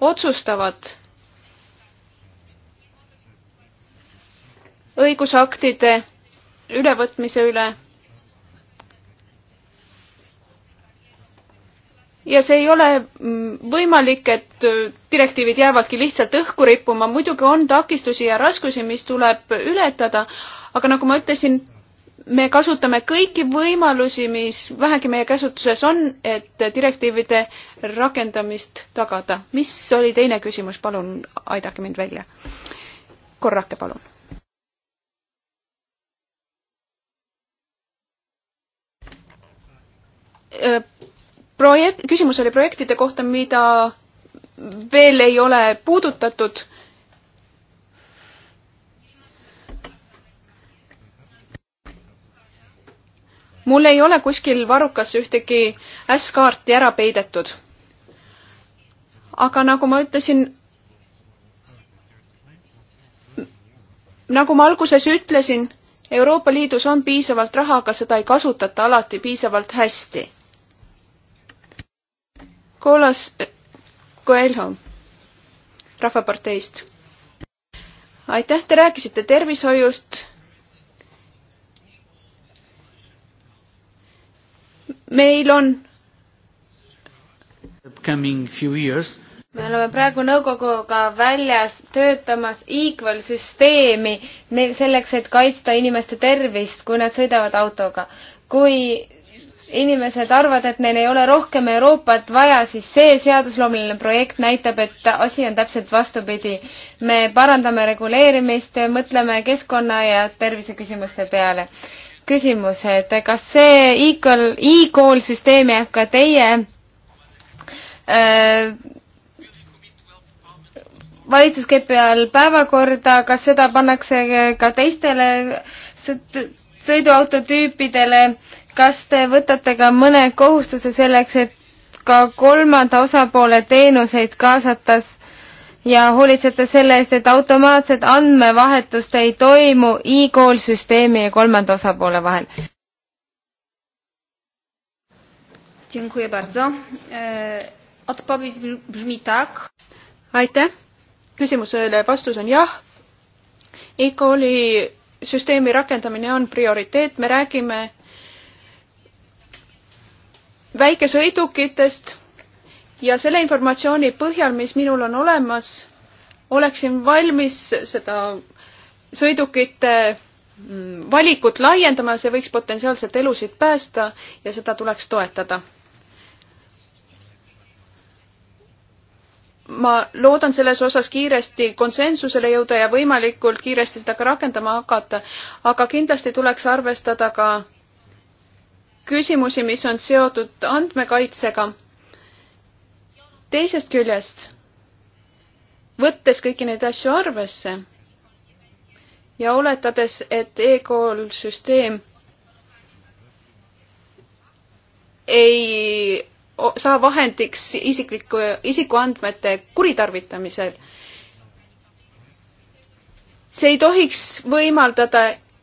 otsustavad õigusaktide ülevõtmise üle. ja see ei ole võimalik, et direktiivid jäävadki lihtsalt õhku rippuma, muidugi on takistusi ja raskusi, mis tuleb ületada, aga nagu ma ütlesin, me kasutame kõiki võimalusi, mis vähegi meie käsutuses on, et direktiivide rakendamist tagada. mis oli teine küsimus, palun aidake mind välja. korrake, palun. Äh, projekt, küsimus oli projektide kohta, mida veel ei ole puudutatud mul ei ole kuskil varrukas ühtegi S-kaarti ära peidetud. aga nagu ma ütlesin, nagu ma alguses ütlesin, Euroopa Liidus on piisavalt raha, aga seda ei kasutata alati piisavalt hästi. Kolas Coelho Rahvaparteist. aitäh, te rääkisite tervishoiust meil on me oleme praegu nõukoguga väljas töötamas equal süsteemi neil selleks, et kaitsta inimeste tervist, kui nad sõidavad autoga. kui inimesed arvavad, et neil ei ole rohkem Euroopat vaja, siis see seadusloomeline projekt näitab, et asi on täpselt vastupidi. me parandame reguleerimist, mõtleme keskkonna ja terviseküsimuste peale küsimuse, et kas see e-kool, e-kool süsteem jääb ka teie äh, valitsuskepi all päevakorda, kas seda pannakse ka teistele sõiduautotüüpidele, kas te võtate ka mõne kohustuse selleks, et ka kolmanda osapoole teenuseid kaasates ja hoolitsete selle eest, et automaatset andmevahetust ei toimu e-call süsteemi ja kolmanda osapoole vahel. E, aitäh, küsimusele vastus on jah e. e-call'i süsteemi rakendamine on prioriteet, me räägime väikesõidukitest ja selle informatsiooni põhjal, mis minul on olemas, oleksin valmis seda sõidukite mm, valikut laiendama, see võiks potentsiaalselt elusid päästa ja seda tuleks toetada. ma loodan selles osas kiiresti konsensusele jõuda ja võimalikult kiiresti seda ka rakendama hakata, aga kindlasti tuleks arvestada ka küsimusi, mis on seotud andmekaitsega teisest küljest, võttes kõiki neid asju arvesse ja oletades, et e-kool süsteem ei saa vahendiks isikliku, isikuandmete kuritarvitamisel. see ei tohiks võimaldada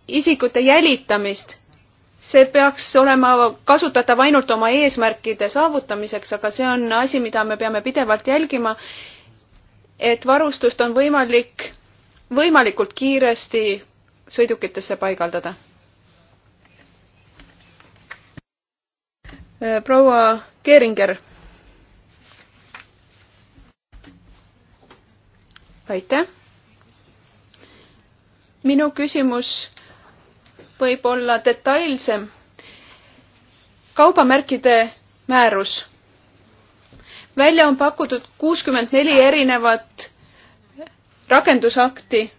isikute jälitamist see peaks olema kasutatav ainult oma eesmärkide saavutamiseks, aga see on asi, mida me peame pidevalt jälgima, et varustust on võimalik võimalikult kiiresti sõidukitesse paigaldada. proua Keeringer. aitäh. minu küsimus võib-olla detailsem. kaubamärkide määrus. välja on pakutud kuuskümmend neli erinevat rakendusakti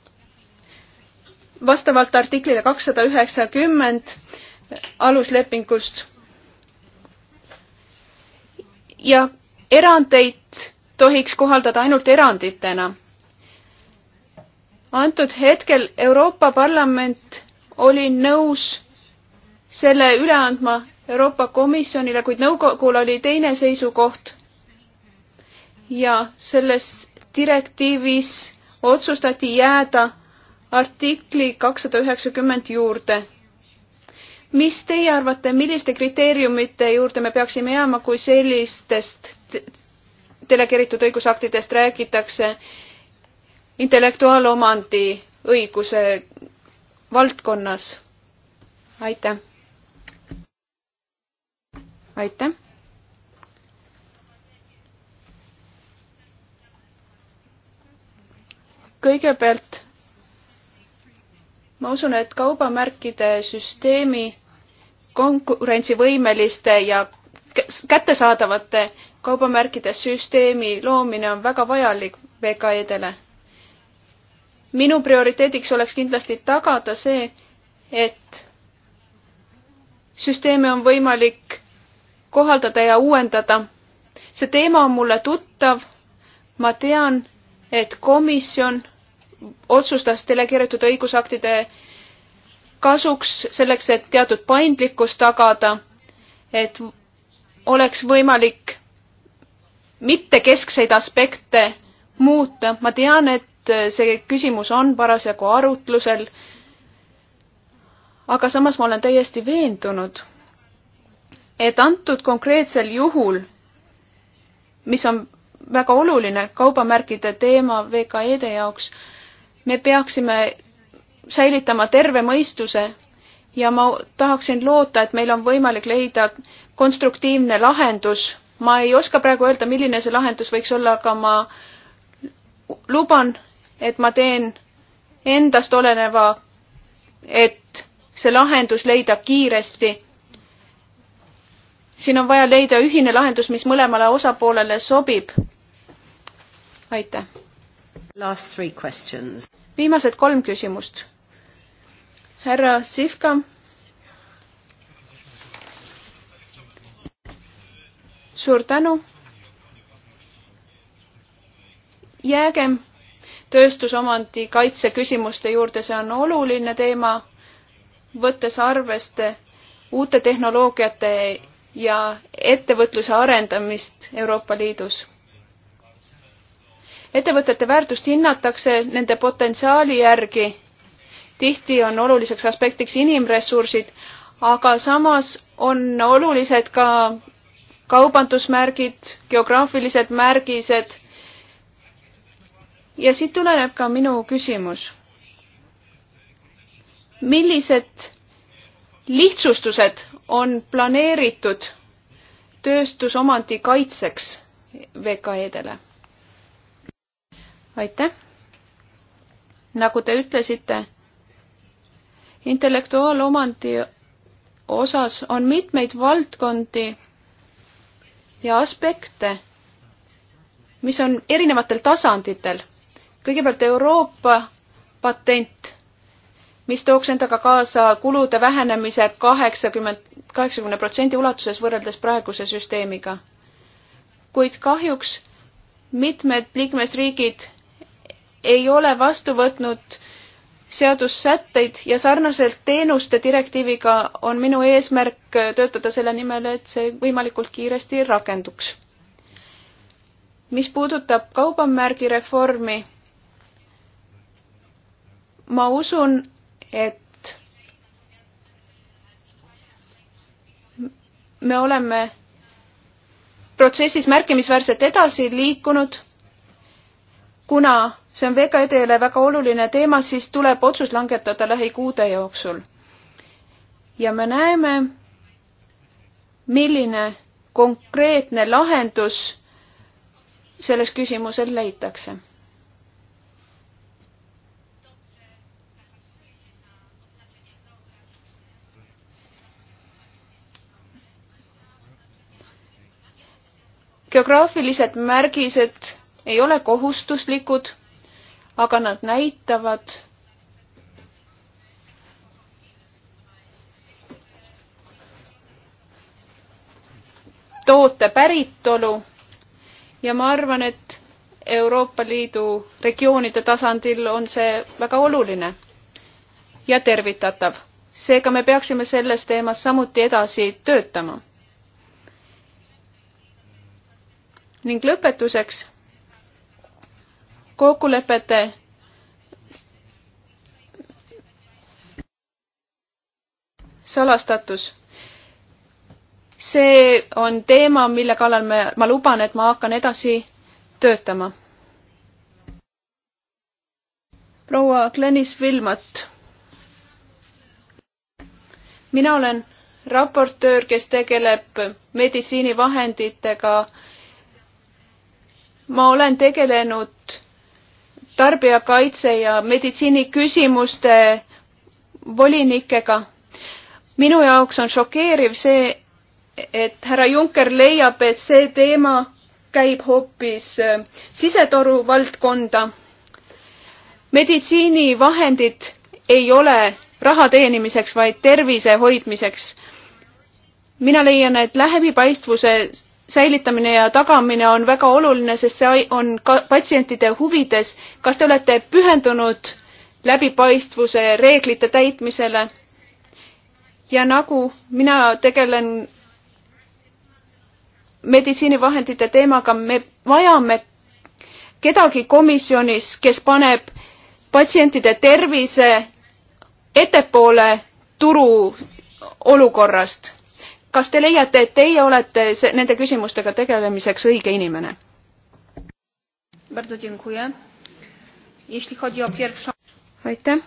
vastavalt artiklile kakssada üheksakümmend aluslepingust. ja erandeid tohiks kohaldada ainult eranditena. antud hetkel Euroopa Parlament olin nõus selle üle andma Euroopa Komisjonile, kuid nõukogul oli teine seisukoht. ja selles direktiivis otsustati jääda artikli kakssada üheksakümmend juurde. mis teie arvate, milliste kriteeriumite juurde me peaksime jääma, kui sellistest delegeeritud õigusaktidest räägitakse intellektuaalomandi õiguse valdkonnas. aitäh! aitäh! kõigepealt ma usun, et kaubamärkide süsteemi konkurentsivõimeliste ja kättesaadavate kaubamärkide süsteemi loomine on väga vajalik VKE-dele minu prioriteediks oleks kindlasti tagada see, et süsteeme on võimalik kohaldada ja uuendada. see teema on mulle tuttav. ma tean, et komisjon otsustas delegeeritud õigusaktide kasuks selleks, et teatud paindlikkus tagada, et oleks võimalik mittekeskseid aspekte muuta. ma tean, et Äh, see küsimus on parasjagu arutlusel. aga samas ma olen täiesti veendunud, et antud konkreetsel juhul, mis on väga oluline kaubamärkide teema VKE-de jaoks, me peaksime säilitama terve mõistuse ja ma tahaksin loota, et meil on võimalik leida konstruktiivne lahendus. ma ei oska praegu öelda, milline see lahendus võiks olla, aga ma luban, et ma teen endast oleneva, et see lahendus leida kiiresti. siin on vaja leida ühine lahendus, mis mõlemale osapoolele sobib. aitäh. viimased kolm küsimust. härra Sivka. suur tänu jäägem tööstusomandi kaitse küsimuste juurde, see on oluline teema, võttes arveste uute tehnoloogiate ja ettevõtluse arendamist Euroopa Liidus. ettevõtete väärtust hinnatakse nende potentsiaali järgi. tihti on oluliseks aspektiks inimressursid, aga samas on olulised ka kaubandusmärgid, geograafilised märgised ja siit tuleneb ka minu küsimus. millised lihtsustused on planeeritud tööstusomandi kaitseks VKE-dele? aitäh! nagu te ütlesite, intellektuaalomandi osas on mitmeid valdkondi ja aspekte, mis on erinevatel tasanditel kõigepealt Euroopa patent, mis tooks endaga kaasa kulude vähenemise kaheksakümmend, kaheksakümne protsendi ulatuses võrreldes praeguse süsteemiga. kuid kahjuks mitmed liikmesriigid ei ole vastu võtnud seadussätteid ja sarnaselt teenuste direktiiviga on minu eesmärk töötada selle nimel, et see võimalikult kiiresti rakenduks. mis puudutab kaubamärgi reformi, ma usun, et me oleme protsessis märkimisväärselt edasi liikunud. kuna see on VKD-le väga oluline teema, siis tuleb otsus langetada lähikuude jooksul. ja me näeme, milline konkreetne lahendus selles küsimuses leitakse. geograafilised märgised ei ole kohustuslikud, aga nad näitavad, toote päritolu ja ma arvan, et Euroopa Liidu regioonide tasandil on see väga oluline ja tervitatav. seega me peaksime selles teemas samuti edasi töötama ning lõpetuseks kokkulepete salastatus. see on teema, mille kallal me, ma luban, et ma hakkan edasi töötama. proua Glenis Vilmat. mina olen raportöör, kes tegeleb meditsiinivahenditega ma olen tegelenud tarbijakaitse ja meditsiiniküsimuste volinikega. minu jaoks on šokeeriv see, et härra Juncker leiab, et see teema käib hoopis äh, sisetoru valdkonda. meditsiinivahendid ei ole raha teenimiseks, vaid tervise hoidmiseks. mina leian, et läbipaistvuse säilitamine ja tagamine on väga oluline, sest see on ka patsientide huvides. kas te olete pühendunud läbipaistvuse reeglite täitmisele? ja nagu mina tegelen meditsiinivahendite teemaga, me vajame kedagi komisjonis, kes paneb patsientide tervise ettepoole turu olukorrast kas te leiate, et teie olete se-, nende küsimustega tegelemiseks õige inimene? aitäh.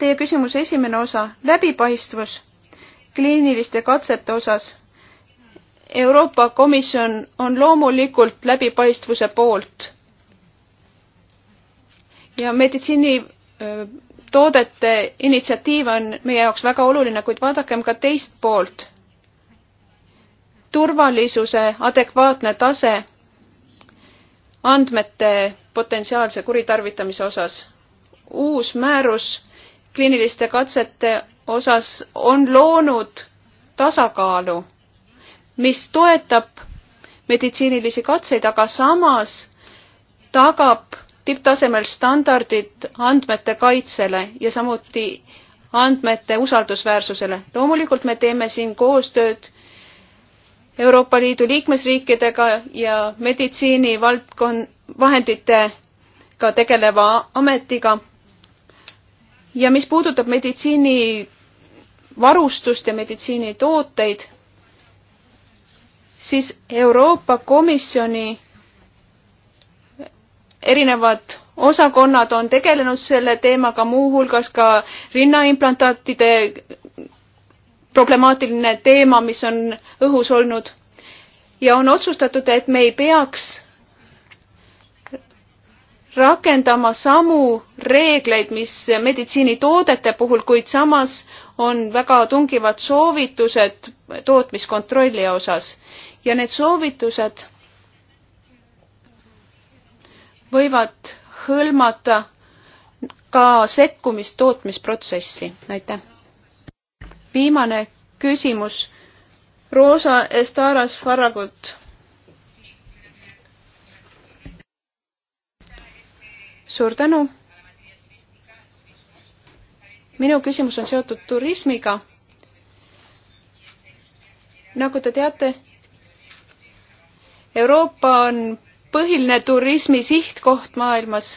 Teie küsimuse esimene osa, läbipaistvus kliiniliste katsete osas. Euroopa Komisjon on loomulikult läbipaistvuse poolt ja meditsiini toodete initsiatiiv on meie jaoks väga oluline, kuid vaadakem ka teist poolt. turvalisuse adekvaatne tase andmete potentsiaalse kuritarvitamise osas. uus määrus kliiniliste katsete osas on loonud tasakaalu, mis toetab meditsiinilisi katseid, aga samas tagab tipptasemel standardid andmete kaitsele ja samuti andmete usaldusväärsusele. loomulikult me teeme siin koostööd Euroopa Liidu liikmesriikidega ja meditsiinivaldkond, vahenditega tegeleva ametiga. ja mis puudutab meditsiinivarustust ja meditsiinitooteid, siis Euroopa Komisjoni erinevad osakonnad on tegelenud selle teemaga, muuhulgas ka rinnaimplantaatide problemaatiline teema, mis on õhus olnud. ja on otsustatud, et me ei peaks rakendama samu reegleid, mis meditsiinitoodete puhul, kuid samas on väga tungivad soovitused tootmiskontrolli osas ja need soovitused võivad hõlmata ka sekkumist tootmisprotsessi. aitäh. viimane küsimus. Rosa Estaras Farragut. suur tänu. minu küsimus on seotud turismiga. nagu te teate, Euroopa on põhiline turismi sihtkoht maailmas.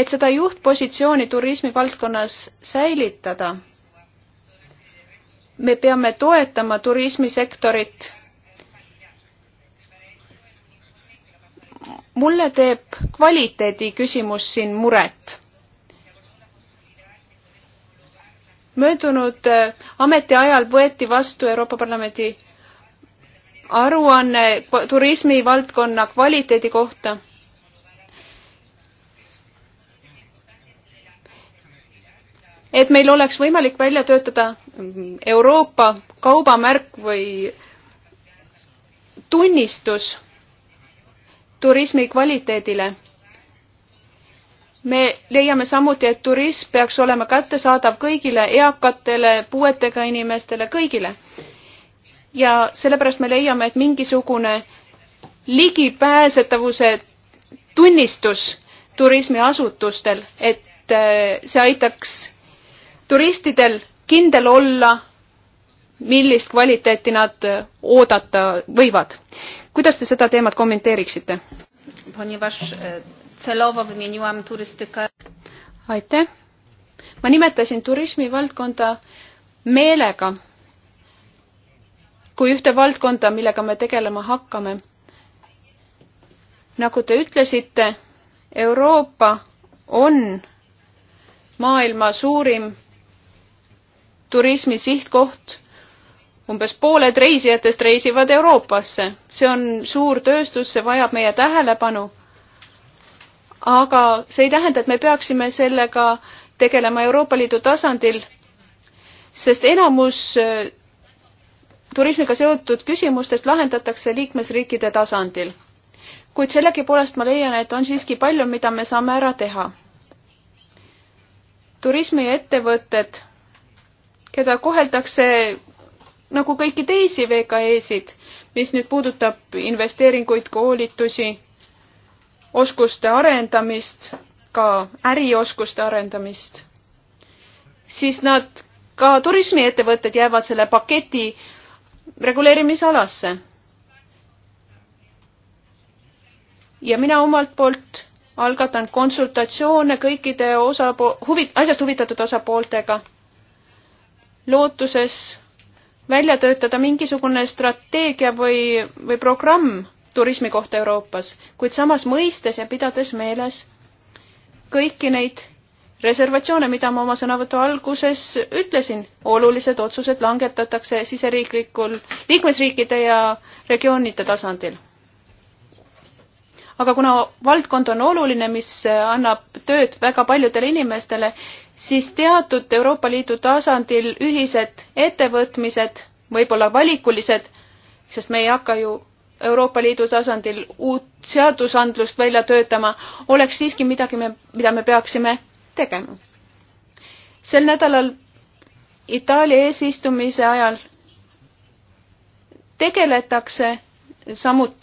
et seda juhtpositsiooni turismi valdkonnas säilitada, me peame toetama turismisektorit. mulle teeb kvaliteedi küsimus siin muret möödunud äh, ametiajal võeti vastu Euroopa Parlamendi aruanne turismivaldkonna kvaliteedi kohta. et meil oleks võimalik välja töötada Euroopa kaubamärk või tunnistus turismi kvaliteedile. me leiame samuti, et turism peaks olema kättesaadav kõigile eakatele, puuetega inimestele, kõigile ja sellepärast me leiame, et mingisugune ligipääsetavuse tunnistus turismiasutustel, et äh, see aitaks turistidel kindel olla, millist kvaliteeti nad äh, oodata võivad. kuidas te seda teemat kommenteeriksite? E, aitäh. ma nimetasin turismivaldkonda meelega kui ühte valdkonda, millega me tegelema hakkame. nagu te ütlesite, Euroopa on maailma suurim turismi sihtkoht. umbes pooled reisijatest reisivad Euroopasse, see on suur tööstus, see vajab meie tähelepanu. aga see ei tähenda, et me peaksime sellega tegelema Euroopa Liidu tasandil, sest enamus turismiga seotud küsimustest lahendatakse liikmesriikide tasandil. kuid sellegipoolest ma leian, et on siiski palju, mida me saame ära teha. turismiettevõtted, keda koheldakse nagu kõiki teisi VKE-sid, mis nüüd puudutab investeeringuid, koolitusi, oskuste arendamist, ka ärioskuste arendamist, siis nad, ka turismiettevõtted jäävad selle paketi reguleerimisalasse. ja mina omalt poolt algatan konsultatsioone kõikide osapo-, huvi-, asjast huvitatud osapooltega, lootuses välja töötada mingisugune strateegia või, või programm turismi kohta Euroopas, kuid samas mõistes ja pidades meeles kõiki neid reservatsioone, mida ma oma sõnavõtu alguses ütlesin. olulised otsused langetatakse siseriiklikul, liikmesriikide ja regioonide tasandil. aga kuna valdkond on oluline, mis annab tööd väga paljudele inimestele, siis teatud Euroopa Liidu tasandil ühised ettevõtmised, võib-olla valikulised, sest me ei hakka ju Euroopa Liidu tasandil uut seadusandlust välja töötama, oleks siiski midagi, mida me peaksime tegema. sel nädalal Itaalia eesistumise ajal tegeletakse samuti